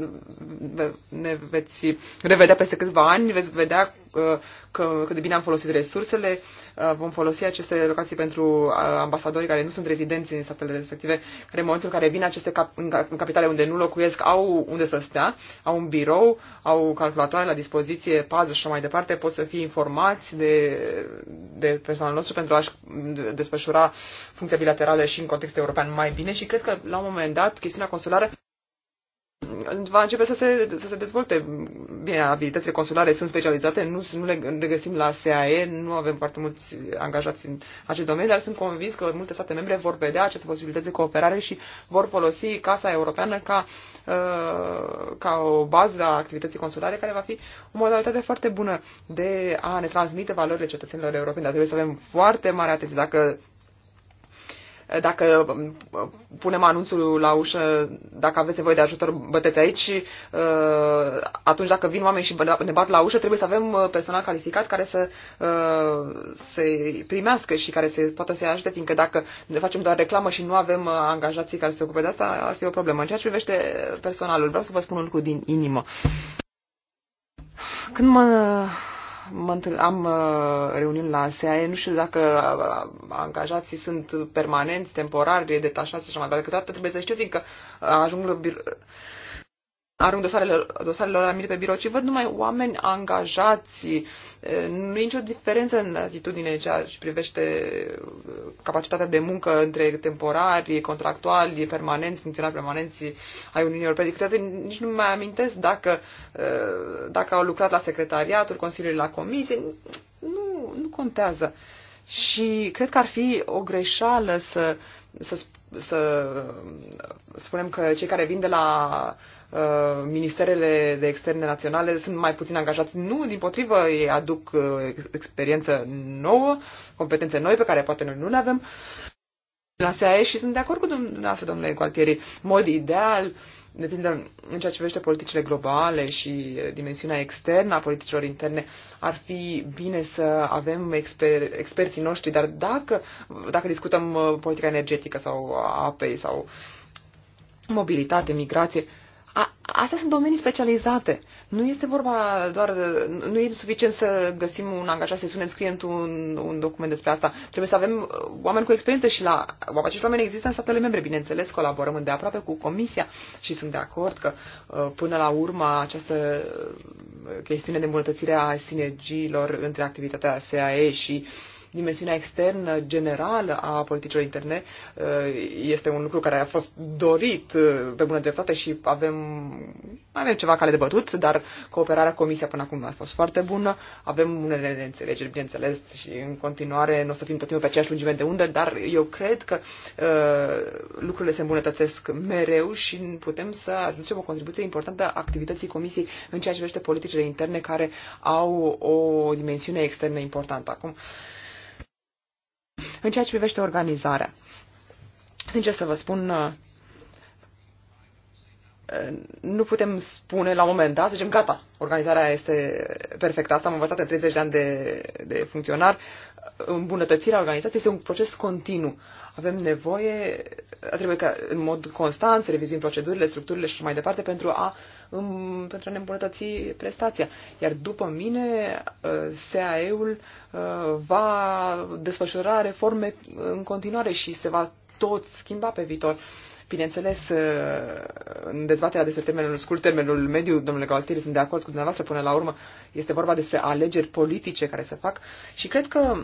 Speaker 2: ne veți revedea peste câțiva ani, veți vedea uh, că, cât de bine am folosit resursele. Uh, vom folosi aceste locații pentru uh, ambasadorii care nu sunt rezidenți în statele respective, care în momentul în care vin aceste cap, în capitale unde nu locuiesc, au unde să stea, au un birou, au calculatoare la dispoziție, pază și așa mai departe, pot să fie informați de, de personalul nostru pentru a-și desfășura funcția bilaterală și în context european mai bine și cred că la un moment dat chestiunea consulară va începe să se, să se dezvolte. Bine, abilitățile consulare sunt specializate, nu, nu le regăsim la SAE, nu avem foarte mulți angajați în acest domeniu, dar sunt convins că multe state membre vor vedea aceste posibilități de cooperare și vor folosi Casa Europeană ca, uh, ca o bază a activității consulare, care va fi o modalitate foarte bună de a ne transmite valorile cetățenilor europeni, dar trebuie să avem foarte mare atenție. Dacă dacă um, punem anunțul la ușă, dacă aveți nevoie de ajutor, băteți aici, uh, atunci dacă vin oameni și ne bat la ușă, trebuie să avem uh, personal calificat care să uh, se primească și care se poată să-i ajute, fiindcă dacă ne facem doar reclamă și nu avem angajații care se ocupe de asta, ar fi o problemă. În ceea ce privește personalul, vreau să vă spun un lucru din inimă. Când mă mă întâln, am uh, reuniuni la SAE, nu știu dacă uh, angajații sunt permanenți, temporari, detașați și așa mai departe, că trebuie să știu, fiindcă uh, ajung la arunc dosarele, dosarele la mine pe birou, ci văd numai oameni angajați. Nu e nicio diferență în atitudine ceea ce privește uh, capacitatea de muncă între temporari, contractuali, permanenți, funcționari permanenți ai Uniunii Europene. Câteodată nici nu mai amintesc dacă, uh, dacă au lucrat la secretariatul Consiliului la Comisie. Nu, nu contează. Și cred că ar fi o greșeală să, să, să spunem că cei care vin de la Uh, ministerele de externe naționale sunt mai puțin angajați. Nu, din potrivă, ei aduc uh, experiență nouă, competențe noi pe care poate noi nu le avem. La SAE și sunt de acord cu dumneavoastră, domnule Gualtieri, mod ideal, de pildă, în ceea ce vește politicile globale și uh, dimensiunea externă a politicilor interne, ar fi bine să avem exper- experții noștri, dar dacă, dacă discutăm politica energetică sau apei sau mobilitate, migrație, uh, a, astea sunt domenii specializate. Nu este vorba doar, nu e suficient să găsim un angajat, să-i spunem scrie un, un document despre asta. Trebuie să avem uh, oameni cu experiență și la uh, acești oameni există în statele membre. Bineînțeles, colaborăm îndeaproape cu Comisia și sunt de acord că uh, până la urmă această chestiune de îmbunătățire a sinergiilor între activitatea SAE și uh, dimensiunea externă generală a politicilor interne uh, este un lucru care a fost dorit uh, pe bună dreptate și avem, avem ceva cale de bătut, dar cooperarea Comisia până acum a fost foarte bună. Avem unele neînțelegeri, bineînțeles, și în continuare nu o să fim tot timpul pe aceeași lungime de undă, dar eu cred că uh, lucrurile se îmbunătățesc mereu și putem să aducem o contribuție importantă a activității Comisiei în ceea ce privește politicile interne care au o dimensiune externă importantă. Acum, uh, în ceea ce privește organizarea, sincer să vă spun, uh, uh, nu putem spune la un moment dat, să zicem, gata, organizarea este perfectă, asta am învățat în 30 de ani de, de funcționar, îmbunătățirea organizației este un proces continuu. Avem nevoie, trebuie ca în mod constant să revizuim procedurile, structurile și mai departe pentru a în, pentru a ne îmbunătăți prestația. Iar după mine, uh, SAE-ul uh, va desfășura reforme în continuare și se va tot schimba pe viitor. Bineînțeles, uh, în dezbaterea despre termenul scurt, termenul mediu, domnule Galtieri, sunt de acord cu dumneavoastră până la urmă, este vorba despre alegeri politice care se fac și cred că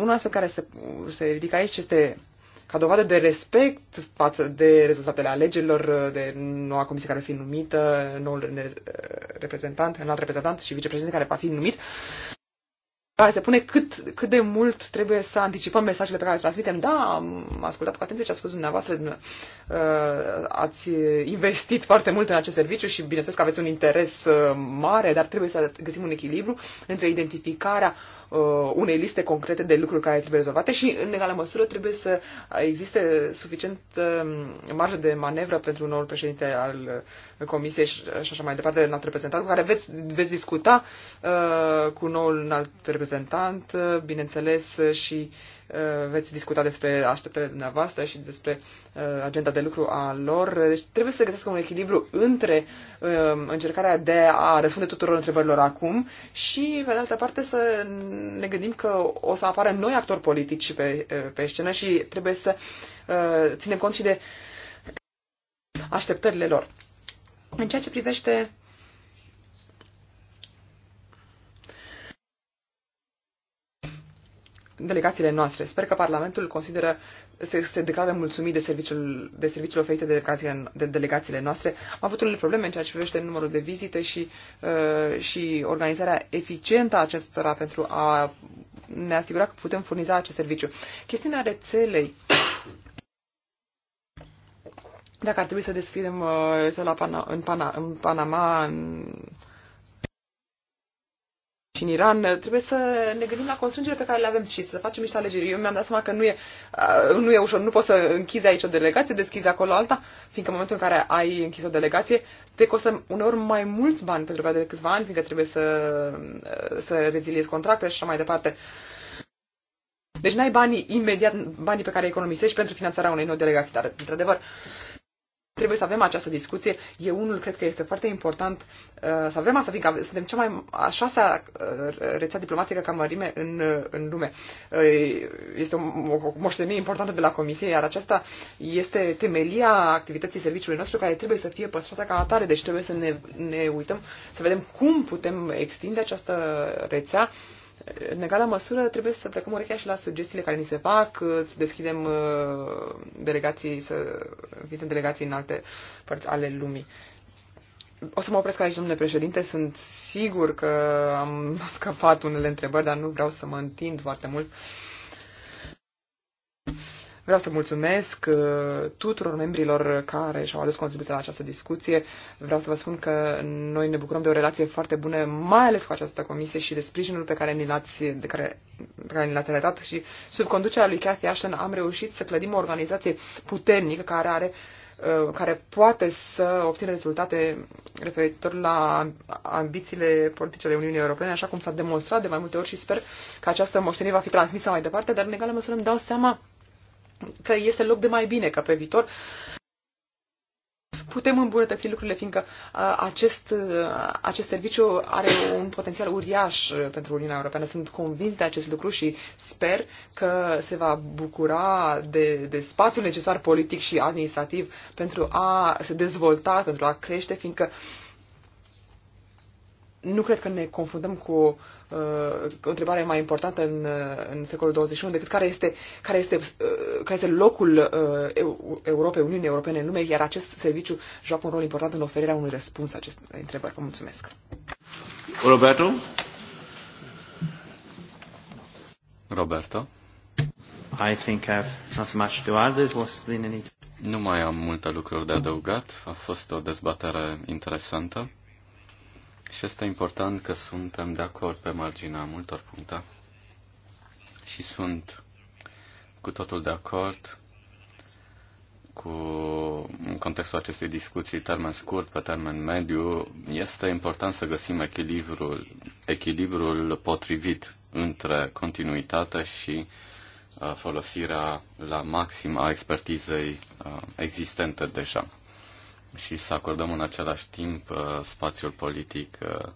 Speaker 2: un aspect care se, se ridică aici este ca dovadă de respect față de rezultatele alegerilor, de noua comisie care va fi numită, noul reprezentant, înalt reprezentant și vicepreședinte care va fi numit, care se pune cât, cât de mult trebuie să anticipăm mesajele pe care le transmitem. Da, am ascultat cu atenție ce a spus dumneavoastră. Uh, ați investit foarte mult în acest serviciu și bineînțeles că aveți un interes uh, mare, dar trebuie să găsim un echilibru între identificarea uh, unei liste concrete de lucruri care trebuie rezolvate și, în egală măsură, trebuie să existe suficient uh, marjă de manevră pentru noul președinte al Comisiei și, și așa mai departe, înalt reprezentant, cu care veți, veți discuta uh, cu noul înalt reprezentant, uh, bineînțeles, și uh, Eh, veți discuta despre așteptările dumneavoastră și despre eh, agenda de lucru a lor. Deci trebuie să găsească un echilibru între eh, încercarea de a răspunde tuturor întrebărilor acum și, pe de altă parte, să ne gândim că o să apară noi actori politici pe, pe scenă și trebuie să ținem cont și de așteptările lor.
Speaker 3: În ceea ce privește
Speaker 2: delegațiile noastre. Sper că Parlamentul consideră, se, se declară mulțumit de serviciul, de serviciul oferit de, delegațiile, de delegațiile noastre. Am avut unele probleme în ceea ce privește numărul de vizite și, uh, și organizarea eficientă a acestora pentru a ne asigura că putem furniza acest serviciu. Chestiunea rețelei dacă ar trebui să deschidem uh, la Pana, în, Pana, în Panama, în și în Iran, trebuie să ne gândim la constrângere pe care le avem și să facem niște alegeri. Eu mi-am dat seama că nu e, uh, nu e ușor, nu poți să închizi aici o delegație, deschizi acolo alta, fiindcă în momentul în care ai închis o delegație, te costă uneori mai mulți bani pentru perioada de câțiva ani, fiindcă trebuie să, uh, să reziliezi contracte și așa mai departe. Deci n-ai banii imediat, banii pe care economisești pentru finanțarea unei noi delegații, dar, într-adevăr, trebuie să avem această discuție. Eu unul cred că este foarte important uh, să avem asta, fiindcă suntem cea mai a șasea uh, rețea diplomatică ca mărime în, uh, în lume. Uh, este o, o moștenie importantă de la Comisie, iar aceasta este temelia activității serviciului nostru care trebuie să fie păstrată ca atare. Deci trebuie să ne, ne uităm, să vedem cum putem extinde această rețea uh, în egală măsură trebuie să plecăm urechea și la sugestiile care ni se fac, să deschidem uh, delegații, să vizităm delegații în alte părți ale lumii. O să mă opresc aici, domnule președinte. Sunt sigur că am scăpat unele întrebări, dar nu vreau să mă întind foarte mult. Uh, Vreau să mulțumesc uh, tuturor membrilor care și-au adus contribuția la această discuție. Vreau să vă spun că noi ne bucurăm de o relație foarte bună, mai ales cu această comisie și de sprijinul pe care ni l-ați, de care, pe care ni l-ați arătat și sub conducerea lui Cathy Ashton am reușit să clădim o organizație puternică care are uh, care poate să obțină rezultate referitor la ambițiile politice ale Uniunii Europene, așa cum s-a demonstrat de mai multe ori și sper că această moștenire va fi transmisă mai departe, dar în egală măsură îmi dau seama că este loc de mai bine, că pe viitor putem îmbunătăți lucrurile, fiindcă acest, acest serviciu are un potențial uriaș pentru Uniunea Europeană. Sunt convins de acest lucru și sper că se va bucura de, de spațiul necesar politic și administrativ pentru a se dezvolta, pentru a crește, fiindcă uh, nu cred că ne confundăm cu uh, o întrebare mai importantă în, uh, în secolul 21 decât care este, care este, uh, care este locul uh, Europei, Uniunii Europene în lume, iar acest serviciu joacă un rol important în oferirea unui răspuns acestei întrebări. Vă mulțumesc.
Speaker 1: Roberto? Roberto? I think I've not much to add. It was been an... Nu mai am multe lucruri de adăugat. A fost o dezbatere interesantă. Și este important că suntem de acord pe marginea multor puncte și sunt cu totul de acord cu în contextul acestei discuții, termen scurt, pe termen mediu, este important să găsim echilibrul, echilibrul potrivit între continuitate și uh, folosirea la maxim a expertizei uh, existente deja și să acordăm în același timp uh, spațiul politic uh,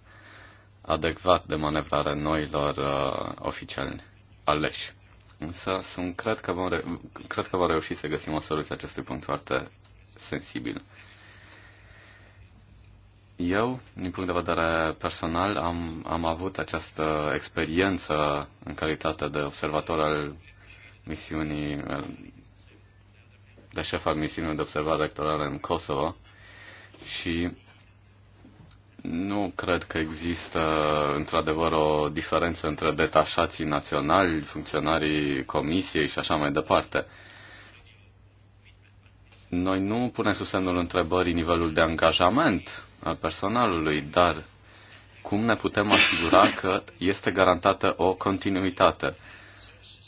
Speaker 1: adecvat de manevrare noilor uh, oficiali aleși. Însă sunt, cred, că vom re- cred că vom reuși să găsim o soluție acestui punct foarte sensibil. Eu, din punct de vedere personal, am, am avut această experiență în calitate de observator al misiunii, de șef al misiunii de observare electorală în Kosovo și nu cred că există într-adevăr o diferență între detașații naționali, funcționarii comisiei și așa mai departe. Noi nu punem sub semnul întrebării nivelul de angajament al personalului, dar cum ne putem asigura că este garantată o continuitate?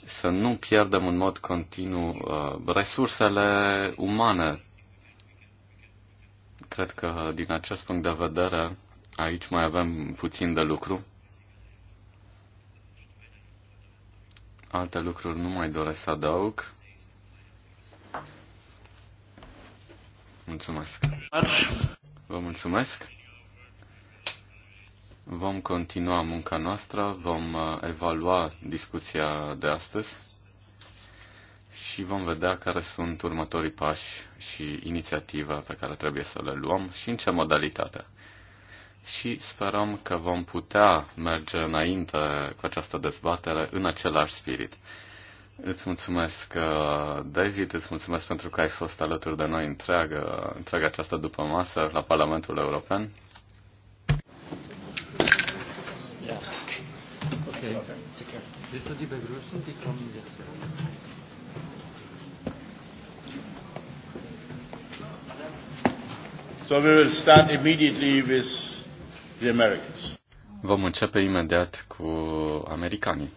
Speaker 1: Să nu pierdem în mod continuu uh, resursele umane Cred că din acest punct de vedere aici mai avem puțin de lucru. Alte lucruri nu mai doresc să adaug. Mulțumesc. Vă mulțumesc. Vom continua munca noastră, vom uh, evalua discuția de astăzi și vom vedea care sunt următorii pași și inițiativa pe care trebuie să le luăm și în ce modalitate. Și sperăm că vom putea merge înainte cu această dezbatere în același spirit. Îți mulțumesc, uh, David, îți mulțumesc pentru că ai fost alături de noi întreagă, întreaga această după masă la Parlamentul European. Yeah. Okay. Okay. So we will start immediately with the Americans. Vom începe imediat cu americanii.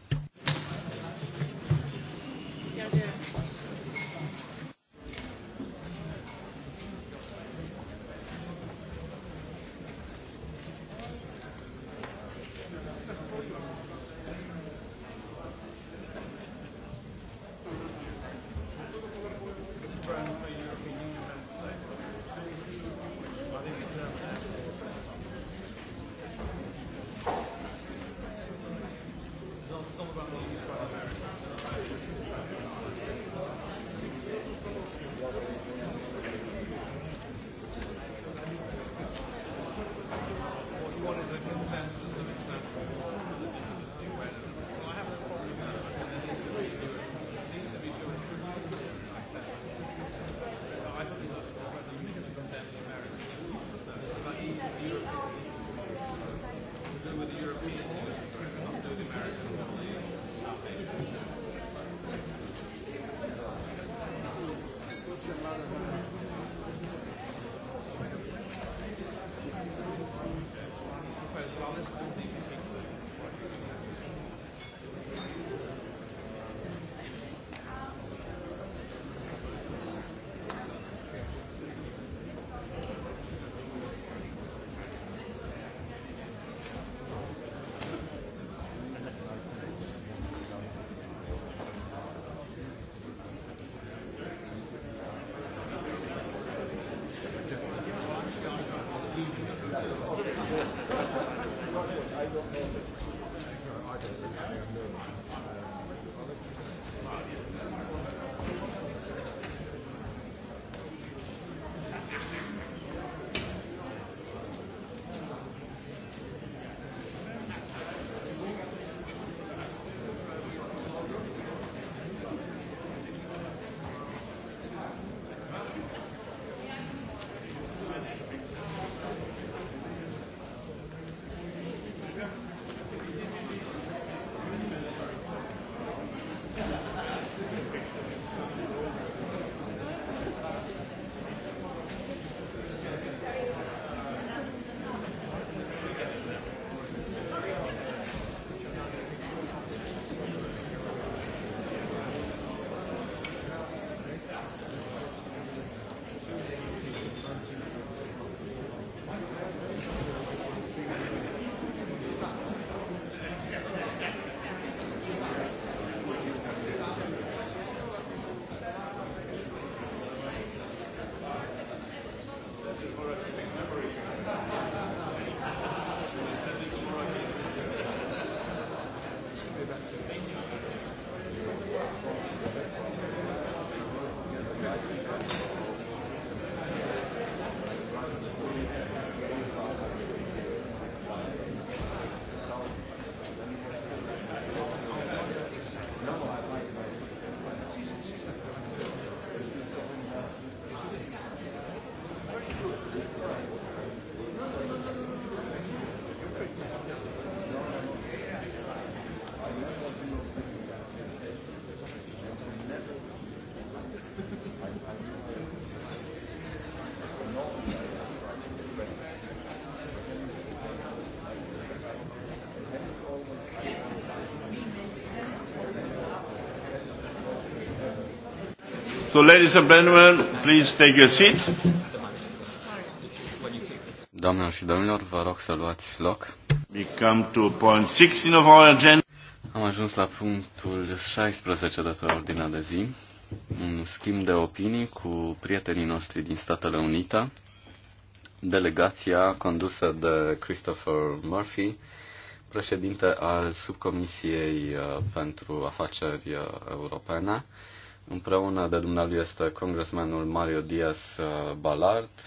Speaker 1: So, ladies and gentlemen, please take your seat. Doamnelor și domnilor, vă rog să luați loc. We come to point 16 of our agenda. Am ajuns la punctul 16 de pe ordinea de zi, un schimb de opinii cu prietenii noștri din Statele Unite, delegația condusă de Christopher Murphy, președinte al subcomisiei uh, pentru afaceri uh, europene, Împreună de dumnealui este congresmanul Mario Diaz uh, Balart,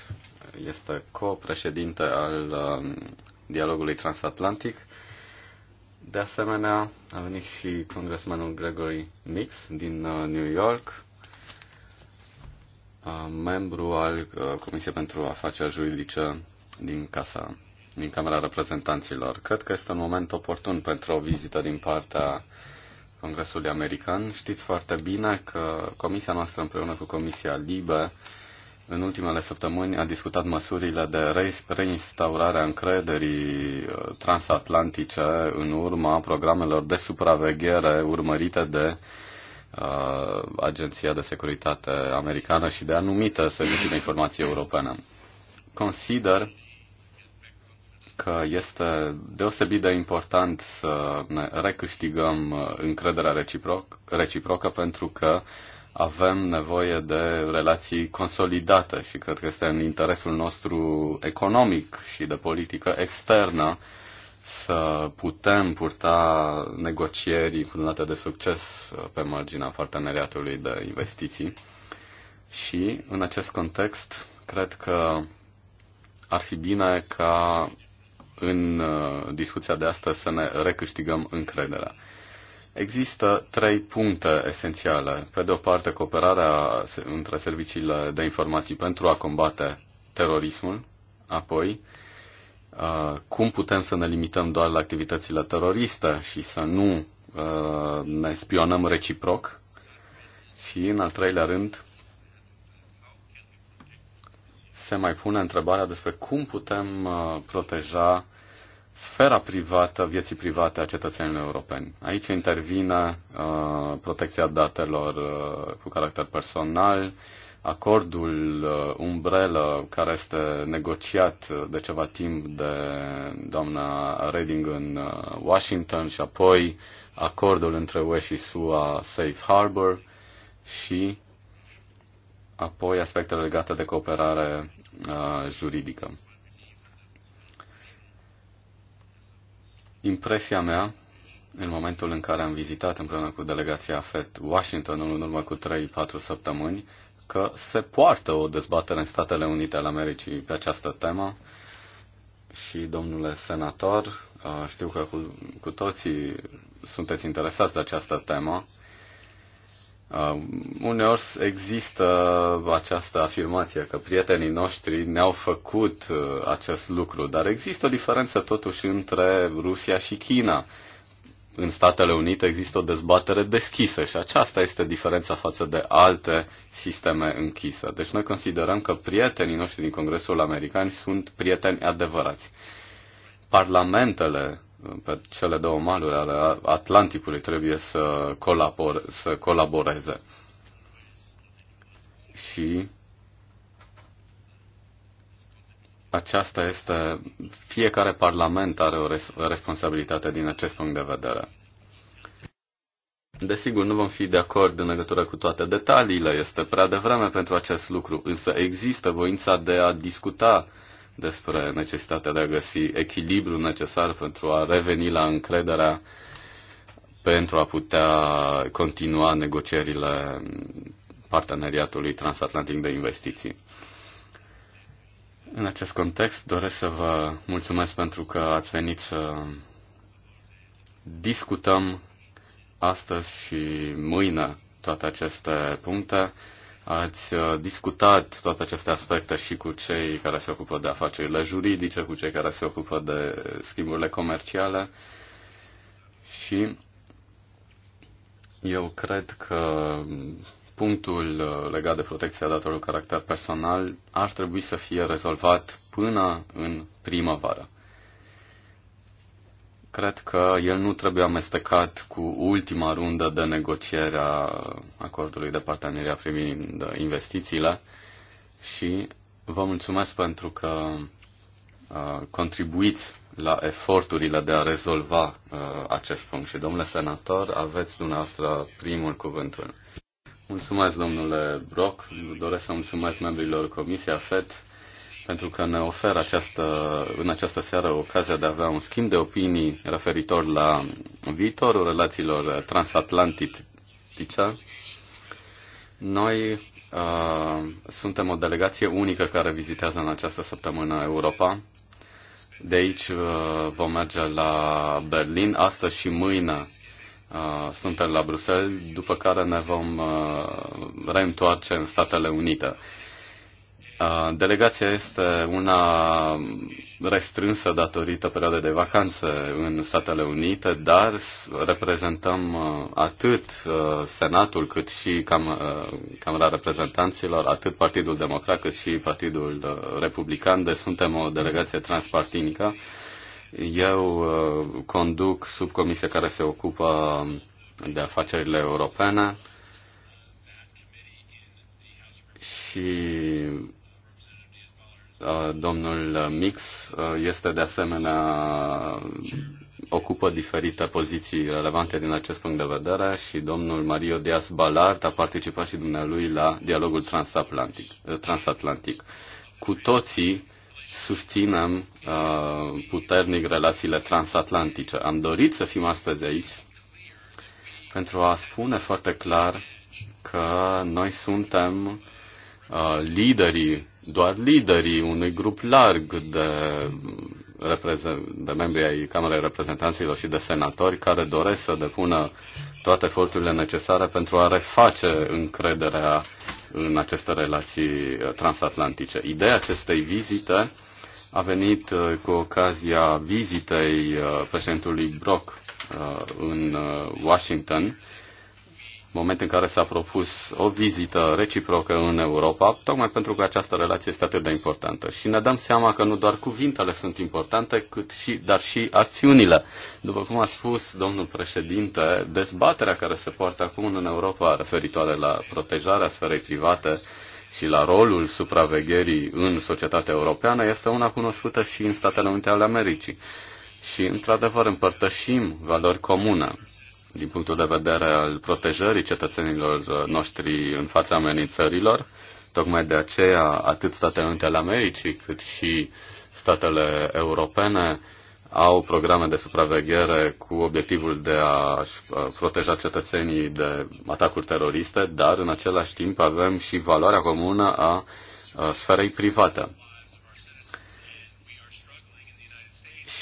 Speaker 1: este co-președinte al um, dialogului transatlantic. De asemenea, a venit și congresmanul Gregory Mix din uh, New York, uh, membru al Comisiei pentru Afaceri Juridice din Casa, din Camera Reprezentanților. Cred că este un moment oportun pentru o vizită din partea Congresului American. Știți foarte bine că Comisia noastră împreună cu Comisia Libe în ultimele săptămâni a discutat măsurile de reinstaurare a încrederii uh, transatlantice în urma programelor de supraveghere urmărite de uh, Agenția de Securitate Americană și de anumite servicii de informație europene. Consider că este deosebit de important să ne recâștigăm încrederea reciproc, reciprocă pentru că avem nevoie de relații consolidate și cred că este în interesul nostru economic și de politică externă să putem purta negocieri date de succes pe marginea parteneriatului de investiții. Și în acest context, cred că ar fi bine ca în uh, discuția de astăzi să ne recâștigăm încrederea. Există trei puncte esențiale. Pe de o parte, cooperarea între serviciile de informații pentru a combate terorismul, apoi uh, cum putem să ne limităm doar la activitățile teroriste și să nu uh, ne spionăm reciproc și, în al treilea rând, se mai pune întrebarea despre cum putem uh, proteja sfera privată, vieții private a cetățenilor europeni. Aici intervine uh, protecția datelor uh, cu caracter personal, acordul uh, umbrelă care este negociat uh, de ceva timp de doamna Reding în uh, Washington și apoi acordul între UE și SUA Safe Harbor și apoi aspectele legate de cooperare uh, juridică. Impresia mea, în momentul în care am vizitat împreună cu delegația FED Washington, în urmă cu 3-4 săptămâni, că se poartă o dezbatere în Statele Unite ale Americii pe această temă și, domnule senator, uh, știu că cu, cu toții sunteți interesați de această temă Uh, uneori există această afirmație că prietenii noștri ne-au făcut uh, acest lucru, dar există o diferență totuși între Rusia și China. În Statele Unite există o dezbatere deschisă și aceasta este diferența față de alte sisteme închise. Deci noi considerăm că prietenii noștri din Congresul American sunt prieteni adevărați. Parlamentele pe cele două maluri ale Atlanticului trebuie să, colabor, să colaboreze. Și aceasta este, fiecare parlament are o, res, o responsabilitate din acest punct de vedere. Desigur, nu vom fi de acord în legătură cu toate detaliile, este prea devreme pentru acest lucru, însă există voința de a discuta uh, despre necesitatea de a găsi echilibru necesar pentru a reveni la încrederea pentru a putea continua negocierile parteneriatului transatlantic de investiții. În acest context doresc să vă mulțumesc pentru că ați venit să discutăm astăzi și mâine toate aceste puncte. Ați uh, discutat toate aceste aspecte și cu cei care se ocupă de afacerile juridice, cu cei care se ocupă de schimburile comerciale și eu cred că punctul uh, legat de protecția datelor caracter personal ar trebui să fie rezolvat până în primăvară. Cred că el nu trebuie amestecat cu ultima rundă de negociere a acordului de parteneriat privind investițiile și vă mulțumesc pentru că uh, contribuiți la eforturile de a rezolva uh, acest punct. Și, domnule senator, aveți dumneavoastră primul cuvântul. Mulțumesc, domnule Brock. Doresc să mulțumesc membrilor Comisia FED pentru că ne oferă această, în această seară ocazia de a avea un schimb de opinii referitor la viitorul relațiilor transatlantice. Noi uh, suntem o delegație unică care vizitează în această săptămână Europa. De aici uh, vom merge la Berlin astăzi și mâine uh, suntem la Bruxelles, după care ne vom uh, reîntoarce în Statele Unite. Delegația este una restrânsă datorită perioadei de vacanță în Statele Unite, dar reprezentăm atât Senatul cât și Cam- Camera Reprezentanților, atât Partidul Democrat cât și Partidul Republican, deci suntem o delegație transpartinică. Eu conduc subcomisia care se ocupă de afacerile europene și Uh, domnul Mix uh, este de asemenea ocupă diferite poziții relevante din acest punct de vedere și domnul Mario Diaz Balart a participat și dumnealui la dialogul transatlantic. Uh, transatlantic. Cu toții susținem uh, puternic relațiile transatlantice. Am dorit să fim astăzi aici pentru a spune foarte clar că noi suntem uh, liderii doar liderii unui grup larg de, de membri ai Camerei Reprezentanților și de senatori care doresc să depună toate eforturile necesare pentru a reface încrederea în aceste relații uh, transatlantice. Ideea acestei vizite a venit uh, cu ocazia vizitei uh, președintului Brock în Washington moment în care s-a propus o vizită reciprocă în Europa, tocmai pentru că această relație este atât de importantă. Și ne dăm seama că nu doar cuvintele sunt importante, cât și, dar și acțiunile. După cum a spus domnul președinte, dezbaterea care se poartă acum în Europa referitoare la protejarea sferei private și la rolul supravegherii în societatea europeană este una cunoscută și în Statele Unite ale Americii. Și, într-adevăr, împărtășim valori comune din punctul de vedere al protejării cetățenilor uh, noștri în fața amenințărilor. Tocmai de aceea, atât Statele Unite ale Americii, cât și statele europene au programe de supraveghere cu obiectivul de a uh, proteja cetățenii de atacuri teroriste, dar în același timp avem și valoarea comună a uh, sferei private.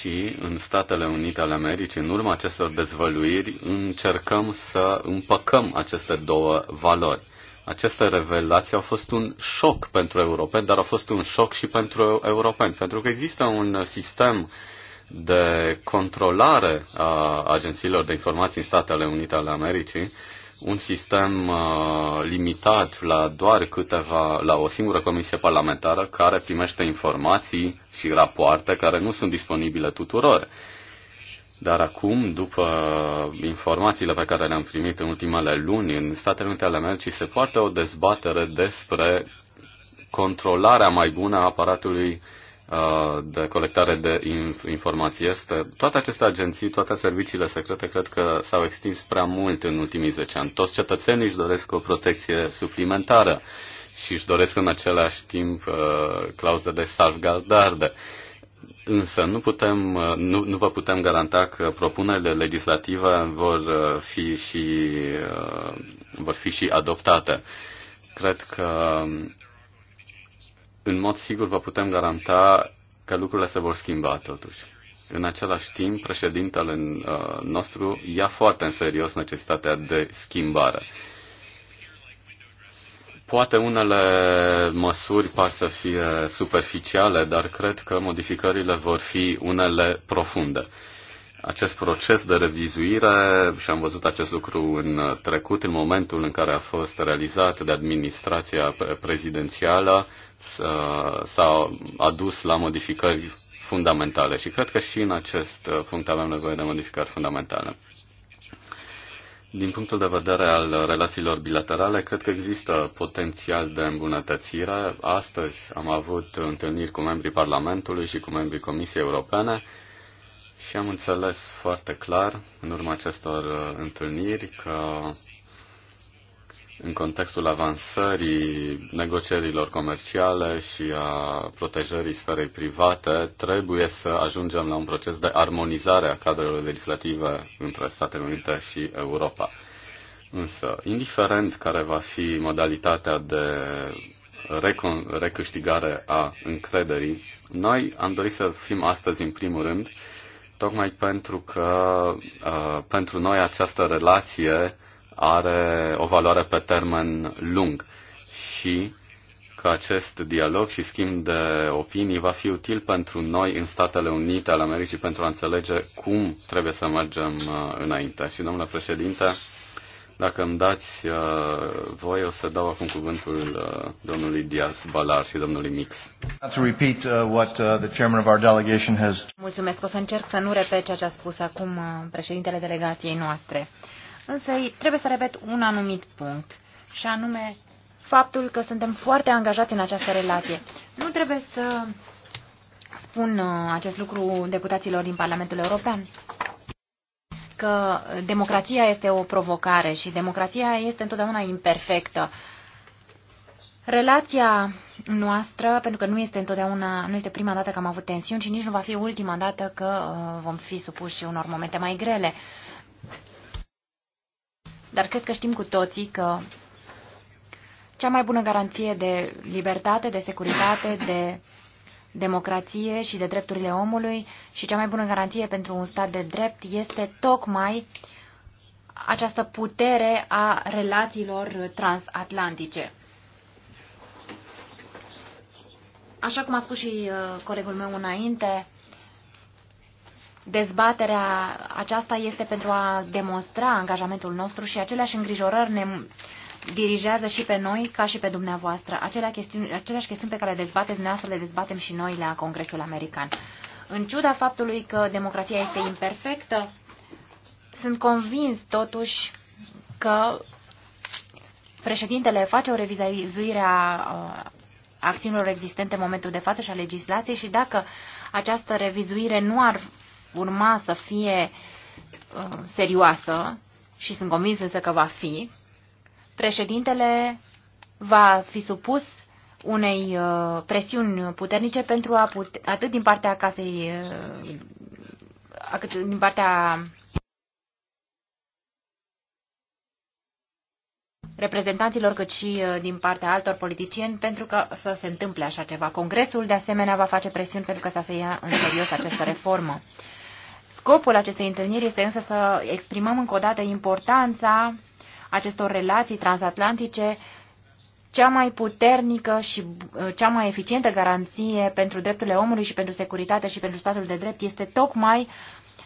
Speaker 1: și în Statele Unite ale Americii, în urma acestor dezvăluiri, încercăm să împăcăm aceste două valori. Aceste revelații au fost un șoc pentru europeni, dar au fost un șoc și pentru europeni, pentru că există un sistem de controlare a agențiilor de informații în Statele Unite ale Americii, un sistem uh, limitat la doar câteva, la o singură comisie parlamentară care primește informații și rapoarte care nu sunt disponibile tuturor. Dar acum, după informațiile pe care le-am primit în ultimele luni în Statele Unite ale Americii, se poartă o dezbatere despre controlarea mai bună a aparatului uh, Uh, de colectare de informații este. Toate aceste agenții, toate serviciile secrete, cred că s-au extins prea mult în ultimii 10 ani. Toți cetățenii își doresc o protecție suplimentară și își doresc în același timp uh, clauze de salvgardare. Însă nu, putem, uh, nu, nu vă putem garanta că propunerile legislative vor fi și, vor fi și adoptate. Cred că în mod sigur vă putem garanta că lucrurile se vor schimba totuși. În același timp, președintele uh, nostru ia foarte în serios necesitatea de schimbare. Poate unele măsuri par să fie superficiale, dar cred că modificările vor fi unele profunde acest proces de revizuire și am văzut acest lucru în trecut, în momentul în care a fost realizat de administrația prezidențială, s-a adus la modificări fundamentale și cred că și în acest punct avem nevoie de modificări fundamentale. Din punctul de vedere al relațiilor bilaterale, cred că există potențial de îmbunătățire. Astăzi am avut întâlniri cu membrii Parlamentului și cu membrii Comisiei Europene și am înțeles foarte clar, în urma acestor uh, întâlniri, că în contextul avansării negocierilor comerciale și a protejării sferei private, trebuie să ajungem la un proces de armonizare a cadrelor legislative între Statele Unite și Europa. Însă, indiferent care va fi modalitatea de recâștigare a încrederii, noi am dorit să fim astăzi, în primul rând, tocmai pentru că uh, pentru noi această relație are o valoare pe termen lung și că acest dialog și schimb de opinii va fi util pentru noi în Statele Unite ale Americii pentru a înțelege cum trebuie să mergem uh, înainte. Și, domnule președinte, dacă îmi dați uh, voi, o să dau acum cuvântul uh, domnului Diaz Balar și domnului Mix.
Speaker 3: Mulțumesc. O să încerc să nu repet ceea ce a spus acum uh, președintele delegației noastre. Însă trebuie să repet un anumit punct, și anume faptul că suntem foarte angajați în această relație. Nu trebuie să spun uh, acest lucru deputaților din Parlamentul European, că democrația este o provocare și democrația este întotdeauna imperfectă. Relația noastră, pentru că nu este întotdeauna, nu este prima dată că am avut tensiuni și nici nu va fi ultima dată că uh, vom fi supuși unor momente mai grele. Dar cred că știm cu toții că cea mai bună garanție de libertate, de securitate, de democrație și de drepturile omului și cea mai bună garantie pentru un stat de drept este tocmai această putere a relațiilor transatlantice. Așa cum a spus și uh, colegul meu înainte, dezbaterea aceasta este pentru a demonstra angajamentul nostru și aceleași îngrijorări ne dirigează și pe noi ca și pe dumneavoastră. Acelea chestiuni, aceleași chestiuni pe care le dezbateți dumneavoastră le dezbatem și noi la Congresul American. În ciuda faptului că democrația este imperfectă, sunt convins totuși că președintele face o revizuire a acțiunilor existente în momentul de față și a legislației și dacă această revizuire nu ar urma să fie uh, serioasă, și sunt convins că va fi, președintele va fi supus unei uh, presiuni puternice pentru a pute, atât din partea casei, uh, cât din partea reprezentanților, cât și uh, din partea altor politicieni, pentru că să se întâmple așa ceva. Congresul, de asemenea, va face presiuni pentru că să se ia în serios această reformă. Scopul acestei întâlniri este însă să exprimăm încă o dată importanța acestor relații transatlantice cea mai puternică și uh, cea mai eficientă garanție pentru drepturile omului și pentru securitate și pentru statul de drept este tocmai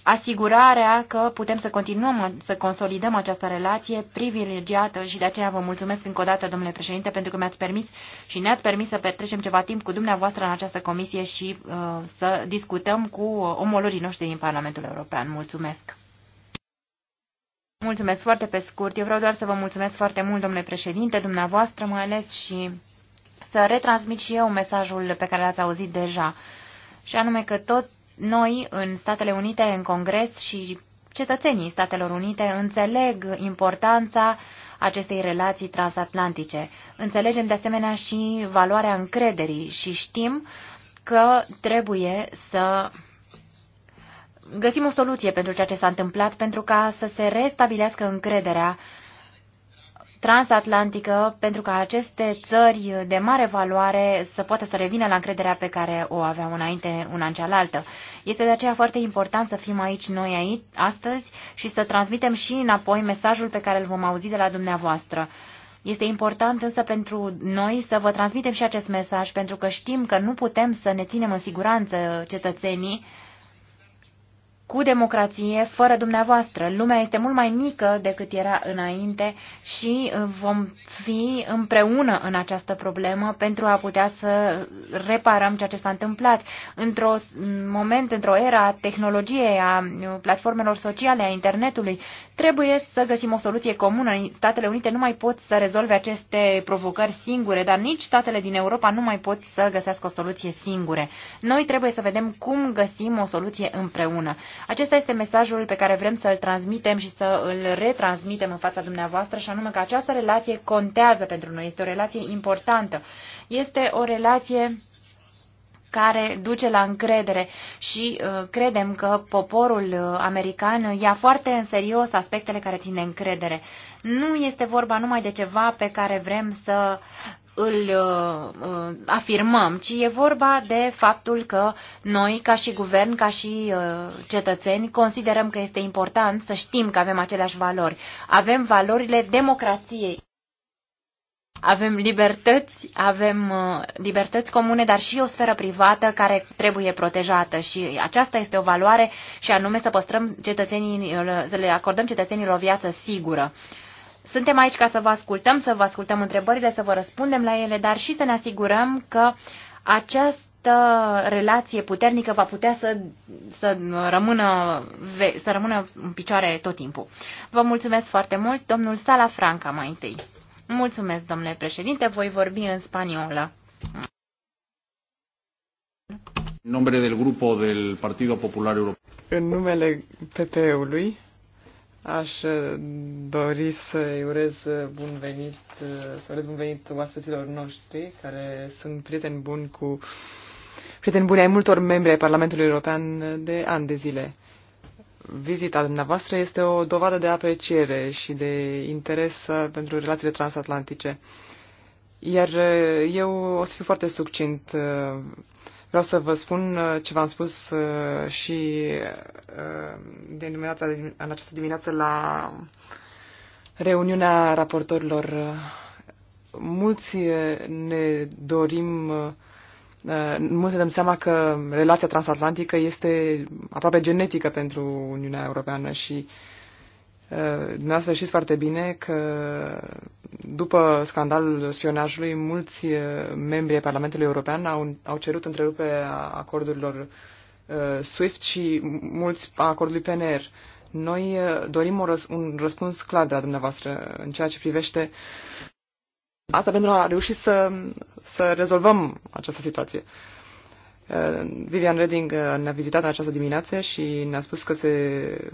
Speaker 3: asigurarea că putem să continuăm să consolidăm această relație privilegiată și de aceea vă mulțumesc încă o dată, domnule președinte, pentru că mi-ați permis și ne-ați permis să petrecem ceva timp cu dumneavoastră în această comisie și uh, să discutăm cu uh, omologii noștri din Parlamentul European. Mulțumesc! Mulțumesc foarte pe scurt. Eu vreau doar să vă mulțumesc foarte mult, domnule președinte, dumneavoastră mai ales și să retransmit și eu mesajul pe care l-ați auzit deja. Și anume că tot noi în Statele Unite, în Congres și cetățenii Statelor Unite înțeleg importanța acestei relații transatlantice. Înțelegem de asemenea și valoarea încrederii și știm că trebuie să găsim o soluție pentru ceea ce s-a întâmplat, pentru ca să se restabilească încrederea transatlantică, pentru ca aceste țări de mare valoare să poată să revină la încrederea pe care o aveau înainte una în cealaltă. Este de aceea foarte important să fim aici noi aici, astăzi și să transmitem și înapoi mesajul pe care îl vom auzi de la dumneavoastră. Este important însă pentru noi să vă transmitem și acest mesaj, pentru că știm că nu putem să ne ținem în siguranță cetățenii cu democrație, fără dumneavoastră. Lumea este mult mai mică decât era înainte și vom fi împreună în această problemă pentru a putea să reparăm ceea ce s-a întâmplat. Într-un moment, într-o era a tehnologiei, a platformelor sociale, a internetului, trebuie să găsim o soluție comună. Statele Unite nu mai pot să rezolve aceste provocări singure, dar nici statele din Europa nu mai pot să găsească o soluție singure. Noi trebuie să vedem cum găsim o soluție împreună. Acesta este mesajul pe care vrem să-l transmitem și să îl retransmitem în fața dumneavoastră, și anume că această relație contează pentru noi, este o relație importantă. Este o relație care duce la încredere și uh, credem că poporul uh, american ia foarte în serios aspectele care țin de încredere. Nu este vorba numai de ceva pe care vrem să îl uh, afirmăm, ci e vorba de faptul că noi, ca și guvern, ca și uh, cetățeni, considerăm că este important să știm că avem aceleași valori. Avem valorile democrației. Avem libertăți, avem uh, libertăți comune, dar și o sferă privată care trebuie protejată și aceasta este o valoare și anume să păstrăm cetățenii, să le acordăm cetățenilor o viață sigură. Uh, suntem aici ca să vă ascultăm, să vă ascultăm întrebările, să vă răspundem la ele, dar și să ne asigurăm că această relație puternică va putea să, să, rămână, să rămână în picioare tot timpul. Vă mulțumesc foarte mult, domnul Sala Franca mai întâi. Mulțumesc, domnule președinte, voi vorbi în spaniolă.
Speaker 1: În numele del Grupo del Partido Popular European.
Speaker 2: În numele PP-ului Aș uh, dori să-i urez uh, bun venit, uh, să urez bun venit oaspeților noștri, care sunt prieteni buni cu prieteni buni ai multor membri ai Parlamentului European de ani de zile. Vizita dumneavoastră este o dovadă de apreciere și de interes pentru relațiile transatlantice. Iar eu o să fiu foarte succint Vreau să vă spun uh, ce v-am spus uh, și uh, de dimineața, în această dimineață la reuniunea raportorilor. Mulți ne dorim, mulți ne dăm seama că relația transatlantică este aproape genetică pentru Uniunea Europeană și uh, Dumneavoastră știți foarte bine că după scandalul spionajului, mulți uh, membri ai Parlamentului European au, au cerut întreruperea acordurilor uh, SWIFT și mulți a acordului PNR. Noi uh, dorim o răs- un răspuns clar de la dumneavoastră în ceea ce privește asta pentru a reuși să, să rezolvăm această situație. Uh, Uh, Vivian Reding uh, ne-a vizitat în această dimineață și ne-a spus că se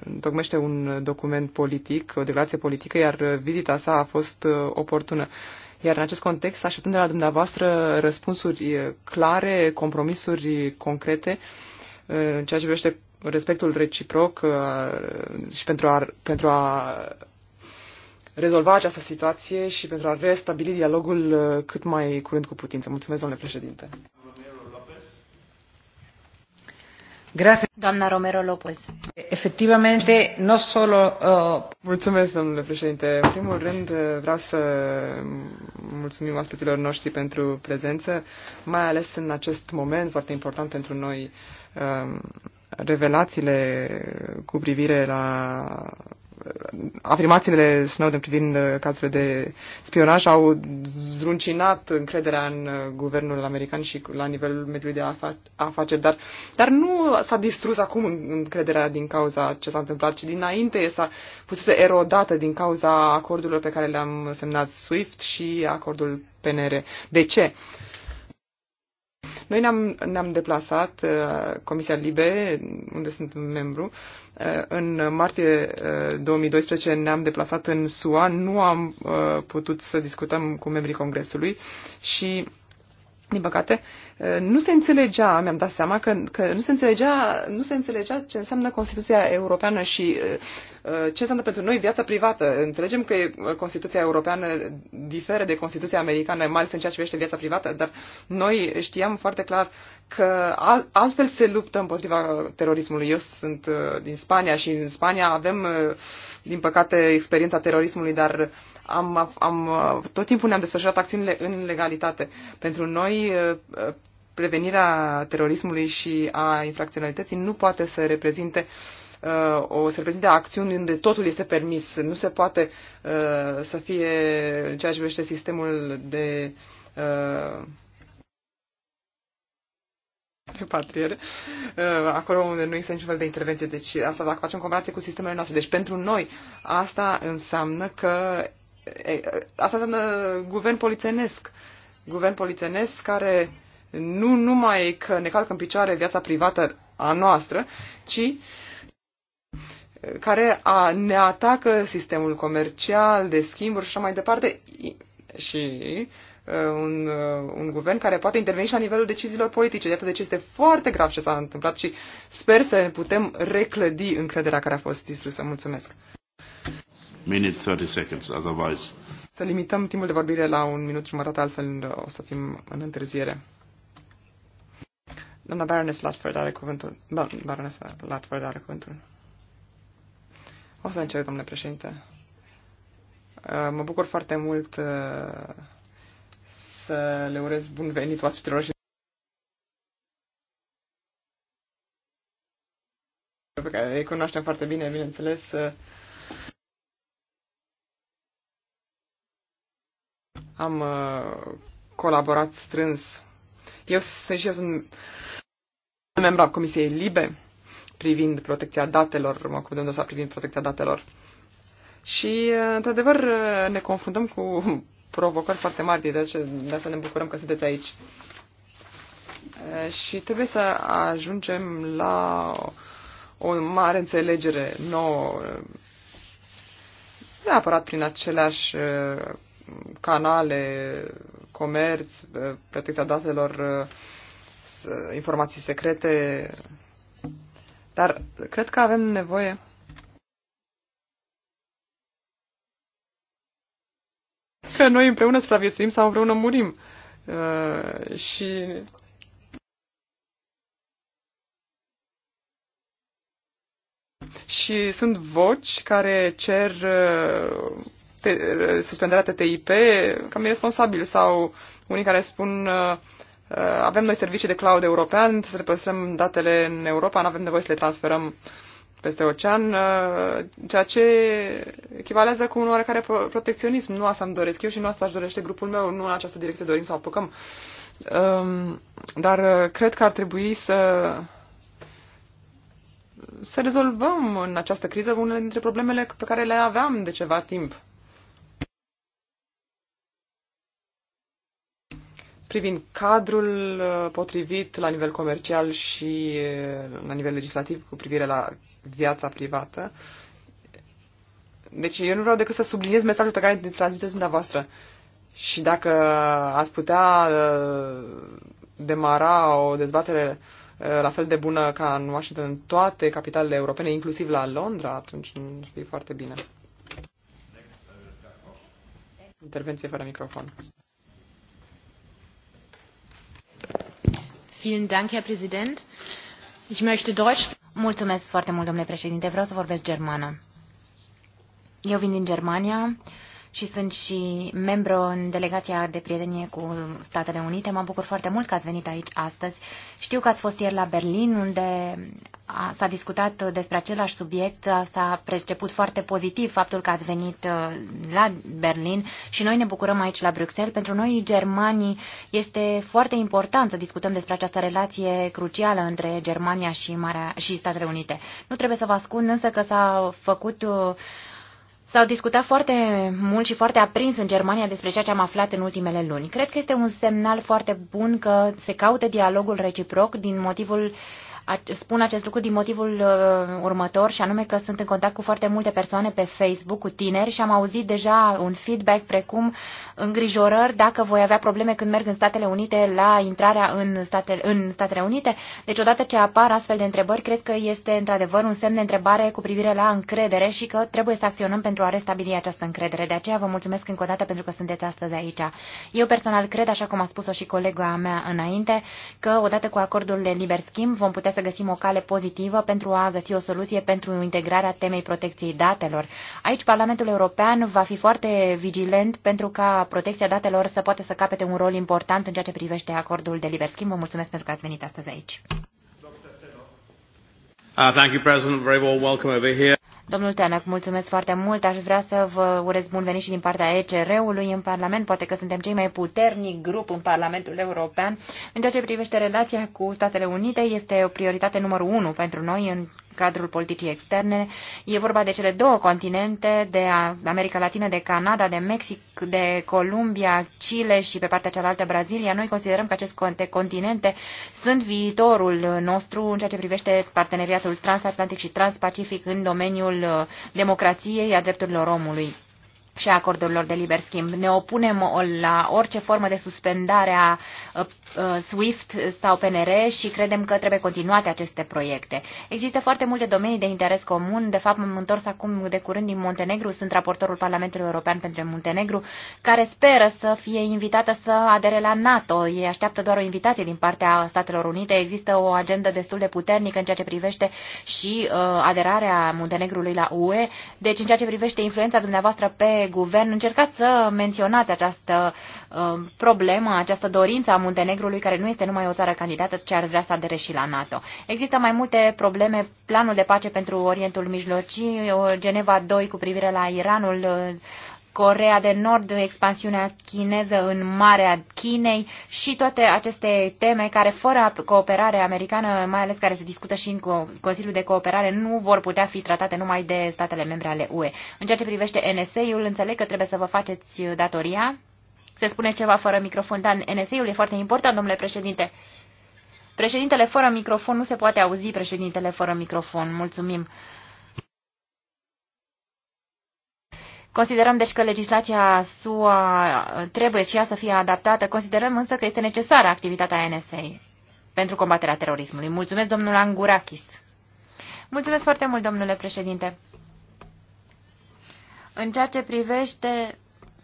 Speaker 2: întocmește un document politic, o declarație politică, iar vizita sa a fost uh, oportună. Iar în acest context așteptăm de la dumneavoastră răspunsuri clare, compromisuri concrete în ceea ce privește respectul reciproc și pentru a, pentru a rezolva această situație și pentru a restabili dialogul cât mai curând cu putință. Mulțumesc, domnule președinte.
Speaker 3: Doamna Romero Lopez.
Speaker 2: Efectivamente, solo... Uh, Mulțumesc, domnule președinte. În primul rând, uh, vreau să mulțumim oaspeților noștri pentru prezență, mai ales în acest moment foarte important pentru noi, um, revelațiile cu privire la afirmațiile Snowden privind uh, cazurile de spionaj au zruncinat încrederea în uh, guvernul american și la nivelul mediului de afaceri, dar, dar nu s-a distrus acum încrederea din cauza ce s-a întâmplat, ci dinainte s-a să erodată din cauza acordurilor pe care le-am semnat SWIFT și acordul PNR. De ce? Uh, noi ne-am, ne-am deplasat, uh, Comisia Libe, unde sunt membru, uh, în martie 2012 uh, ne-am deplasat în SUA, nu am putut să discutăm cu membrii Congresului și, din păcate, Uh, nu se înțelegea, mi-am dat seama că, că nu, se înțelegea, nu se înțelegea ce înseamnă Constituția Europeană și uh, uh, ce înseamnă pentru noi viața privată. Înțelegem că Constituția Europeană diferă de Constituția Americană, mai ales în ceea ce privește viața privată, dar noi știam foarte clar că altfel se luptă împotriva terorismului. Eu sunt din Spania și în Spania avem, din păcate, experiența terorismului, dar uh, am, am, uh, tot timpul ne-am desfășurat acțiunile în legalitate. Pentru noi, uh, uh, prevenirea terorismului și a infracționalității nu poate să reprezinte o să reprezinte acțiuni unde totul este permis. Nu se poate uh, să fie, în ceea ce privește sistemul de uh, repatriere, acolo unde nu există niciun fel de intervenție. Deci asta dacă facem comparație cu sistemele noastre. Deci pentru noi asta înseamnă că Asta înseamnă guvern polițenesc. Guvern polițenesc care nu numai că ne calcă în picioare viața privată a noastră, ci care a, ne atacă sistemul comercial, de schimburi și așa mai departe. Și un, un guvern care poate interveni și la nivelul deciziilor politice. Iată de ce este foarte grav ce s-a întâmplat și sper să putem reclădi încrederea care a fost distrusă. Mulțumesc!
Speaker 1: minutes, 30 seconds, otherwise.
Speaker 2: Să limităm timpul de vorbire la un minut jumătate, altfel uh, o să fim în întârziere. Doamna Baroness Latford are cuvântul. Doamna Baroness Latford are cuvântul. O să încerc, domnule președinte. Uh, mă bucur foarte mult uh, să le urez bun venit oaspetelor și pe care îi cunoaștem foarte bine, bineînțeles. Am uh, colaborat strâns. Eu sunt și eu sunt membru al Comisiei Libe privind protecția datelor, mă ocup de un dosar privind protecția datelor. Și, uh, într-adevăr, uh, ne confruntăm cu provocări foarte mari, de aceea, de asta ne bucurăm că sunteți aici. Uh, și trebuie să ajungem la o mare înțelegere nouă, neapărat prin aceleași canale, comerț, protecția datelor, informații secrete. Dar cred că avem nevoie. Că noi împreună supraviețuim sau împreună murim. Uh, și și sunt voci care cer uh, te, suspendarea TTIP cam irresponsabil sau unii care spun uh, avem noi servicii de cloud european, să le păstrăm datele în Europa, nu avem nevoie să le transferăm peste ocean, uh, ceea ce echivalează cu un oarecare protecționism. Nu asta îmi doresc eu și nu asta își dorește grupul meu, nu în această direcție dorim să apucăm. Um, dar uh, cred că ar trebui să să rezolvăm în această criză unele dintre problemele pe care le aveam de ceva timp. privind cadrul uh, potrivit la nivel comercial și uh, la nivel legislativ cu privire la viața privată. Deci eu nu vreau decât să subliniez mesajul pe care îl transmiteți dumneavoastră. Și dacă ați putea uh, demara o dezbatere la fel de bună ca în Washington, în toate capitalele europene, inclusiv la Londra, atunci ar fi foarte bine. Intervenție fără microfon.
Speaker 3: Mulțumesc foarte mult, domnule președinte. Vreau să vorbesc germană. Eu vin din Germania și sunt și membru în delegația de prietenie cu Statele Unite. Mă bucur foarte mult că ați venit aici astăzi. Știu că ați fost ieri la Berlin, unde s-a discutat despre același subiect, s-a preceput foarte pozitiv faptul că ați venit uh, la Berlin și noi ne bucurăm aici la Bruxelles. Pentru noi, germanii, este foarte important să discutăm despre această relație crucială între Germania și, Marea, și Statele Unite. Nu trebuie să vă ascund însă că s-a făcut uh, S-au discutat foarte mult și foarte aprins în Germania despre ceea ce am aflat în ultimele luni. Cred că este un semnal foarte bun că se caută dialogul reciproc din motivul Spun acest lucru din motivul uh, următor și anume că sunt în contact cu foarte multe persoane pe Facebook, cu tineri și am auzit deja un feedback precum îngrijorări dacă voi avea probleme când merg în Statele Unite la intrarea în Statele, în Statele Unite. Deci odată ce apar astfel de întrebări, cred că este într-adevăr un semn de întrebare cu privire la încredere și că trebuie să acționăm pentru a restabili această încredere. De aceea vă mulțumesc încă o dată pentru că sunteți astăzi aici. Eu personal cred, așa cum a spus-o și colega mea înainte, că odată cu acordul de liber schimb vom putea să găsim o cale pozitivă pentru a găsi o soluție pentru integrarea temei protecției datelor. Aici Parlamentul European va fi foarte vigilent pentru ca protecția datelor să poată să capete un rol important în ceea ce privește acordul de liber schimb. Vă mulțumesc pentru că ați venit astăzi aici.
Speaker 2: Uh, thank you, President. Very well welcome over here.
Speaker 3: Domnul Teanac, mulțumesc foarte mult. Aș vrea să vă urez bun venit și din partea ECR-ului în Parlament. Poate că suntem cei mai puternic grup în Parlamentul European. În ceea ce privește relația cu Statele Unite, este o prioritate numărul unu pentru noi în cadrul politicii externe. E vorba de cele două continente, de America Latină, de Canada, de Mexic, de Columbia, Chile și pe partea cealaltă Brazilia. Noi considerăm că aceste continente sunt viitorul nostru în ceea ce privește parteneriatul transatlantic și transpacific în domeniul Uh, democrației, a drepturilor omului și a acordurilor de liber schimb. Ne opunem la orice formă de suspendare a uh, uh, SWIFT sau PNR și credem că trebuie continuate aceste proiecte. Există foarte multe domenii de interes comun. De fapt, m-am întors acum de curând din Montenegru. Sunt raportorul Parlamentului European pentru Montenegru, care speră să fie invitată să adere la NATO. Ei așteaptă doar o invitație din partea Statelor Unite. Există o agendă destul de puternică în ceea ce privește și uh, aderarea Montenegrului la UE. Deci, în ceea ce privește influența dumneavoastră pe guvern, încercați să menționați această uh, problemă, această dorință a Muntenegrului, care nu este numai o țară candidată, ci ar vrea să adere și la NATO. Există mai multe probleme, planul de pace pentru Orientul Mijlociu, Geneva 2 cu privire la Iranul, uh, Corea de Nord, expansiunea chineză în Marea Chinei și toate aceste teme care fără cooperare americană, mai ales care se discută și în Consiliul de Cooperare, nu vor putea fi tratate numai de statele membre ale UE. În ceea ce privește NSA-ul, înțeleg că trebuie să vă faceți uh, datoria. Se spune ceva fără microfon, dar NSA-ul e foarte important, domnule președinte. Președintele fără microfon nu se poate auzi, președintele fără microfon. Mulțumim. Considerăm deci că legislația SUA trebuie și ea să fie adaptată, considerăm însă că este necesară activitatea NSA pentru combaterea terorismului. Mulțumesc, domnul Angurakis. Mulțumesc foarte mult, domnule președinte. În ceea ce privește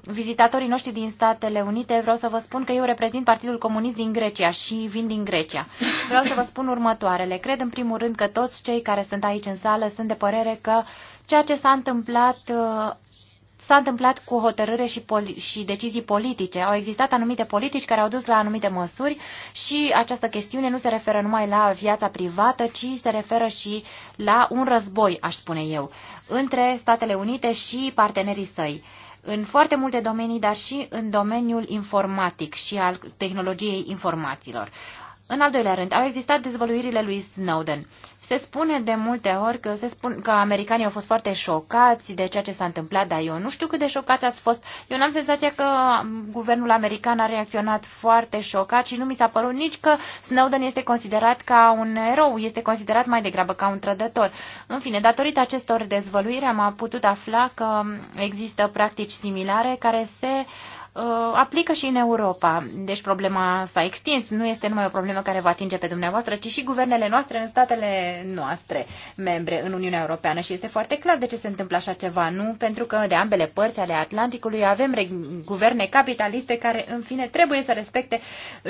Speaker 3: vizitatorii noștri din Statele Unite, vreau să vă spun că eu reprezint Partidul Comunist din Grecia și vin din Grecia. Vreau să vă spun următoarele. Cred în primul rând că toți cei care sunt aici în sală sunt de părere că ceea ce s-a întâmplat uh, s-a întâmplat cu hotărâre și, poli- și decizii politice. Au existat anumite politici care au dus la anumite măsuri și această chestiune nu se referă numai la viața privată, ci se referă și la un război, aș spune eu, între Statele Unite și partenerii săi în foarte multe domenii, dar și în domeniul informatic și al tehnologiei informațiilor. În al doilea rând, au existat dezvăluirile lui Snowden. Se spune de multe ori că, se spun că americanii au fost foarte șocați de ceea ce s-a întâmplat, dar eu nu știu cât de șocați ați fost. Eu n-am senzația că guvernul american a reacționat foarte șocat și nu mi s-a părut nici că Snowden este considerat ca un erou, este considerat mai degrabă ca un trădător. În fine, datorită acestor dezvăluiri am putut afla că există practici similare care se uh, Uh, aplică și în Europa. Deci problema s-a extins, nu este numai o problemă care va atinge pe dumneavoastră, ci și guvernele noastre în statele noastre membre în Uniunea Europeană și este foarte clar de ce se întâmplă așa ceva, nu? Pentru că de ambele părți ale Atlanticului avem guverne capitaliste care în fine trebuie să respecte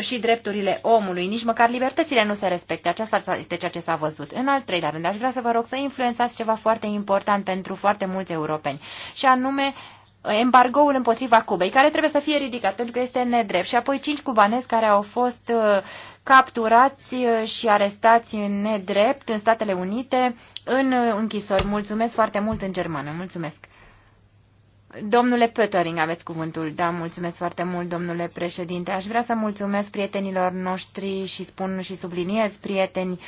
Speaker 3: și drepturile omului, nici măcar libertățile nu se respecte. Aceasta este ceea ce s-a văzut. În al treilea rând, aș vrea să vă rog să influențați ceva foarte important pentru foarte mulți europeni și anume embargoul împotriva Cubei, care trebuie să fie ridicat pentru că este nedrept. Și apoi cinci cubanezi care au fost uh, capturați uh, și arestați în nedrept în Statele Unite în uh, închisori. Mulțumesc foarte mult în germană. Mulțumesc. Domnule Pöttering, aveți cuvântul. Da, mulțumesc foarte mult, domnule președinte. Aș vrea să mulțumesc prietenilor noștri și spun și subliniez prieteni uh,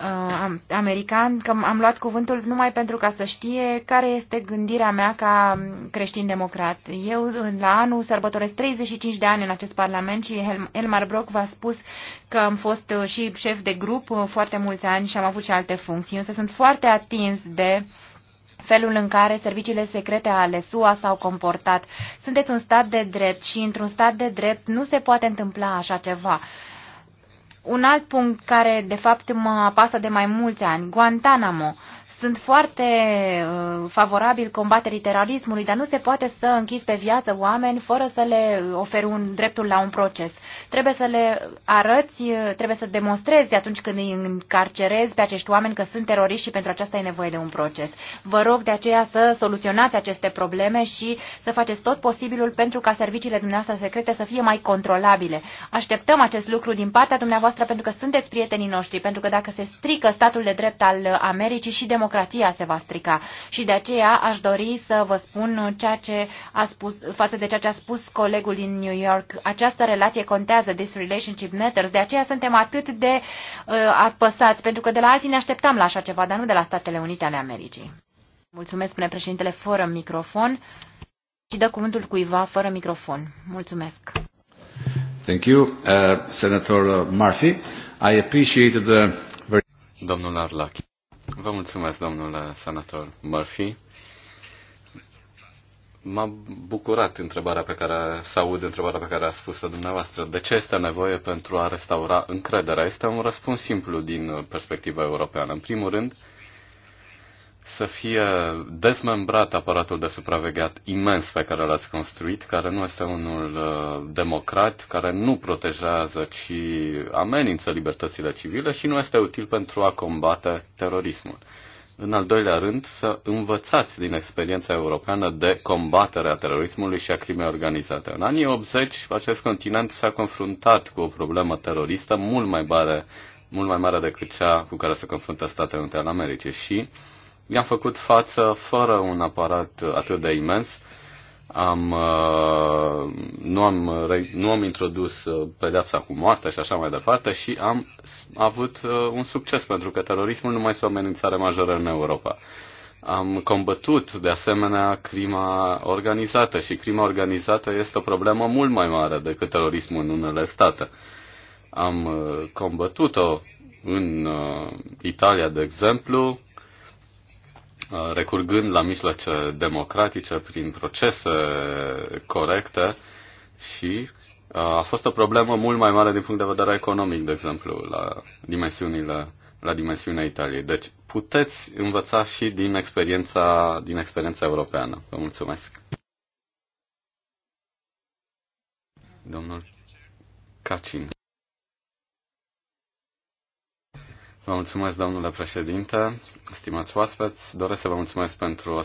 Speaker 3: uh, american, că am luat cuvântul numai pentru ca să știe care este gândirea mea ca creștin-democrat. Eu la anul sărbătoresc 35 de ani în acest parlament și Elmar Brock v-a spus că am fost uh, și șef de grup uh, foarte mulți ani și am avut și alte funcții, însă sunt foarte atins de felul în care serviciile secrete ale SUA s-au comportat. Sunteți un stat de drept și într-un stat de drept nu se poate întâmpla așa ceva. Uh, un alt punct care, de fapt, mă apasă de mai mulți ani, Guantanamo sunt foarte uh, favorabil combaterii terorismului, dar nu se poate să închizi pe viață oameni fără să le uh, oferi un dreptul la un proces. Trebuie să le arăți, uh, trebuie să demonstrezi atunci când îi încarcerezi pe acești oameni că sunt teroriști și pentru aceasta e nevoie de un proces. Vă rog de aceea să soluționați aceste probleme și să faceți tot posibilul pentru ca serviciile dumneavoastră secrete să fie mai controlabile. Așteptăm acest lucru din partea dumneavoastră pentru că sunteți prietenii noștri, pentru că dacă se strică statul de drept al Americii și de democrația se va strica. Și de aceea aș dori să vă spun ceea ce a spus, față de ceea ce a spus colegul din New York. Această relație contează, this relationship matters, de aceea suntem atât de uh, apăsați, pentru că de la alții ne așteptam la așa ceva, dar nu de la Statele Unite ale Americii. Mulțumesc, spune președintele, fără microfon și dă cuvântul cuiva fără microfon. Mulțumesc.
Speaker 1: Thank you, uh, Senator Murphy. I appreciate the... Domnul Arlachi. Vă mulțumesc, domnule senator Murphy. M-a bucurat întrebarea pe care, să aud întrebarea pe care a spus-o dumneavoastră. De ce este nevoie pentru a restaura încrederea? Este un răspuns simplu din perspectiva europeană. În primul rând, să fie dezmembrat aparatul de supravegheat imens pe care l-ați construit, care nu este unul uh, democrat, care nu protejează, ci amenință libertățile civile și nu este util pentru a combate terorismul. În al doilea rând, să învățați din experiența europeană de combatere a terorismului și a crimei organizate. În anii 80, acest continent s-a confruntat cu o problemă teroristă mult mai mare, mult mai mare decât cea cu care se confruntă Statele Unite ale Americii și mi am făcut față fără un aparat atât de imens. Am, uh, nu, am, nu am introdus uh, pedeapsa cu moartea și așa mai departe și am avut uh, un succes pentru că terorismul nu mai este o amenințare majoră în Europa. Am combătut, de asemenea, crima organizată și crima organizată este o problemă mult mai mare decât terorismul în unele state. Am combătut-o în Italia, de exemplu, recurgând la mijloace democratice, prin procese corecte și uh, a fost o problemă mult mai mare din punct de vedere economic, de exemplu, la dimensiunile la dimensiunea Italiei. Deci puteți învăța și din experiența, din experiența europeană. Vă mulțumesc. Domnul Cacin. Vă mulțumesc, domnule președinte, stimați oaspeți. Doresc să vă mulțumesc pentru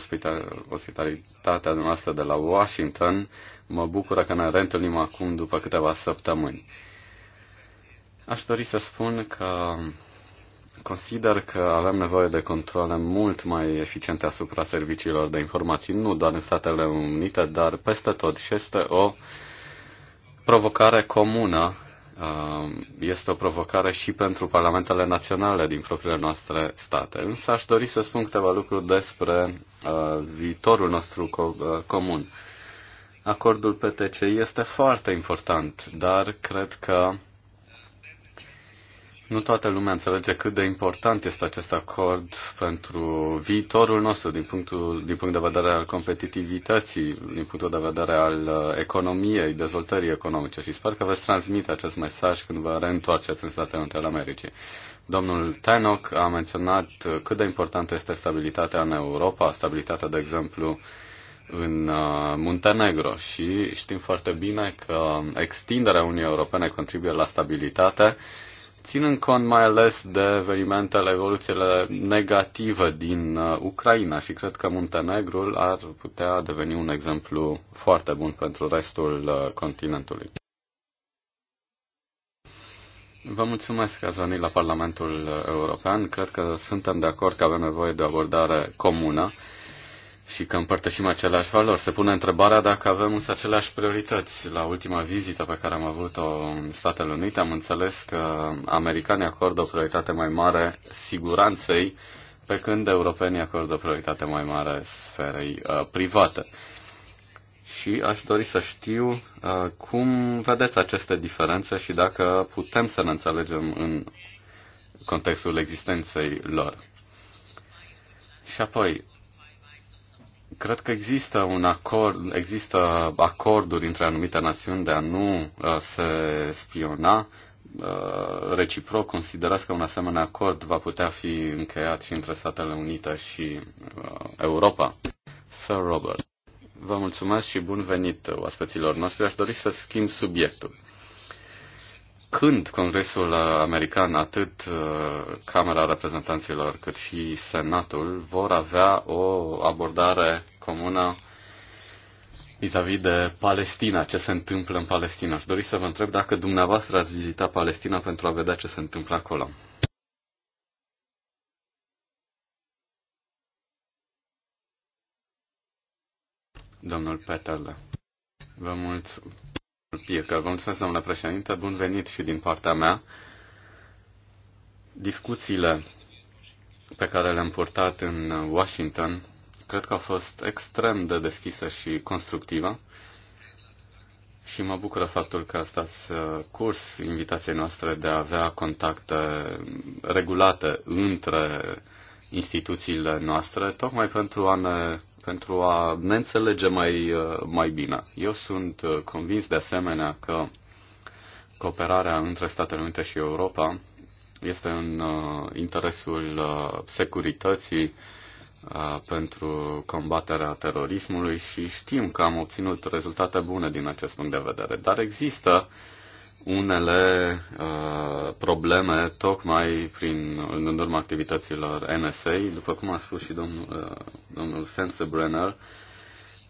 Speaker 1: ospitalitatea noastră de la Washington. Mă bucură că ne reîntâlnim acum după câteva săptămâni. Aș dori să spun că consider că avem nevoie de controle mult mai eficiente asupra serviciilor de informații, nu doar în Statele Unite, dar peste tot și este o provocare comună Um, este o provocare și pentru parlamentele naționale din propriile noastre state. Însă aș dori să spun câteva lucruri despre uh, viitorul nostru uh, comun. Acordul PTC este foarte important, dar cred că nu toată lumea înțelege cât de important este acest acord pentru viitorul nostru din, punctul, din punct de vedere al competitivității, din punctul de vedere al uh, economiei, dezvoltării economice și sper că veți transmite acest mesaj când vă reîntoarceți în Statele Unite ale Americii. Domnul Tenoc a menționat uh, cât de importantă este stabilitatea în Europa, stabilitatea, de exemplu, în uh, Muntenegro și știm foarte bine că extinderea Uniunii Europene contribuie la stabilitate ținând cont mai ales de evenimentele, evoluțiile negative din uh, Ucraina și cred că Muntenegrul ar putea deveni un exemplu foarte bun pentru restul uh, continentului. Vă mulțumesc că ați venit la Parlamentul European. Cred că suntem de acord că avem nevoie de o abordare comună și că împărtășim aceleași valori. Se pune întrebarea dacă avem însă aceleași priorități. La ultima vizită pe care am avut-o în Statele Unite am înțeles că americanii acordă o prioritate mai mare siguranței, pe când europenii acordă o prioritate mai mare sferei uh, private. Și aș dori să știu uh, cum vedeți aceste diferențe și dacă putem să ne înțelegem în contextul existenței lor. Și apoi, Cred că există un acord, există acorduri între anumite națiuni de a nu uh, se spiona. Uh, reciproc, considerați că un asemenea acord va putea fi încheiat și între Statele Unite și uh, Europa? Sir Robert, vă mulțumesc și bun venit oaspeților noștri. Aș dori să schimb subiectul când Congresul American, atât uh, Camera Reprezentanților cât și Senatul, vor avea o abordare comună vis-a-vis -vis de Palestina, ce se întâmplă în Palestina. Aș dori să vă întreb dacă dumneavoastră ați vizitat Palestina pentru a vedea ce se întâmplă acolo. Domnul Petal, vă mulțumesc. Piecă. Vă mulțumesc, domnule președinte. Bun venit și din partea mea. Discuțiile pe care le-am purtat în Washington cred că au fost extrem de deschise și constructivă și mă bucură faptul că stați uh, curs invitației noastre de a avea contacte regulate între instituțiile noastre, tocmai pentru a ne, pentru a ne înțelege mai, uh, mai bine. Eu sunt uh, convins de asemenea că cooperarea între Statele Unite și Europa este în uh, interesul uh, securității uh, pentru combaterea terorismului și știm că am obținut rezultate bune din acest punct de vedere. Dar există uh, unele uh, probleme tocmai prin, în urma activităților NSA. După cum a spus și domnul, uh, domnul Sensebrenner,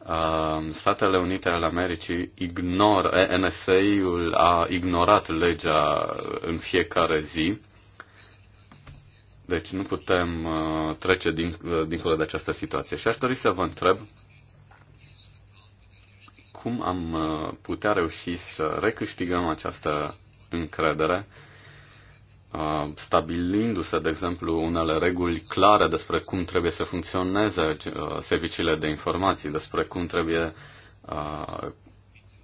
Speaker 1: uh, Statele Unite ale Americii ignor, NSA-ul a ignorat legea în fiecare zi. Deci nu putem uh, trece din, uh, dincolo de această situație. Și aș dori să vă întreb cum am uh, putea reuși să recâștigăm această încredere, uh, stabilindu-se, de exemplu, unele reguli clare despre cum trebuie să funcționeze uh, serviciile de informații, despre cum trebuie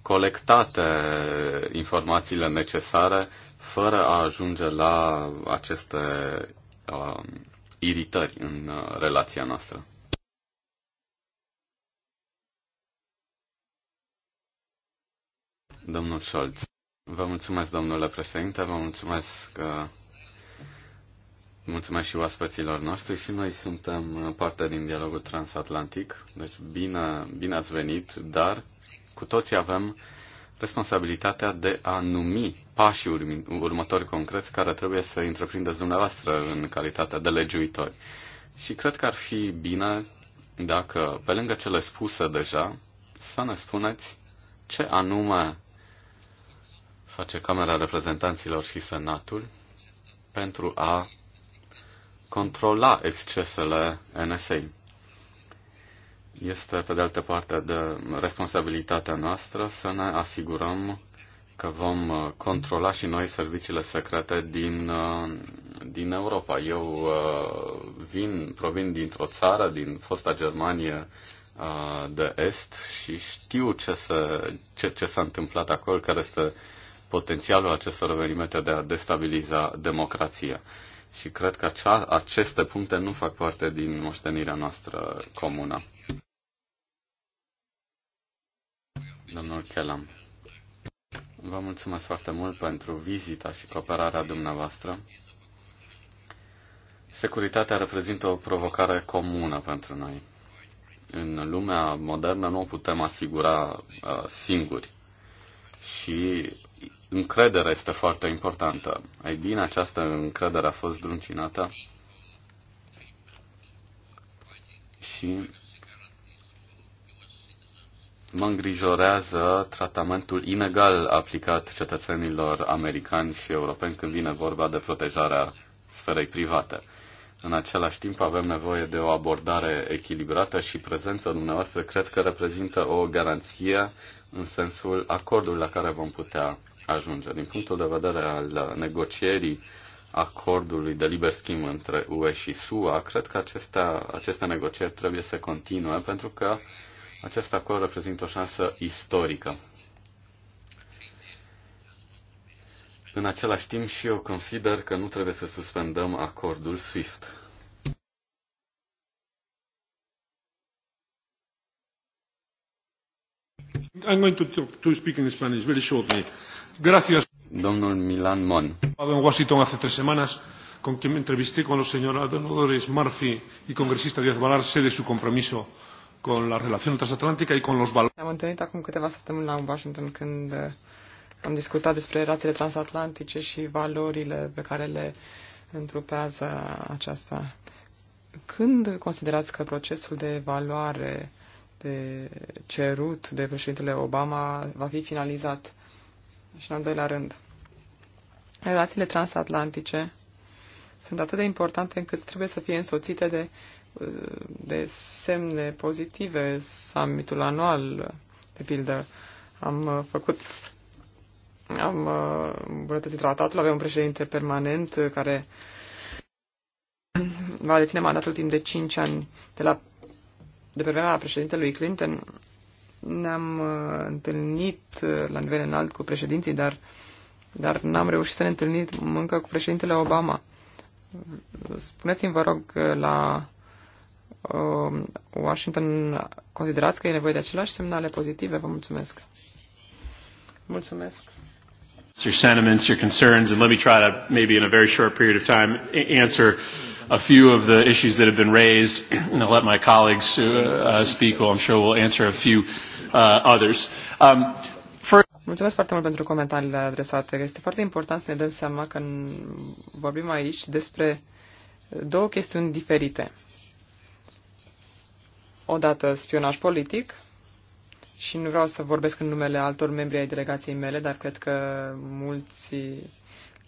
Speaker 1: colectate informațiile necesare fără a ajunge la aceste iritări în relația noastră. Domnul Scholz. Vă mulțumesc, domnule președinte, vă mulțumesc că mulțumesc și oaspeților noștri și noi suntem parte din dialogul transatlantic, deci bine, bine ați venit, dar cu toții avem responsabilitatea de a numi pașii următori concreți care trebuie să întreprindeți dumneavoastră în calitatea de legiuitori. Și cred că ar fi bine dacă, pe lângă cele spuse deja, să ne spuneți ce anume face Camera Reprezentanților și Senatul pentru a controla excesele NSA. Este, pe de altă parte, de responsabilitatea noastră să ne asigurăm că vom controla și noi serviciile secrete din, din Europa. Eu uh, vin, provin dintr-o țară, din fosta Germanie uh, de Est și știu ce, se, ce, ce s-a întâmplat acolo, care este potențialul acestor evenimente de a destabiliza democrația. Și cred că acea, aceste puncte nu fac parte din moștenirea noastră comună. Domnul Chelam, vă mulțumesc foarte mult pentru vizita și cooperarea dumneavoastră. Securitatea reprezintă o provocare comună pentru noi. În lumea modernă nu o putem asigura uh, singuri. Și încrederea este foarte importantă. Ei bine, această încredere a fost druncinată și mă îngrijorează tratamentul inegal aplicat cetățenilor americani și europeni când vine vorba de protejarea sferei private. În același timp avem nevoie de o abordare echilibrată și prezența dumneavoastră cred că reprezintă o garanție în sensul acordului la care vom putea ajunge. Din punctul de vedere al negocierii acordului de liber schimb între UE și SUA, cred că acestea, aceste negocieri trebuie să continue pentru că acest acord reprezintă o șansă istorică. În același timp și eu consider că nu trebuie să suspendăm acordul SWIFT. I'm going to, talk, to speak in Spanish very shortly. Gracias. Domnul Milan Mon.
Speaker 2: În Washington hace tres semanas con quien me entrevisté con los senadores Murphy y congresista Díaz Valar, sé de su compromiso
Speaker 3: con la relación transatlántica y con los valores.
Speaker 2: Am întâlnit acum câteva săptămâni la Washington când eh, am discutat despre relațiile transatlantice și valorile pe care le întrupează aceasta. Când considerați că procesul de evaluare de cerut de președintele Obama va fi finalizat? Și în al doilea rând, relațiile transatlantice sunt atât de importante încât trebuie să fie însoțite de, de semne pozitive. Summitul anual, de pildă, am făcut am îmbunătățit tratatul, avem un președinte permanent care va deține mandatul timp de 5 ani de la de pe vremea președintelui Clinton ne-am uh, întâlnit uh, la nivel înalt cu președinții, dar, dar n-am reușit să ne întâlnim încă cu președintele Obama. Spuneți-mi, vă rog, la uh, Washington, considerați că e nevoie de aceleași semnale pozitive? Vă mulțumesc. Mulțumesc.
Speaker 1: Your sentiments, your concerns, and let me try to, maybe in a very short period of time, answer a few of the issues that have been raised, and I'll let my colleagues uh, uh, speak. Well, I'm sure we'll answer a few uh, others. Um, for... Mulțumesc
Speaker 2: foarte mult pentru comentariile adresate. Este foarte important să ne dăm seama că vorbim aici despre două chestiuni diferite. Odată spionaj politic, și nu vreau să vorbesc în numele altor membri ai delegației mele, dar cred că mulți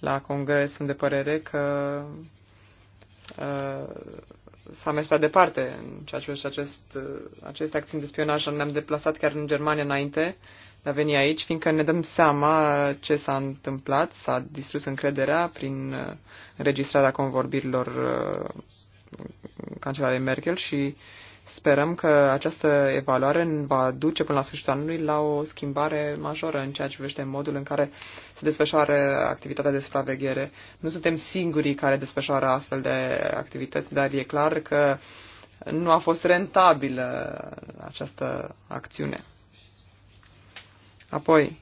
Speaker 2: la congres sunt de părere că uh, s-a mers prea departe în ceea ce privește acest, aceste acțiuni de spionaj. Ne-am deplasat chiar în Germania înainte de a veni aici, fiindcă ne dăm seama ce s-a întâmplat, s-a distrus încrederea prin uh, înregistrarea convorbirilor uh, cancelarei Merkel și uh, Sperăm că această evaluare va duce până la sfârșitul anului la o schimbare majoră în ceea ce privește modul în care se desfășoară activitatea de supraveghere. Nu suntem singurii care desfășoară astfel de activități, dar e clar că nu a fost rentabilă această acțiune. Apoi,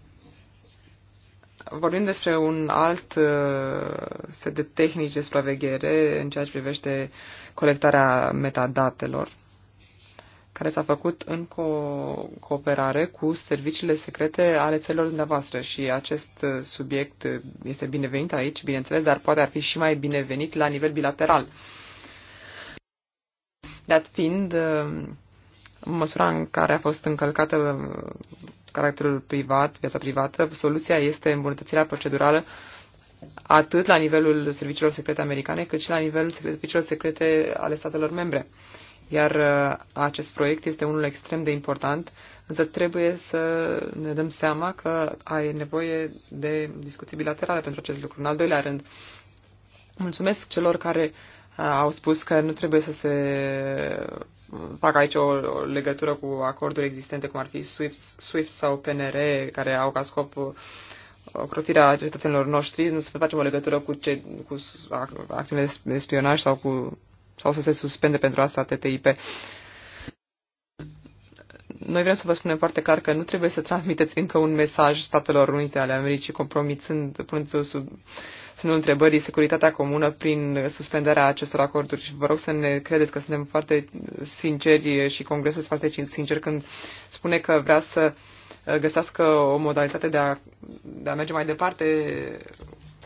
Speaker 2: vorbim despre un alt uh, set de tehnici de supraveghere în ceea ce privește colectarea metadatelor care s-a făcut în co- cooperare cu serviciile secrete ale țărilor dumneavoastră și acest subiect este binevenit aici, bineînțeles, dar poate ar fi și mai binevenit la nivel bilateral. Dat fiind uh, măsura în care a fost încălcată uh, caracterul privat, viața privată, soluția este îmbunătățirea procedurală atât la nivelul serviciilor secrete americane, cât și la nivelul serviciilor secrete ale statelor membre. Iar uh, acest proiect este unul extrem de important, însă trebuie să ne dăm seama că ai nevoie de discuții bilaterale pentru acest lucru. În al doilea rând, mulțumesc celor care uh, au spus că nu trebuie să se fac aici o, o legătură cu acorduri existente, cum ar fi SWIFT, SWIFT sau PNR, care au ca scop uh, crotirea cetățenilor noștri, nu să facem o legătură cu, ce, cu acțiunile de spionaj sau cu sau să se suspende pentru asta TTIP. Noi vrem să vă spunem foarte clar că nu trebuie să transmiteți încă un mesaj Statelor Unite ale Americii, compromițând, punând sub semnul întrebării securitatea comună prin suspendarea acestor acorduri. Și vă rog să ne credeți că suntem foarte sinceri și Congresul este foarte sincer când spune că vrea să uh, găsească o modalitate de a, de a merge mai departe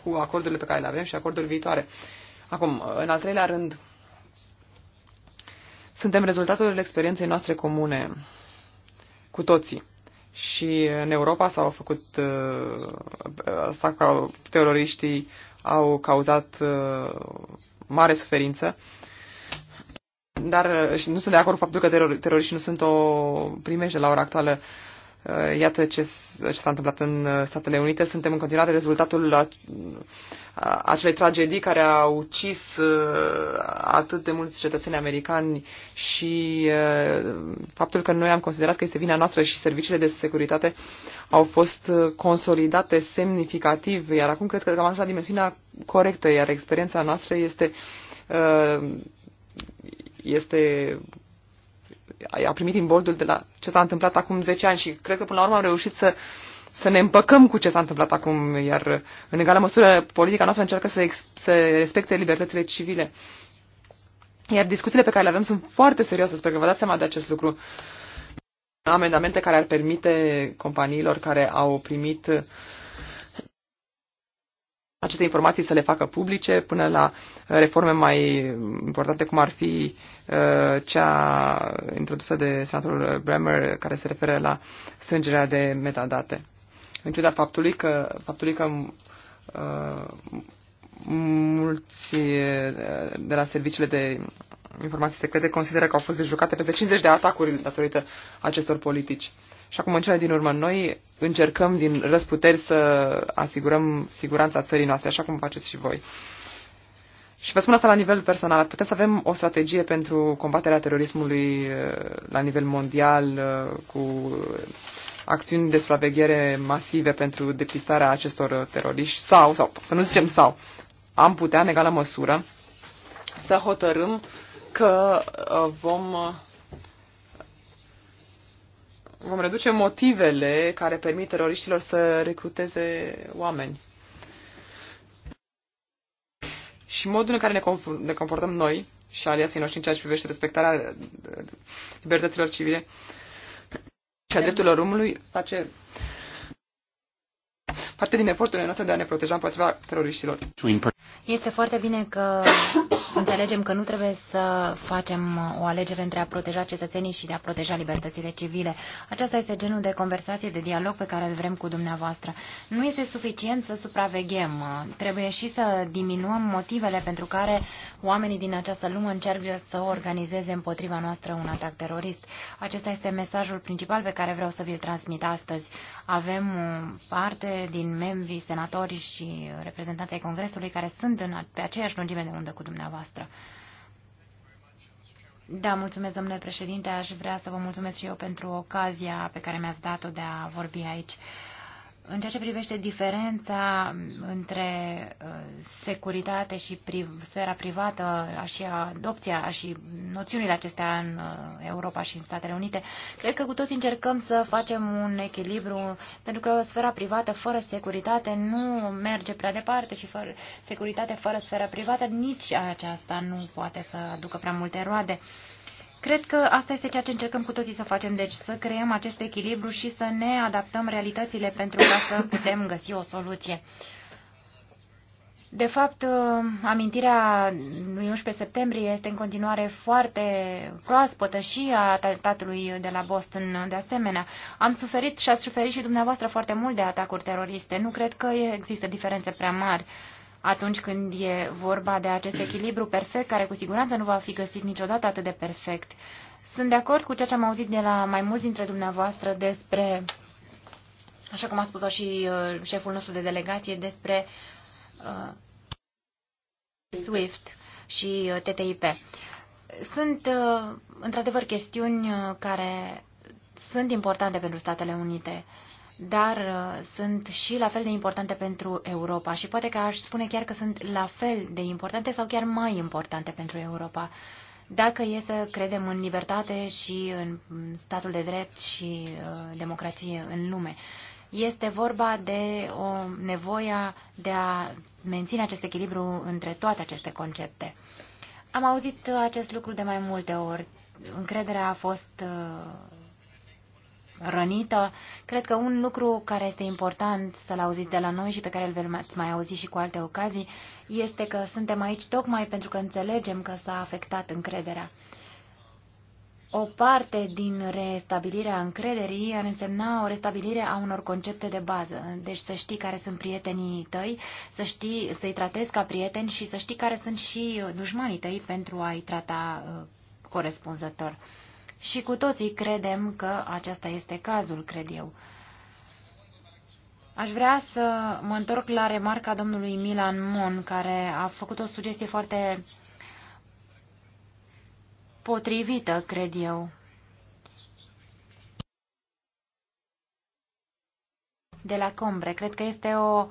Speaker 2: cu acordurile pe care le avem și acordurile viitoare. Acum, în al treilea rând, suntem rezultatul experienței noastre comune cu toții. Și în Europa s-au făcut, uh, s ca teroriștii au cauzat uh, mare suferință, dar uh, și nu sunt de acord cu faptul că teroriștii nu sunt o primește la ora actuală. Uh, iată ce, ce s-a întâmplat în uh, Statele Unite. Suntem în continuare rezultatul a, uh, acelei tragedii care a ucis atât de mulți cetățeni americani și faptul că noi am considerat că este vina noastră și serviciile de securitate au fost consolidate semnificativ, iar acum cred că am ajuns la dimensiunea corectă, iar experiența noastră este este a primit imboldul de la ce s-a întâmplat acum 10 ani și cred că până la urmă am reușit să, să ne împăcăm cu ce s-a întâmplat acum, iar în egală măsură politica noastră încearcă să, ex, să respecte libertățile civile. Iar discuțiile pe care le avem sunt foarte serioase, sper că vă dați seama de acest lucru. Amendamente care ar permite companiilor care au primit aceste informații să le facă publice până la uh, reforme mai importante, cum ar fi uh, cea introdusă de senatorul Bremer, care se referă la strângerea de metadate. În ciuda faptului că, faptului că uh, mulți de la serviciile de informații secrete consideră că au fost dejucate peste 50 de atacuri datorită acestor politici. Și acum, în cele din urmă, noi încercăm din răsputeri să asigurăm siguranța țării noastre, așa cum faceți și voi. Și vă spun asta la nivel personal. Putem să avem o strategie pentru combaterea terorismului eh, la nivel mondial eh, cu acțiuni de supraveghere masive pentru depistarea acestor eh, teroriști sau, sau să nu zicem sau, am putea în egală măsură să hotărâm că vom vom reduce motivele care permit teroriștilor să recruteze oameni. Și modul în care ne comportăm noi și aliații noștri în ceea ce privește respectarea uh, libertăților civile și a drepturilor omului face parte din eforturile noastre de a ne proteja împotriva teroriștilor.
Speaker 3: Este foarte bine că Înțelegem că nu trebuie să facem o alegere între a proteja cetățenii și de a proteja libertățile civile. Aceasta este genul de conversație, de dialog pe care îl vrem cu dumneavoastră. Nu este suficient să supraveghem. Trebuie și să diminuăm motivele pentru care oamenii din această lume încearcă să organizeze împotriva noastră un atac terorist. Acesta este mesajul principal pe care vreau să vi-l transmit astăzi. Avem parte din membrii, senatorii și reprezentanții Congresului care sunt în, pe aceeași lungime de undă cu dumneavoastră dumneavoastră. Da, mulțumesc, domnule președinte. Aș vrea să vă mulțumesc și eu pentru ocazia pe care mi-ați dat-o de a vorbi aici. În ceea ce privește diferența între uh, securitate și priv, sfera privată și adopția și noțiunile acestea în uh, Europa și în Statele Unite, cred că cu toți încercăm să facem un echilibru, pentru că sfera privată fără securitate nu merge prea departe și fără securitate fără sfera privată nici aceasta nu poate să aducă prea multe roade. Cred că asta este ceea ce încercăm cu toții să facem, deci să creăm acest echilibru și să ne adaptăm realitățile pentru ca să putem găsi o soluție. De fapt, amintirea lui 11 septembrie este în continuare foarte proaspătă și a atentatului de la Boston de asemenea. Am suferit și ați suferit și dumneavoastră foarte mult de atacuri teroriste. Nu cred că există diferențe prea mari atunci când e vorba de acest echilibru perfect, care cu siguranță nu va fi găsit niciodată atât de perfect. Sunt de acord cu ceea ce am auzit de la mai mulți dintre dumneavoastră despre, așa cum a spus-o și uh, șeful nostru de delegație, despre uh, SWIFT și uh, TTIP. Sunt, uh, într-adevăr, chestiuni uh, care sunt importante pentru Statele Unite. Uh, dar uh, sunt și la fel de importante pentru Europa și poate că aș spune chiar că sunt la fel de importante sau chiar mai importante pentru Europa. Dacă e să credem în libertate și în statul de drept și uh, democrație în lume este vorba de o nevoia de a menține acest echilibru între toate aceste concepte. Am auzit acest lucru de mai multe ori. Încrederea a fost uh, rănită. Cred că un lucru care este important să-l auziți de la noi și pe care îl veți mai auzi și cu alte ocazii este că suntem aici tocmai pentru că înțelegem că s-a afectat încrederea. O parte din restabilirea încrederii ar însemna o restabilire a unor concepte de bază. Deci să știi care sunt prietenii tăi, să știi să-i tratezi ca prieteni și să știi care sunt și dușmanii tăi pentru a-i trata uh, corespunzător. Și cu toții credem că acesta este cazul, cred eu. Aș vrea să mă întorc la remarca domnului Milan Mon, care a făcut o sugestie foarte potrivită, cred eu. De la Combre. Cred că este o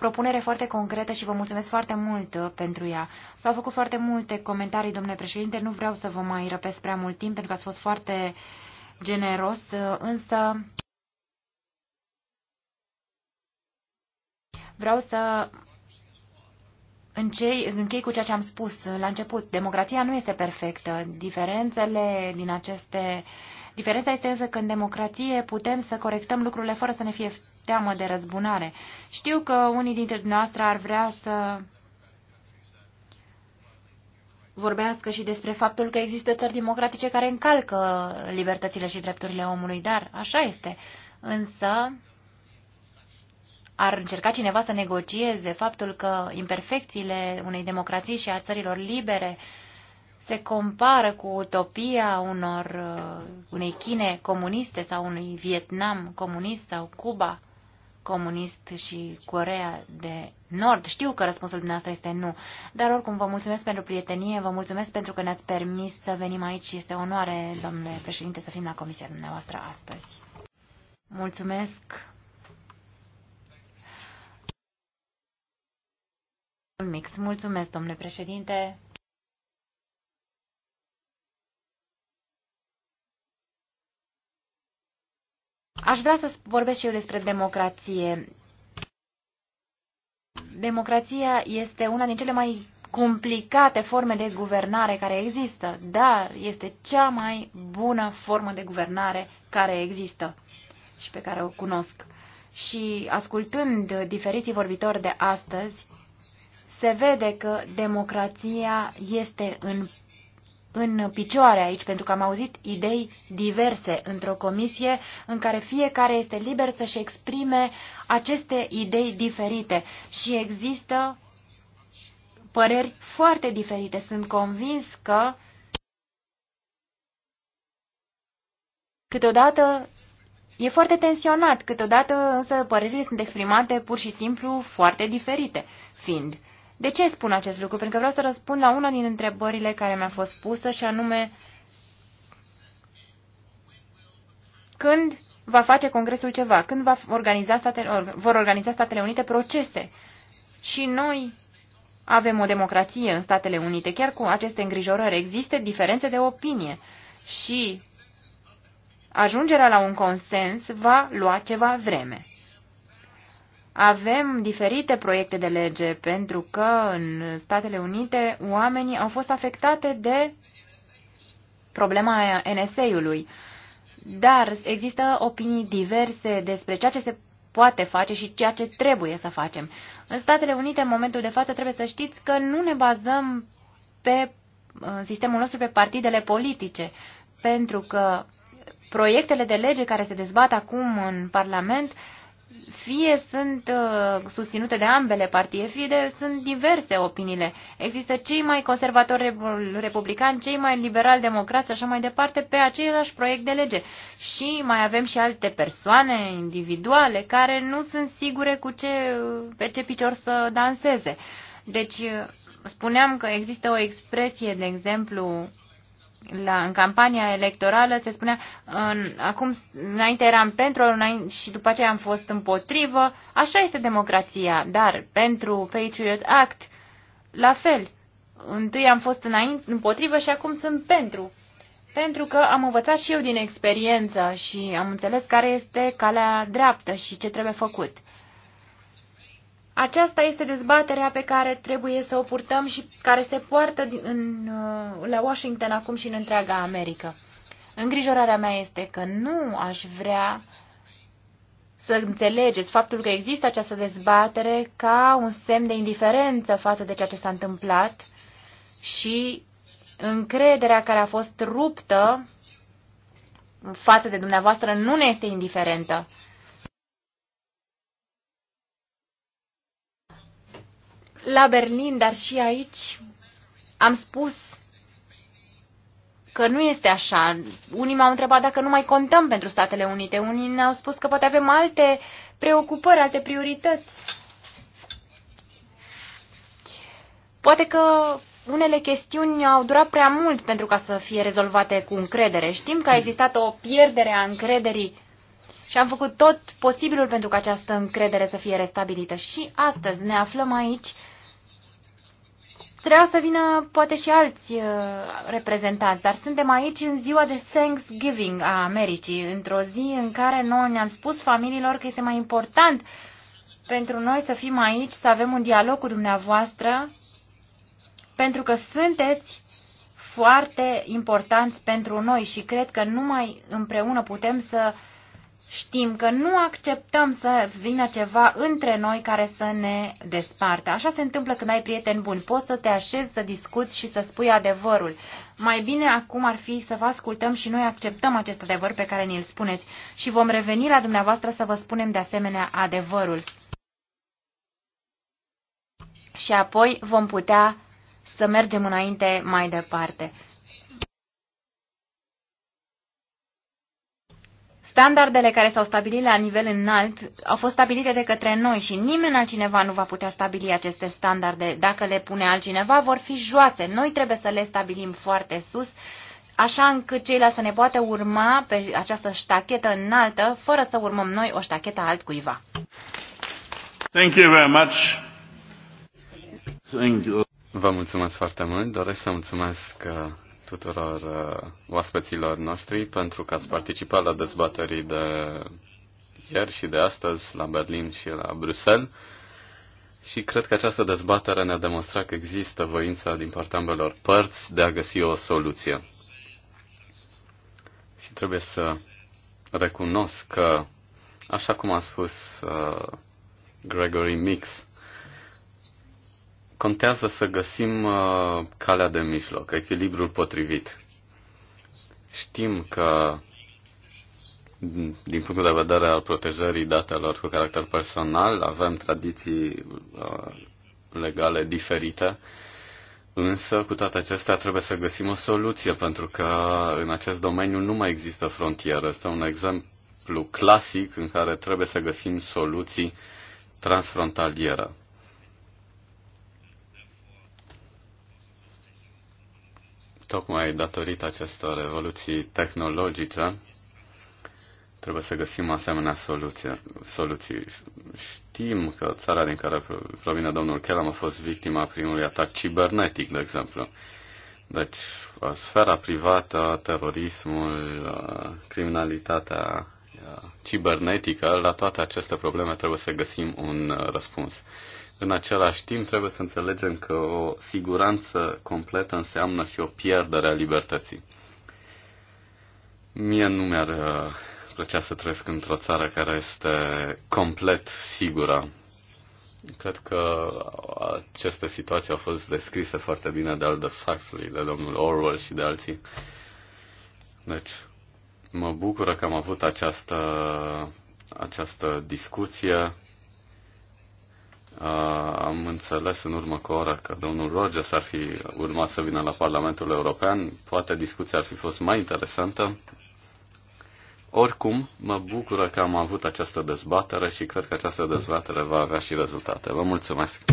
Speaker 3: propunere foarte concretă și vă mulțumesc foarte mult uh, pentru ea. S-au făcut foarte multe comentarii, domnule președinte, nu vreau să vă mai răpesc prea mult timp pentru că ați fost foarte generos, uh, însă vreau să Încei, închei cu ceea ce am spus la început. Democrația nu este perfectă. Diferențele din aceste... Diferența este însă că în democrație putem să corectăm lucrurile fără să ne fie teamă de răzbunare. Știu că unii dintre dumneavoastră ar vrea să vorbească și despre faptul că există țări democratice care încalcă libertățile și drepturile omului, dar așa este. Însă ar încerca cineva să negocieze faptul că imperfecțiile unei democrații și a țărilor libere se compară cu utopia unor, unei Chine comuniste sau unui Vietnam comunist sau Cuba comunist și Corea de Nord. Știu că răspunsul dumneavoastră este nu, dar oricum vă mulțumesc pentru prietenie, vă mulțumesc pentru că ne-ați permis să venim aici. Este onoare, domnule președinte, să fim la comisia dumneavoastră astăzi. Mulțumesc. mix. Mulțumesc, domnule președinte. Aș vrea să vorbesc și eu despre democrație. Democrația este una din cele mai complicate forme de guvernare care există, dar este cea mai bună formă de guvernare care există și pe care o cunosc. Și ascultând diferiții vorbitori de astăzi, se vede că democrația este în în picioare aici, pentru că am auzit idei diverse într-o comisie în care fiecare este liber să-și exprime aceste idei diferite și există păreri foarte diferite. Sunt convins că câteodată e foarte tensionat, câteodată însă părerile sunt exprimate pur și simplu foarte diferite, fiind de ce spun acest lucru? Pentru că vreau să răspund la una din întrebările care mi-a fost pusă și anume când va face Congresul ceva, când va organiza statele, vor organiza Statele Unite procese. Și noi avem o democrație în Statele Unite, chiar cu aceste îngrijorări există diferențe de opinie și ajungerea la un consens va lua ceva vreme. Avem diferite proiecte de lege pentru că în Statele Unite oamenii au fost afectate de problema NSA-ului. Dar există opinii diverse despre ceea ce se poate face și ceea ce trebuie să facem. În Statele Unite, în momentul de față, trebuie să știți că nu ne bazăm pe uh, sistemul nostru pe partidele politice, pentru că proiectele de lege care se dezbat acum în Parlament uh, fie sunt uh, susținute de ambele partide, fie de, sunt diverse opiniile. Există cei mai conservatori republicani, cei mai liberal democrați și așa mai departe pe același proiect de lege. Și mai avem și alte persoane individuale care nu sunt sigure cu ce, pe ce picior să danseze. Deci, uh, spuneam că există o expresie, de exemplu, la, în campania electorală se spunea, în, acum înainte eram pentru înainte, și după aceea am fost împotrivă. Așa este democrația, dar pentru Patriot Act, la fel. Întâi am fost înainte, împotrivă și acum sunt pentru. Pentru că am învățat și eu din experiență și am înțeles care este calea dreaptă și ce trebuie făcut. Aceasta este dezbaterea pe care trebuie să o purtăm și care se poartă în, uh, la Washington acum și în întreaga Americă. Îngrijorarea mea este că nu aș vrea să înțelegeți faptul că există această dezbatere ca un semn de indiferență față de ceea ce s-a întâmplat și încrederea care a fost ruptă față de dumneavoastră nu ne este indiferentă. la Berlin, dar și aici am spus că nu este așa. Unii m-au întrebat dacă nu mai contăm pentru Statele Unite. Unii ne-au spus că poate avem alte preocupări, alte priorități. Poate că unele chestiuni au durat prea mult pentru ca să fie rezolvate cu încredere. Știm că a existat o pierdere a încrederii și am făcut tot posibilul pentru ca această încredere să fie restabilită. Și astăzi ne aflăm aici Trebuia să vină poate și alți uh, reprezentanți, dar suntem aici în ziua de Thanksgiving a Americii, într-o zi în care noi ne-am spus familiilor că este mai important pentru noi să fim aici, să avem un dialog cu dumneavoastră, pentru că sunteți foarte importanți pentru noi și cred că numai împreună putem să uh, știm că nu acceptăm să vină ceva între noi care să ne despartă. Așa se întâmplă când ai prieteni buni. Poți să te așezi, să discuți și să spui adevărul. Mai bine acum ar fi să vă ascultăm și noi acceptăm acest adevăr pe care ni-l spuneți și vom reveni la dumneavoastră să vă spunem de asemenea adevărul. Și apoi vom putea să mergem înainte mai departe. Standardele care s-au stabilit la nivel înalt au fost stabilite de către noi și nimeni altcineva nu va putea stabili aceste standarde. Dacă le pune altcineva, vor fi joase. Noi trebuie să le stabilim foarte sus, așa încât ceilalți să ne poată urma pe această ștachetă înaltă, fără să urmăm noi o ștachetă altcuiva.
Speaker 1: Thank you very much. Thank you. Vă mulțumesc foarte mult. Doresc să mulțumesc uh, tuturor uh, oaspeților noștri pentru că ați participat la dezbaterii de ieri și de astăzi la Berlin și la Bruxelles. Și cred că această dezbatere ne-a demonstrat că există voința din partea ambelor părți de a găsi o soluție. Și trebuie să recunosc că, așa cum a spus uh, Gregory Mix, Contează să găsim uh, calea de mijloc, echilibrul potrivit. Știm că, din punctul de vedere al protejării datelor cu caracter personal, avem tradiții uh, legale diferite, însă cu toate acestea trebuie să găsim o soluție, pentru că în acest domeniu nu mai există frontieră. Este un exemplu clasic în care trebuie să găsim soluții transfrontaliere Tocmai datorită acestor revoluții tehnologice, trebuie să găsim asemenea soluție, soluții. Știm că țara din care provine domnul Kellam a fost victima primului atac cibernetic, de exemplu. Deci, sfera privată, terorismul, criminalitatea uh, cibernetică, la toate aceste probleme trebuie să găsim un uh, răspuns. În același timp, trebuie să înțelegem că o siguranță completă înseamnă și o pierdere a libertății. Mie nu mi-ar uh, plăcea să trăiesc într-o țară care este complet sigură. Cred că aceste situații au fost descrise foarte bine de Aldous Huxley, de domnul Orwell și de alții. Deci, mă bucură că am avut această, această discuție am înțeles în urmă cu ora că domnul Rogers ar fi urmat să vină la Parlamentul European. Poate discuția ar fi fost mai interesantă. Oricum, mă bucură că am avut această dezbatere și cred că această dezbatere va avea și rezultate. Vă mulțumesc!